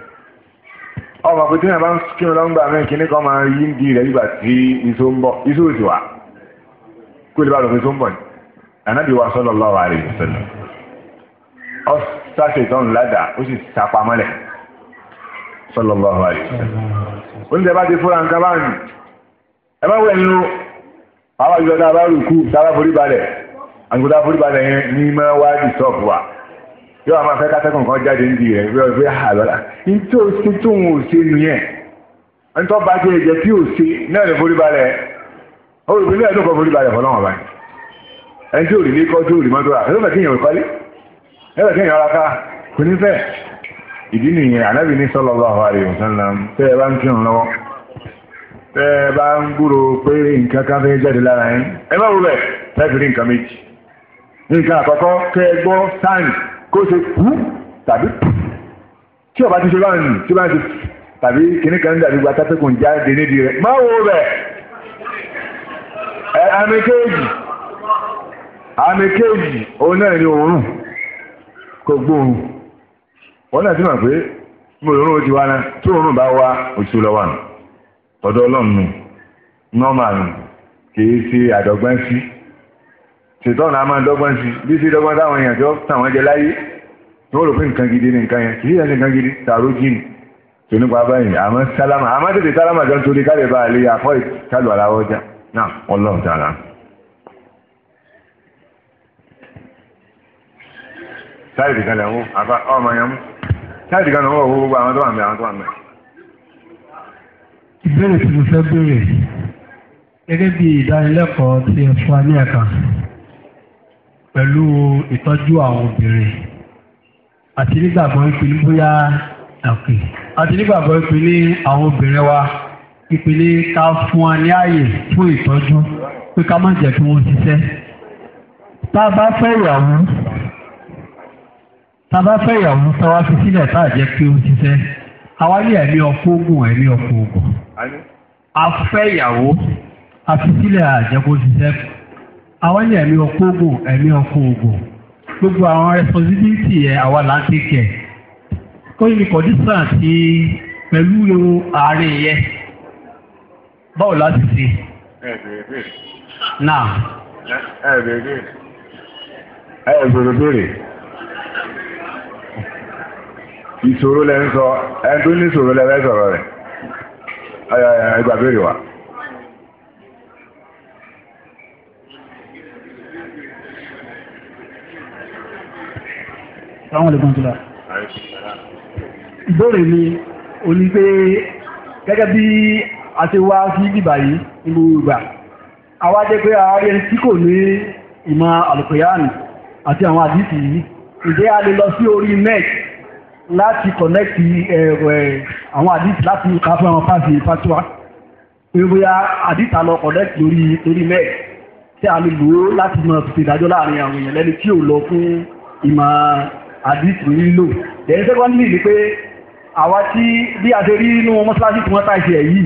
ọmọ pé tí wọn bá ń kí wọn lọ́ngbà mẹ́rin kí ní kan máa yí ń di rẹ̀ nígbà tí iṣó ń bọ̀ iṣó òsì wà kó lè bá lọ fún iṣó ń bọ̀ ni ànábì wa sallallahu alaihi wasallam ọ sáṣẹ ìtọ́nù ládàá ó sì sapamọ́lẹ̀ sallallahu alaihi wasallam oúnjẹ bá ti fúra nǹkan bá ń ẹ bá wẹ̀ nínú àwọn ìjọba bá rù kú tá a bá forí balẹ̀ àgbẹ̀dá forí balẹ̀ yẹn ní máa yóò wá máa fẹ́ kátẹ́kùn kan jáde ń di rẹ̀ wíwá wíwá àlọ́lá ah, ntí o ṣe tó ń ṣe nìyẹn ntọ́ bá ti ẹ̀jẹ̀ tí o ṣe náà lè forí balẹ̀ olùgbé náà ló kọ́ forí balẹ̀ fọlọ́wọ́n báyìí ẹni tí òrìlé kọ́ tí òrìmọ́ tó rà ẹ̀rọ bẹ̀ kéèyàn kọ́lé ẹ̀rọ bẹ̀ kéèyàn raka kò ní fẹ́ ìdí nìyẹn ànábì ní sallallahu alaihi wasallam tẹ́ ẹ bá ń kírun lọ́wọ́ tẹ́ ẹ bá ń gbúrò pé nǹkan kan fẹ́ jáde lára yẹn ẹ má wúlò bẹ̀ tẹ́ fi rí nǹkan méjì kó ṣe kú tàbí tí ọba ti ṣe báyìí tí bá ń ṣe tàbí kìnnì kan dàbí gba tátẹ́kùn jáde nídìí rẹ̀ má wo bẹ̀ ẹ àmì kéèjì àmì kéèjì òun náà ni òórùn kò gbóòórùn wọn náà ti mọ̀ pé mo lòórùn ó ti wá náà tí òórùn bá wá oṣù lọ́wọ́ àná ọ̀dọ́ ọlọ́run nù nọ́ọ̀mà nù kì í ṣe àdọ́gbọ́n ṣètọ́nù a máa dọ́gbọ́n sí bí sí dọ́gbọ́n táwọn èèyàn tó tàwọn jẹ láyé tí wọ́n rò pé nǹkan gidi ní nǹkan yẹn kì í yẹn nǹkan gidi tààró jìn tó nípa báyìí àmọ́ sálámà àmọ́ tètè sálámà jọ nítorí ká lè bá àlè àfọ́ ìkálù aláwọ̀ ọjà náà ọlọ́run tààrà. sáìdì kan lẹ́wọ́ àbá ọmọ yẹn mú sáìdì kan lọ́wọ́ gbogbo àwọn tó wà mẹ́ àwọn tó wà mẹ́. ìbéèrè tí mo fẹ́ béèrè gẹ́gẹ́ bí ìdánilẹ́kọ̀ọ́ ti fún wa ní ẹ̀ka pẹ̀lú ìtọ́jú àwọn obìnrin àti nígbàgbọ́ ń pinnu bóyá ẹ̀kẹ́ àti nígbàgbọ́ ń pinnu àwọn obìnrin wa ìpele ká fún wa ní ààyè fún ìtọ́jú pé ká má jẹ́ kí wọ́n ṣiṣẹ́ tá a bá fẹ́ ìyàwó tá a bá fẹ́ ìyàwó tá a wá fi sílẹ̀ tá a jẹ́ kí wọ́n ṣiṣẹ́ àwa ní ẹ̀mí ọkọ̀ ogun ẹ̀mí ọkọ̀ ogun a fẹ́ ìyàwó a fi sílẹ̀ àjẹkó ṣiṣẹ́ àwọn ní ẹ̀mí ọkọ̀ ogun ẹ̀mí ọkọ̀ ogun gbogbo àwọn responsibility yẹn àwa là ń tẹ̀kẹ̀ kóyìn ní condition ti pẹ̀lú ààrẹ yẹn báwo la ti ṣe. ẹ bèrè bèrè. náà. ẹ bèrè bèrè. ẹ bèrè bèrè. ìṣòro lẹ ń sọ ẹ tó ní ìṣòro lẹ fẹ́ sọ̀rọ̀ rẹ̀ ẹ gbà bèrè wa. Àwọn olùgbọ̀njìlá. Ìbéèrè mi, o ní pé gẹ́gẹ́ bí a ti wá sí bíbà yìí ní gbogbo ìgbà, a wá jẹ́ pé ààrẹ tí kò ní ìmọ̀ àlùkòyáàni àti àwọn àdìsí yìí, ìjẹ́ a lè lọ sí orí net láti kọ̀nẹ́kì àwọn àdìsí láti ká fún àwọn fásitì fatuwa. Pé bóyá àdìsí lọ kọ̀nẹ́kì lórí net tí a lè lò láti mọ̀ ìdájọ́ láàrin àwọn èèyàn lẹ́ni tí ò lọ fún ìmọ̀ àdìsù lílò then secondly ni pé àwa tí bí a ṣe rí inú mọ́ṣáláṣí tí wọ́n tàìsí ẹ̀ yìí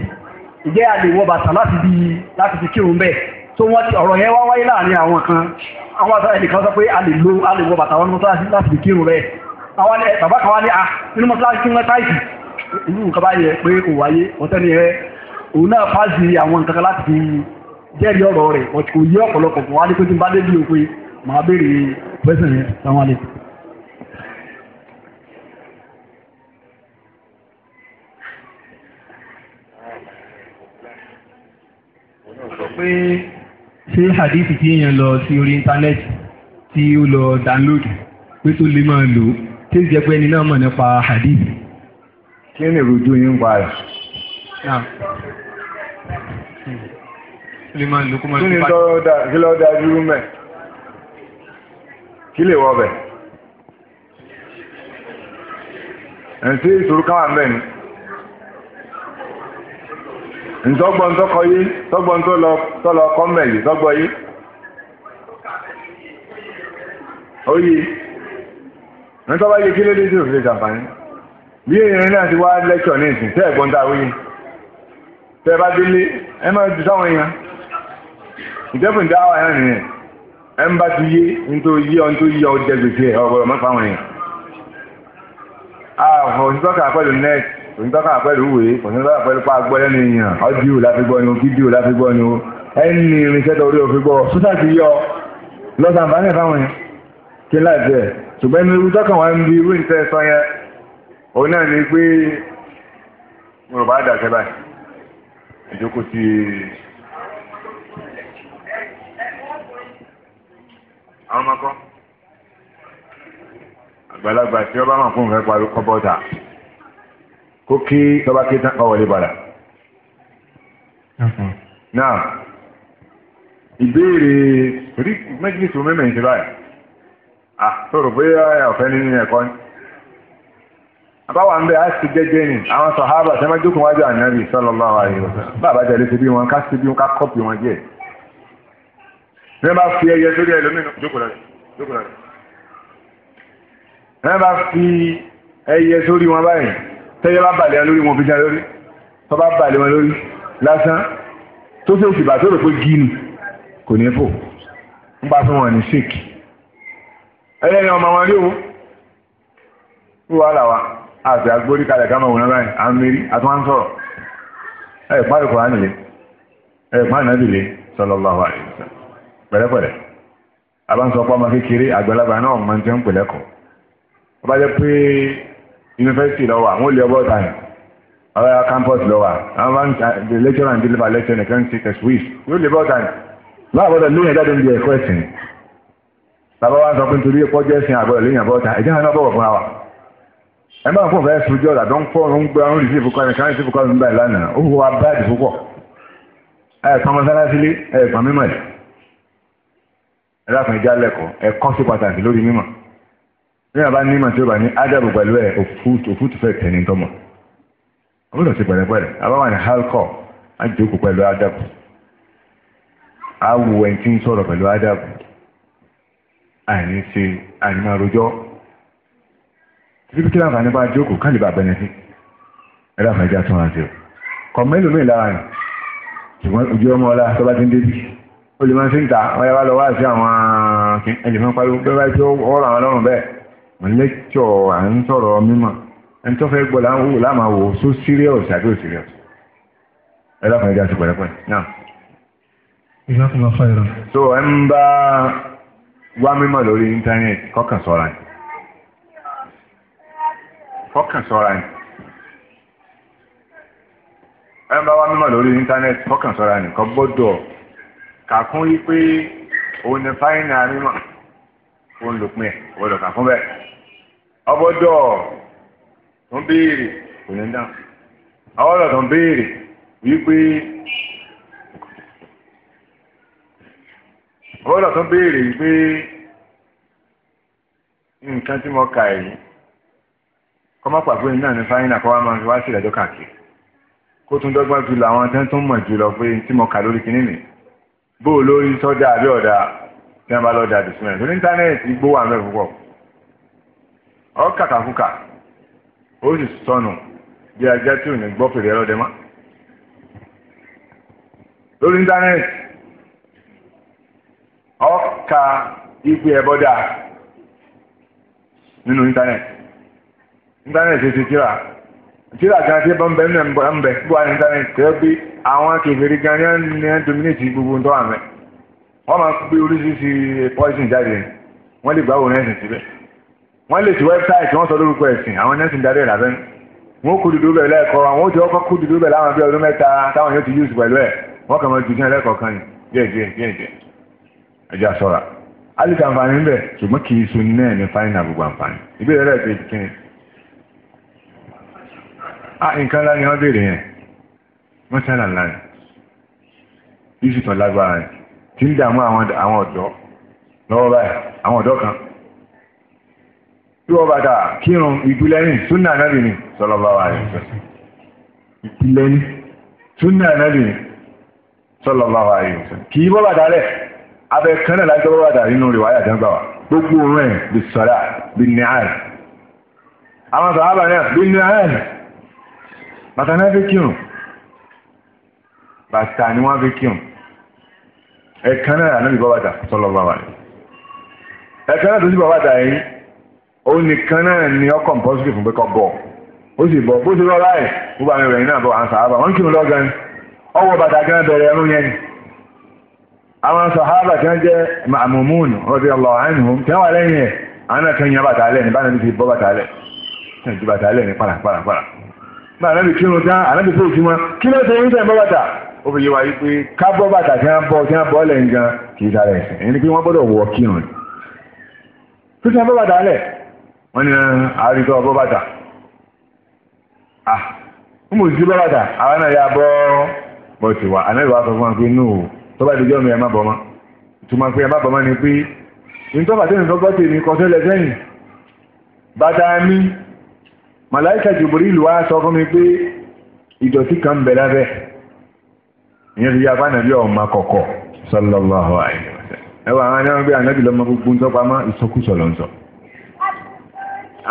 ìjẹ́ àlèwọ̀ bàtà láti bí láti fi kírun bẹ́ẹ̀ tó wọ́n ti ọ̀rọ̀ yẹn wá wáyé láàrin àwọn kan àwọn àtàwọn ẹnìkan sọ pé a lè lo àlèwọ̀ bàtà wọn mọ́ṣáláṣí láti fi kírun bẹ́ẹ̀ àwọn bàbá kan wá ní a inú mọ́ṣáláṣí tí wọ́n tàìsí irú nǹkan bá yẹ pé kò wáyé ọ̀tẹ́ni rẹ òun náà fáàsì àwọn nǹkan kan láti fi jẹ́rìí ọ̀rọ̀ rẹ̀ ọ̀tí kò yé ọ̀pọ̀lọpọ̀ wá ní pé tí n bá dé bí òpin màá béèrè pẹ́sẹ̀ yẹn sáwọn àlejò. pé ṣé hadith tí èèyàn lọ sí orí íńtánẹ́ẹ̀tì tí ó lọ download pé tó lè máa lò ó tí ó jẹ́ pé ẹni náà mọ̀ nípa hadith. kí ni ìrújú yín ń parẹ́. kí ni lọ́ọ́ dájú mẹ́ kí lè wọ́ bẹ̀. ẹ̀ ń tí ìṣòro káwà mẹ́rin ntọ́gbọ́n tọ́kọ yé tọ́gbọ́n tó lọ kọ́mẹ̀ yìí tọ́gbọ́ yé oyè ntọ́ba yé kí ló dé tí òfin ìjàǹfààní bí èèyàn náà ti wá lẹ́kọ̀ọ́ ní ìsìn tẹ́ ẹ̀gbọ́n tá a wíyé tẹ́ ẹ bá délé ẹ máa ju sáwọn èèyàn ìjẹ́bùn dá wà náà nìyẹn ẹ ń bá ti yé nítorí yé ọ nítorí yé ọ jẹ gbèsè ọ̀gbọ̀rọ̀ mọ́ fáwọn èèyàn. àfọ̀ ìtọ́ka pẹ̀lú nẹ́ẹ̀tì onítọ́ka pẹ̀lú ìwé onítọ́ka pẹ̀lú pa gbọ́ lẹ́nu èèyàn ọ́díò láti gbọ́ ni o fídíò láti gbọ́ ni o ẹni irinṣẹ́ tó orí òfin gbọ́ sọ́tà ti yọ lọ́sàmbánẹ̀ fáwọn yẹn kí láti ẹ̀ ṣùgbọ́n inú irú tọ́kàn wá ń bi irú ìtẹ́ sọ yẹn òun náà ni pé mo rò bá dàṣẹ báyìí ìjókòó ti àwọn ọmọ kan àgbàlagbà tí ọba máa fún un fẹ́ parí kọ́bọ́tà kó kí tọ́ba kí tán kọ́ wọlé padà. náà ìbéèrè rí mẹ́jìlísì omi mẹ́yìn ti báyìí àtòrò bóyá ọ̀fẹ́ nínú ẹ̀kọ́ ni. àbáwá ń bẹ á sì jẹ́jẹ́ ni àwọn sàhábà tẹ́ máa jókòó wájú ànábì sallallahu alaihi wasallam bàbá jẹ́lé ti bí wọn ká sí bí wọn ká kọ́pì wọn díẹ̀. bí wọ́n bá fi ẹyẹ sórí ẹlòmínú jókòó lọ jókòó lọ. bí wọ́n bá fi ẹyẹ sórí wọn báyìí tẹ́jẹ́ bá bàlẹ́ lórí wọn fi já lórí tó bá bàlẹ́ wọn lórí lásán tó sì òsì bàtó rò pé gíìnì kò ní fò ń bá fún wọn ní sick ẹlẹ́ni ọmọ wọn rí o wọ́n wà láwa àti agbórí kalẹ̀ ká máa wọ̀n náà à ń mérí àti wọ́n ń sọ̀rọ̀ ẹ̀ pàdé kò ánìlé ẹ̀ pàdé náà dìlé sallallahu alaihi wasallam pẹ̀lẹ́pẹ̀lẹ́ abáǹsọ̀pọ̀ ọmọ kékeré àgbàlagbà náà máa ń pẹ̀lẹ́kọ̀ọ́ ọba University lọ́wọ́ àwọn olè ọgbọ́ tàn ọ̀rọ̀ campus lọ́wọ́ àwọn máa ń ta the lecturer and deliver lecture nìkan ti test with yóò lè bọ́ tàn láwọn àbọ̀dọ̀ lóyìn ẹ̀dá tó ń di ẹ̀kọ́ ẹ̀sìn bàbá wa sọ pé nítorí ẹ̀kọ́ jẹ́ ẹ̀sìn àbọ̀dọ̀ lóyìn àbọ̀ tàn ẹ̀jẹ̀ náà bọ̀wọ̀ fúnra wa ẹ máa fún ọ̀fẹ́ sojú ọ̀dà tó ń fọ́ ń gbé ọ̀run rìsífù kọ́ni kan rìsífù kọ́ni ń bá ẹ̀ lánàá ó wọ abáàdì púpọ̀ ẹ̀ẹ̀kan mọ́sálásí lé ẹ̀ẹ̀kan mímọ̀ ẹ̀ ẹ̀dá kan ìjà lẹ́kọ̀ọ́ ẹ̀kọ́ sí pàtàkì lórí mímọ̀ ní àbá ní màtí ó bá ní ádàbò pẹ̀lú ẹ̀ òfútù fẹ́ tẹ̀ ní tọ́mọ̀ ọgbọ́dọ̀ sí pẹ̀lẹ́pẹ̀lẹ́ àbá wà ní halkọ́ àjòkó pẹ̀lú ádàbò awo ẹni tí ń sọ̀rọ̀ pẹ̀lú ádàbò àní ṣe àní máa rojọ́ títí kí láǹfààní bá jókòó ká lè bá bẹ̀rẹ̀ sí ẹ̀rọ àfẹ́jà tún àti ọ̀ kọ̀mẹ́lù mí lára rẹ̀ ṣùgbọ́n ojú ọmọ ọlá tó bá ti ń débi ó lè máa ṣe ń ta ọyá wa lọ wá sí àwọn ẹlẹ́mọ̀ pariwo bẹ́ẹ̀ bá ti ọ̀rọ̀ àwọn ọlọ́run bẹ́ẹ̀ lẹ́kṣọ̀ à ń sọ̀rọ̀ mímọ̀ ẹni tó fẹ́ gbọ́ láwọ́ láàmà wò so serious àbí ò serious ẹ lọ́kàn ẹja sí pẹ̀lẹ́pẹ̀ náà. ìyá kan lọ fà ìrọ̀. so ẹ ń bá wá mímọ̀ lórí íńtánẹ́ẹ̀tì kọ́kàn sọ́ra ni kọ́kàn sọ́ra ni ẹ ń bá wá mímọ̀ lórí íńtánẹ́ẹ̀tì gbọ́dọ̀ kàkún yí pé òun ni fáìnà mímọ̀. ó ń lòpin ẹ̀ fún bẹ́ẹ̀ ọgbọ́dọ̀ tó ń béèrè kò ní tó ń béèrè béèrè wípé nǹkan tí mo kà èyí kọ́mọ́ pàpé náà ní fáyínà kọ́ wá máa fi wá sí ìdájọ́ káàkiri kó tún dọ́gbọ́n fi làwọn tẹ́ tó mọ̀ jùlọ pé tí mo kà tí wọ́n bá lọ dà bisimilá ní íńtánẹ́ẹ̀tì igbó wà mẹ́rin púpọ̀ ọ kàkàkùkà ó sì sọnù bí ajá tí ò ní gbọ́ fèrè ẹlọ́dẹ mọ́ lórí íńtánẹ́ẹ̀tì ọ ka ipe ẹbọ dáa nínú íńtánẹ́ẹ̀tì íńtánẹ́ẹ̀tì ti tíra tíra kan tí bọ́ ń bẹ ń bẹ ń bẹ ń bọ ní íńtánẹ́ẹ̀tì tẹ́ bí àwọn kẹfìrí gan ni wọ́n dominate gbogbo ń tọ́ àmẹ́. wọ́n máa gbé oríṣiríṣi poison jáde wọ́n lè gbáwò nẹ́ẹ̀sìn síbẹ̀ wọ́n lè ti wẹ́bsáìtì wọ́n sọ lórúkọ ẹ̀sìn àwọn nẹ́ẹ̀sìn darí ẹ̀ lábẹ́ kú dúdú bẹ̀ lẹ́ẹ̀kọ́ àwọn ó ti kú dúdú bẹ̀ láwọn bí ọdún mẹ́ta táwọn yóò ti yúùsì pẹ̀lú ẹ̀ wọ́n kàn máa ju sẹ́yìn lẹ́kọ̀ọ́ kan díẹ̀ díẹ̀ díẹ̀ díẹ̀ ẹja sọ̀ra ni tí ń dààmú àwọn ọ̀dọ́ lọ́wọ́ báyìí àwọn ọ̀dọ́ kan tí wọ́n bá dáa kírun ìpìlẹ́yìn súnà nábì ni sallallahu alaihi wasallam ìpìlẹ́yìn súnà nábì ni sallallahu alaihi wasallam kì í bọ́ bàtà rẹ̀ abẹ kan náà lájọ́ bọ́ bàtà nínú rẹ̀ wáyà dáńgbà wa gbogbo òun ẹ̀ bí sọ̀rà bí nìhàn àwọn sàhábà náà bí nìhàn bàtà náà fi kírun bàtà ni wọ́n fi kírun ẹ̀kan náà ànábì bọ́ bàtà sallallahu ní ẹ̀kan náà tó sì bọ́ bàtà yìí òun nìkan náà ni ọkọ̀ mpọ́sítì fún pé kọ́ bọ̀ ó sì bọ̀ bó ti rọ́lá ẹ̀ mi rẹ̀ náà bọ̀ àwọn sàhábà wọ́n kírun lọ́gán ọwọ́ bàtà bẹ̀rẹ̀ yẹn àwọn wọ́n wà lẹ́yìn ẹ̀ àwọn náà bàtà máa náà lè kírun tán ànábì tó fi wọn kí ló ṣe yín tẹ̀ ń bọ́ bàtà ó fi yé wa yìí pé ká bọ́ bàtà tí wọ́n bọ́ tí wọ́n bọ́ lẹ̀ ń gan kì í sára ẹ̀sìn ẹni pé wọ́n gbọ́dọ̀ wọ kírun tó ti bọ́ bàtà àríkọ́ bọ́ bàtà ah mo sì bọ́ bàtà àwọn náà yà bọ́ bọ́ ti wà ànábì wa sọ fún wa pé nù tó bá dijọ́ mi ẹ̀ má bọ́ mọ́ ìtumọ̀ pé ẹ̀ má bọ́ mọ́ ni pé ìtọ́fà tẹ́lẹ̀ tó gbọ́ tèmi kọ́ tẹ́lẹ̀ bàtà mi màláìkà Jibril wá sọ fún mi pé ìdọ̀tí kan bẹ̀ lábẹ́ ìyẹn fi yára fánàbí ọmọ kọ̀kọ̀ sallallahu alaihi wasallam ẹwà àwọn anáwó gbé ànábì lọ́mọ gbogbo ń sọpamọ́ ìsọkúsọ ló ń sọ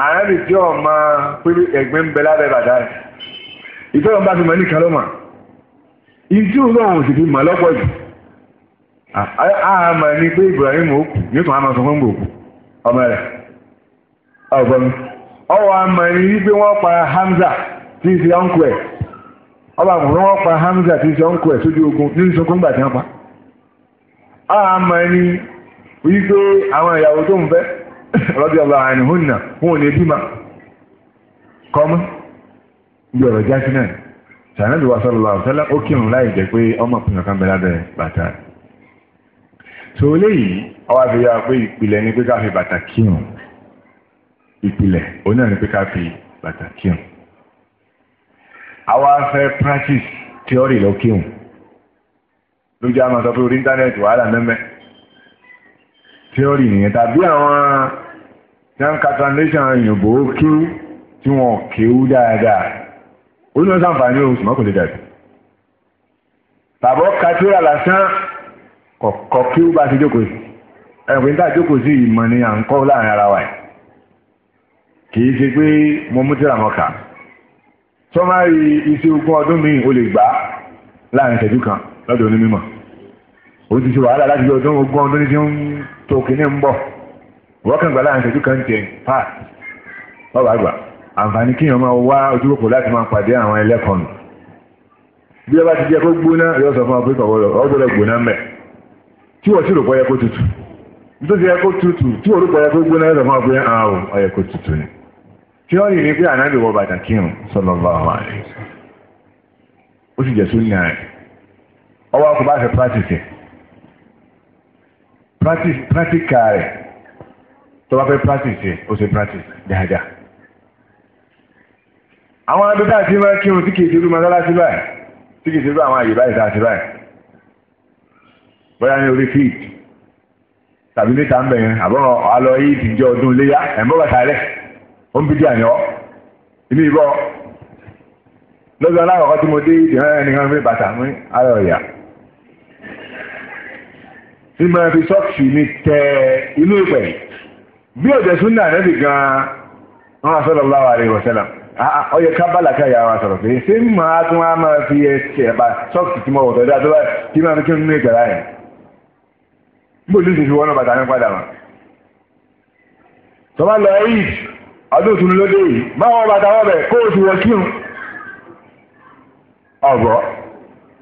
ànábì tí ọmọ pé ẹgbẹ́ ń bẹ lábẹ́ bàdá rẹ̀ ìfẹ́ wọn bá fi mọ̀ ní kalọ́mà ìdí òun sì fi mọ̀ lọ́pọ̀ jù àmà ni pé Ibrahim ó kù nípa àmà sọ fún gbòòkù ọmọ rẹ̀ ọgbọ́n ọwọ́ amọ̀ni wípé wọ́n Hamza tí ọba àmọ̀ni wọ́n pa Hamza tí í ṣe ọ̀nkù ẹ̀ sójú ọha nínú ibe gbà tí wọ́n pa. ọwọ́ amọ̀ni wípé àwọn ìyàwó tó ń fẹ́ rọ́bì ọba àìníhùn nà wọn ò lè bímọ wa sọ ìpìlẹ̀ òun náà ni pé ká fi bàtà kírun àwa fẹ́ practice theory lọ kírun lójú àmọ́ sọ pé orí íńtánẹ́ẹ̀tì wàhálà mẹ́mẹ́ theory nìyẹn tàbí àwọn young translation òyìnbó kíw tí wọn kíw dáadáa orí náà sàǹfààní oṣù mọ́kànlélẹ́ dàbí tàbọ̀ katura lásán kọ̀ọ̀kọ̀ kíw bá ti jókòó sí pé níta jókòó sí ìmọ̀ ni à ń kọ́ láàrin ara wa yìí kìí ṣe pé mo mú tíra mọ́ kà tó máa rí iṣẹ́ ogún ọdún mi ò lè gbà láàrin ìṣẹ́jú kan lọ́dọ̀ onímọ̀ ó ti ṣe wàhálà láti ọdún ogún ọdún ní ti ń tó kìíní ń bọ̀ wọ́n kàn gbà láàrin ìṣẹ́jú kan tiẹ̀ pass wọ́n wàá gbà àǹfààní kíyàn máa wá ojúkòkò láti máa pàdé àwọn ẹlẹ́kọ̀ọ́ nù bí ọba ti jẹ́ kó gbóná yóò sọ fún ọ pé kọ̀wọ́lọ̀ ọgbọ́dọ̀ gbóná mẹ́ tí wọ́n sì rò pọ́ yẹ kó tutù nítorí yẹ kó tutù tí wọ́n rò pọ́ yẹ kó gbóná yóò sọ fún ọ pé àwọn ah, kó tutù ni tí ó yìí pé ànábì wọ bàtà kírun sallallahu alaihi wasallam ó sì jẹ́ súnà rẹ̀ ọwọ́ akọ bá fẹ́ pírátìsì pírátìkà rẹ̀ tó bá fẹ́ pírátìsì ó ṣe pírátìsì dáadáa àwọn adúgbò àti máa kírun tí kìí ṣerú mọ́sálásí báyìí tí kìí ṣerú àwọn àyè báyìí sáà sí báyìí bóyá ní orí fíìtì tàbí níta ń bẹ̀yẹn àbọ̀ràn alọ́ yìí ti jẹ́ ọdún léyà ẹ̀ ń bọ́ bàtà rẹ̀ ó ń bídí àyàn ìmí ìbọ lọ́sọ̀ aláwọ̀kọ́ tí mo dé ìdìhán ẹnìkan fún bàtà mú ayọ̀ ìyá tí mo fi sọ́ọ̀kì mi tẹ inú ìpẹ̀ bí òjò súnà nẹ́bì gan-an wọn sọ̀rọ̀ láwà rẹ̀ wọ̀sẹ̀lá ọyẹ kábàlà káyà wa sọ̀rọ̀ pé ṣé ń máa tún wá máa fi ẹsẹ̀ bá sọ́ọ̀kì tí mo wọ̀ tọ́jú àtọ́lá kí máa fi kí n nínú ìgbàlá yẹn bó ló ti fi wọ́n náà bàtà mi padà wọn. tọ́ba lọ eid ọdún tún lóde yìí báwọn bàtà wọ́n bẹ̀ kó o sì wọ ọ̀bọ̀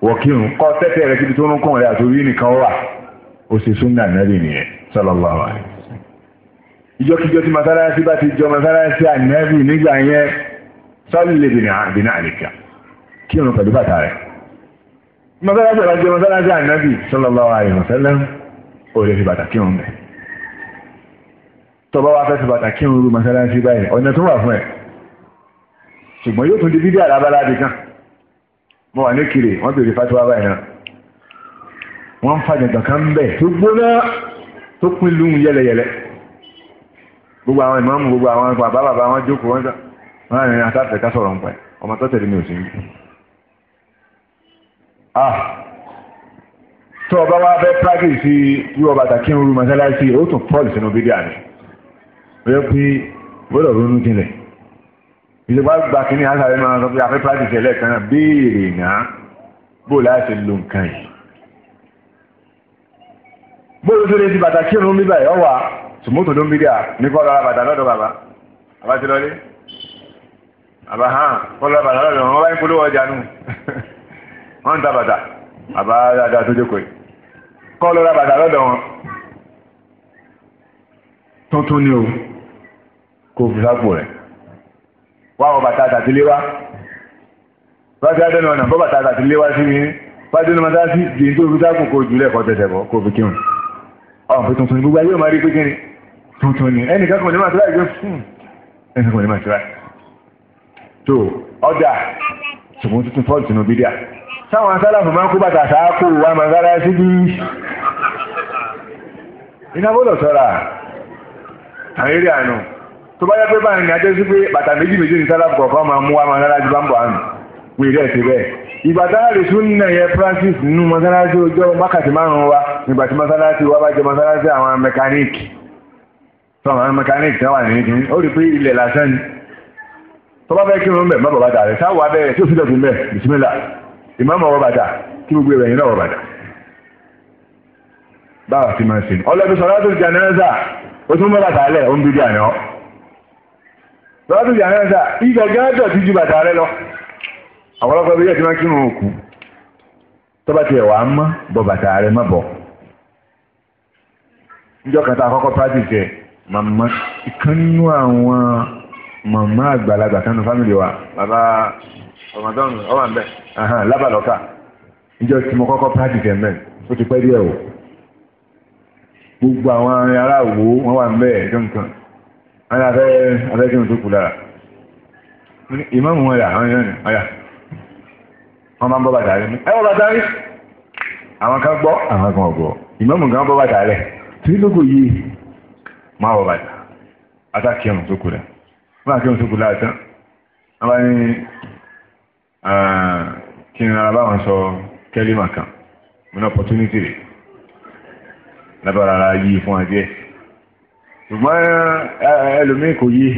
wọ kọ́ tẹ́tẹ́ rẹ síbi tó ń kún rẹ àtòrí nìkan wà ó ṣe súnà ànábì nìyẹn ìjọkíjọ tí masalasi bá ti jọ masalasi ànábì nígbà yẹn àlìkà pẹ̀lú bàtà rẹ̀ masalasi masalasi ó fi bàtà tọba wa fẹ́ fi bàtà kí n ru mọ́sálásí báyìí ọ̀nà tó wà fún ẹ̀ ṣùgbọ́n yóò tún di bídí àlábáláàdì kan mo wà ní kiri wọ́n bèrè fatiwa báyìí náà wọ́n ń fàjẹ̀ kankan ń bẹ̀ tó gbóná tó pín lùn yẹlẹyẹlẹ gbogbo àwọn ìmọ̀ọ́mù gbogbo àwọn bàbá bàbá wọn jókòó wọn sọ wọn rìn àtàfẹ́ ká sọ̀rọ̀ nǹkan ọmọ tó tẹ̀lé mi ò sí ní. tó ọba wa fẹ́ practice sí wíwọ bàtà kí n ru mọ́sálásí ó tún pọ́ọ̀lù sínú bídí àná bẹ́ẹ̀ pé gbọ́dọ̀ ronú jinlẹ̀ ìjọba gba kínní àtàrí máa sọ pé afẹ́ pàtìsì ẹlẹ́ẹ̀kan náà béèrè náà bó láti lo nǹkan yìí bó ló tó lè di bàtà kí irun bíbà ẹ̀ ọ̀wà tòmótò ló ń bídà ní kọ́ lọ́ra bàtà lọ́dọ̀ bàbá bàbá ti lọlé bàbá hàn kọ́ lọ́ra bàtà lọ́dọ̀ wọn wáyé polówó ọjà nù wọ́n ń ta bàtà bàbá dáadáa tó jókòó kọ́ lọ́ra bàtà lọ́dọ̀ wọn tuntun ni o kó fi sápò rẹ̀ wá àwọn bàtà àtàtìlé wá bàtà àdánù ọ̀nà bọ́ bàtà àtàtìlé wá sí mi bàtà àdánù ọ̀nà sí di tó fi sápò kó jùlẹ̀ kọ́ tẹ̀tẹ̀ bọ́ kó fi kírun ọ̀n fi tuntun gbogbo ayé ọmọ rí pé kíni tuntun ni ẹnì kan kò ní máa tura ìgbé fún ẹnì kan kò ní máa tura tó ọjà ṣùgbọ́n tuntun fọ́ọ̀lù tìǹbù bídíà sáwọn asálàfù máa ń kó bàtà àtàkù wa màgàrà sí bí iná bọ́dọ̀ sọ́ra àrírí àánú tó bá yẹ pé báyìí ni adé sí pé bàtà méjì méjì ní sálábù kọ̀ọ̀kan máa mú wa máa lára ju bá ń bọ̀ àmì wí rẹ̀ sí bẹ́ẹ̀. ìgbà tá lè tún nà yẹ Francis nínú mọ́sálásí ọjọ́ wákàtí márùn-ún wa nígbà tí mọ́sálásí wa bá jẹ mọ́sálásí àwọn mẹkáníìkì tó àwọn mẹkáníìkì tó wà ní ìdí ó rí pé ilẹ̀ lásán ni. tó bá fẹ́ kí wọn bẹ̀ má bàbá dàrẹ́ sáwọ́ abẹ́rẹ́ tó janaza ó tún mọ́ lọ́dún ìyá náà sà ibẹ̀ gẹ́gẹ́ ti bàtà rẹ lọ àwọn ọlọ́pàá bí yẹ ti máa kí wọn kú tọ́ba tiẹ̀ wàá mọ́ bọ́ bàtà rẹ má bọ̀ níjọ́ màmá àwọn màmá àgbàlagbà fámìlì bàbá ọmọdọ́nù mbẹ, lábàlọ́kà níjọ́ tí mo kọ́kọ́ o gbogbo àwọn wà ọ̀nà afẹ́kínú tó kù lára ìmọ̀mù wọn là àwọn èèyàn ni ọ̀yà wọ́n máa ń bọ́ bàtà rẹ̀ ní ẹwọ́ bàtà rí àwọn kan gbọ́ àwọn kan gbọ́ ìmọ̀mù kan bọ́ bàtà rẹ̀ tí ló kò yí máa wọ bàtà atákìọ̀nù tó kù rẹ̀ wọ́n àkíọ̀nù tó kù lára tán wọ́n bá ní kí ni ara báwọn sọ kẹ́límà kan mo ní opportunity rẹ̀ lábára yí fún adé ṣùgbọ́n ẹlòmíì kò yí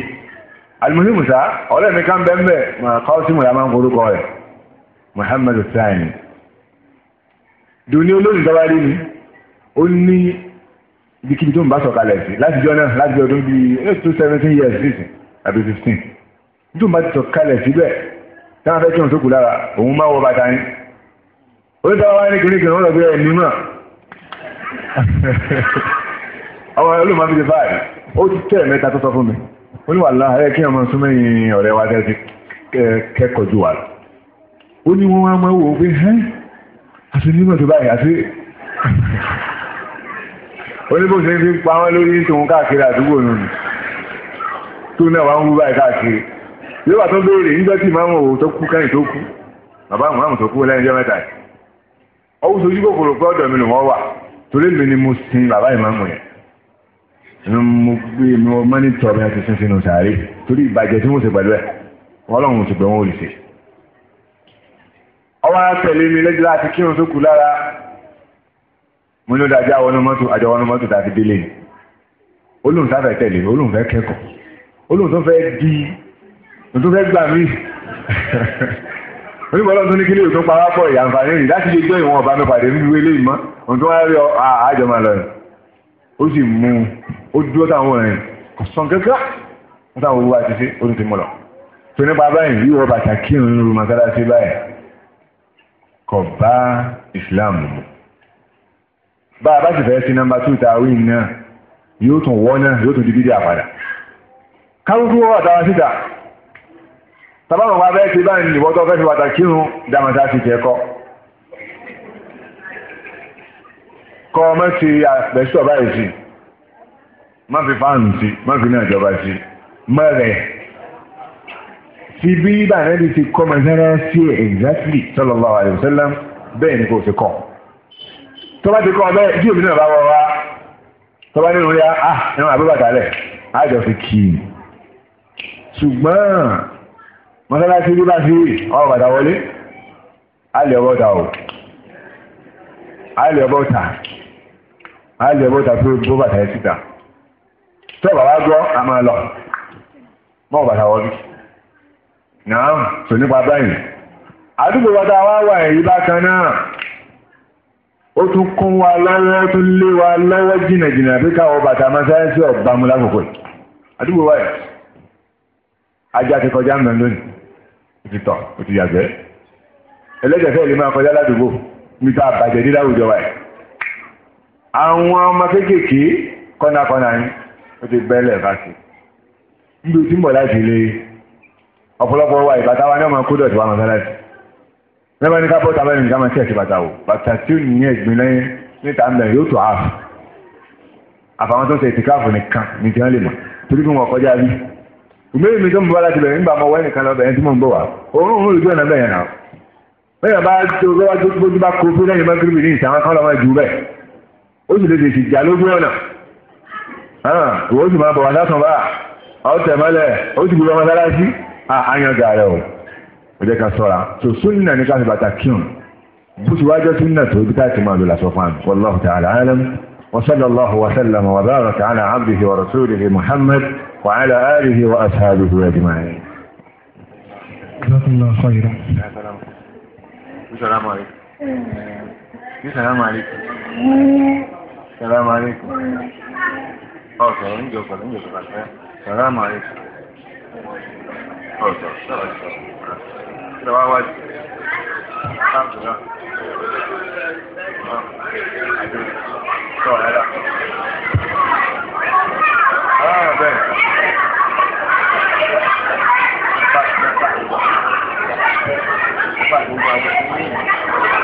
alimusimusa ọlọ́ọ̀mí kan bẹ́ẹ̀ bẹ́ẹ̀ mà kọ́símù yà máa ń forúkọ rẹ̀ Muhammadu Sani dùn ní olóòtú tọ́wá rí ni ó ní ibikíbi tó ń bá sọ̀kalẹ̀ sí láti jọ náà láti ọdún bíi eight 17 seventeen years sísìn àbí fifteen tó ń bá sọ̀kalẹ̀ síbẹ̀ táwọn afẹ́ kíwọ̀n tó kù lára òun máa wọ bàtà yín onítàwọn wá ní kìnnìkìnnì wọn lọ bí ẹ̀ ní mọ̀. ọmọ olùmọ̀ fi ti báyìí ó ti tẹ̀ mẹ́ta tó sọ fún mi ó ní wàhálà ẹ kí ọmọ súnmọ́ yìí ọ̀rẹ́ wa tẹ́tí kẹ́kọ̀ọ́ ju wà lọ. ó ní wọ́n wá máa wò ó pé ẹ́ àti nígbà tó báyìí àti oníbò ṣe fi pa wọ́n lórí tòun káàkiri àdúgbò nù ní tó náà wá ń wú báyìí káàkiri yóò bá tó béèrè nígbà tí màmú òwò tó kú kẹ́yìn tó kú bàbá màmú tó kú lẹ́yìn ọjọ́ yìí ọwọ́ sojú kòkòrò pé ọ̀dọ̀ mi lò wọ́n wà torí mi ni mo sin bàbá ìmàmù yẹn èmi mo gbé mi mo mọ́ ní tọ́ọ̀bù àti sínsìn nù sàárè torí ìbàjẹ́ tí mo sì pẹ̀lú ẹ̀ wọ́n lọ́hùn mo sì pẹ̀ wọ́n ò lè ṣe. ọwọ́ tẹ̀lé mi lẹ́jọ́ láti kírun tó kù lára mo ní ó dájú àwọn ọmọtò àjọ àwọn ọmọtò tàbí délé ni olóhùn sáfẹ́ tẹ̀lé olóhùn fẹ́ kẹ́kọ̀ọ́ olóhùn tó fẹ́ di tó fẹ́ gbà mí oníbọ̀lọ́ tó ní kílé òtún pa wá pọ̀ ìyànfààní rì láti lè gbé ìwọ̀n ọ̀bá mi pàdé nínú ilé ìmọ̀ òun tó wá rí ọ àjọ máa lọ rìn ó sì mú ó dúró táwọn rẹ̀ kò sàn kankan wọ́n táwọn owó àti sí ó ti mú lọ. tó nípa báyìí yíwọ bàtà kí n lu mọ́sálásí báyìí kò bá ìsìláàmù mu. bá a bá sì fẹ́ sí nọ́mbà tó ta wí náà yóò tún wọ́n náà yóò tún di bídí àpàdà. kálukú wọ́n àtàwọn síta tábàmù wa bẹ́ẹ̀ ti báyìí ìwọ́tọ̀ fẹ́ fi bàtà kírun dàmọ́sá ti jẹ́ kọ́. kọ́ ọmọ ti àpẹ̀sọ̀ báyìí sí má fi fáànù sí má fi ní àjọba sí mẹ́rẹ̀ ti bí bàánẹ́bí ti kọ́ mẹ́sẹ́rẹ́ sí ẹ̀ exactly sallallahu alaihi wasallam bẹ́ẹ̀ ni kò ti kọ́ tó bá ti kọ́ bẹ́ẹ̀ bí òmìnira bá wọ wá tó bá nínú ya ah ẹ̀rọ àbúbàtà rẹ̀ á jọ fi kì í ṣùgbọ́n mọ́sálásí bí bá fi ọ̀rọ̀ bàtà wọlé á lè ọbọ̀ ta ò á lè ọbọ̀ ta a lè bó ta pé bó bàtà ẹ síta tó bàbá gbọ́ a máa lọ mọ́ bàtà wọ́n bí náà tò nípa báyìí àdúgbò wọ́ta wá wà èyí bákan náà ó tún kún wa lọ́wọ́ tó lé wa lọ́wọ́ jìnnàjìnnà pé káwọ́ bàtà máa sáré sí ọ̀bá mu lákòókò yìí àdúgbò wáyé ajá ti kọjá mẹ́rin lónìí ti tọ̀ ó ti yàgbẹ́ ẹlẹ́jẹ̀ fẹ́ẹ́ lè máa kọjá ládùúgbò níta àbàjẹ́ dídáwùjọ wáyé àwọn ọmọ kéékèèké kọ́nàkọ́nà yín ó ti bẹ́lẹ̀ fásitì níbi tí ń bọ̀ láti ilé ọ̀pọ̀lọpọ̀ wa ìbàtà wa ní ọmọ kó dọ̀tí wa mọ̀sálásì lẹ́bàá ní kápọ́tà bẹ́ẹ̀ ní kámọ́ tíyẹ̀sì bàtà o bàtà tí ó nìyẹn ìgbín lẹ́yìn níta ń bẹ̀ yóò tó ààfù àfàwọn tó ń ṣe ìtìkáàfù nìkan ní tí wọ́n lè mọ̀ torí kí wọ́n kọjá bí ìmọ̀lẹ́ mi tó ń bọ̀ láti bẹ̀rẹ̀ nígbà mọ̀ wẹ́nìkan kan lọ́mọ ó sì lè tètè jà lógún ọ̀nà ìwọ́n sì máa bọ̀ wá sásán bá ọ̀tẹ̀ mọ́lẹ̀ ó sì gbé ọmọ sára sí àyàn gàrẹ̀ o ẹ̀jẹ̀ ká sọ́ra tó súnà ní káfí bàtà kíùn bó ti wájọ́ súnà tó bí káàkiri máa lò lásán fún àmì wallahu ta'ala alam wa sallallahu wa sallama wa baraka ala abdihi wa rasulihi muhammad wa ala alihi wa ashabihi wa ajma'in. Jazakumullahu khairan. Assalamu sí sàlámù àlékún sàlámù àlékún ọ̀sọ̀ oúnjẹ ọ̀sọ̀ oúnjẹ ọ̀sọ̀ kàfẹ́ sàlámù àlékún ọ̀sọ̀ sọ̀rọ̀ sọ̀rọ̀ kí ló wá wá sí káàpù náà sọ̀rọ̀ ẹ̀dá. Ah, bẹ́ẹ̀. Thank you.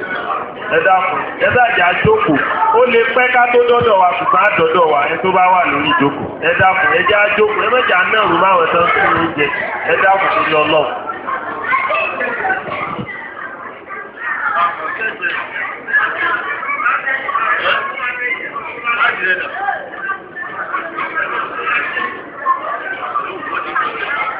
ẹ dákun ẹ sàjà jókòó ó lè pẹ́ ká tó dọ́dọ̀ wa ṣùgbọ́n dọ́dọ̀ wa ẹ tó bá wà lórí ìjókòó ẹ dákun ẹ àjókòó náà rú máwọn ẹ̀sán sí oúnjẹ ẹ tó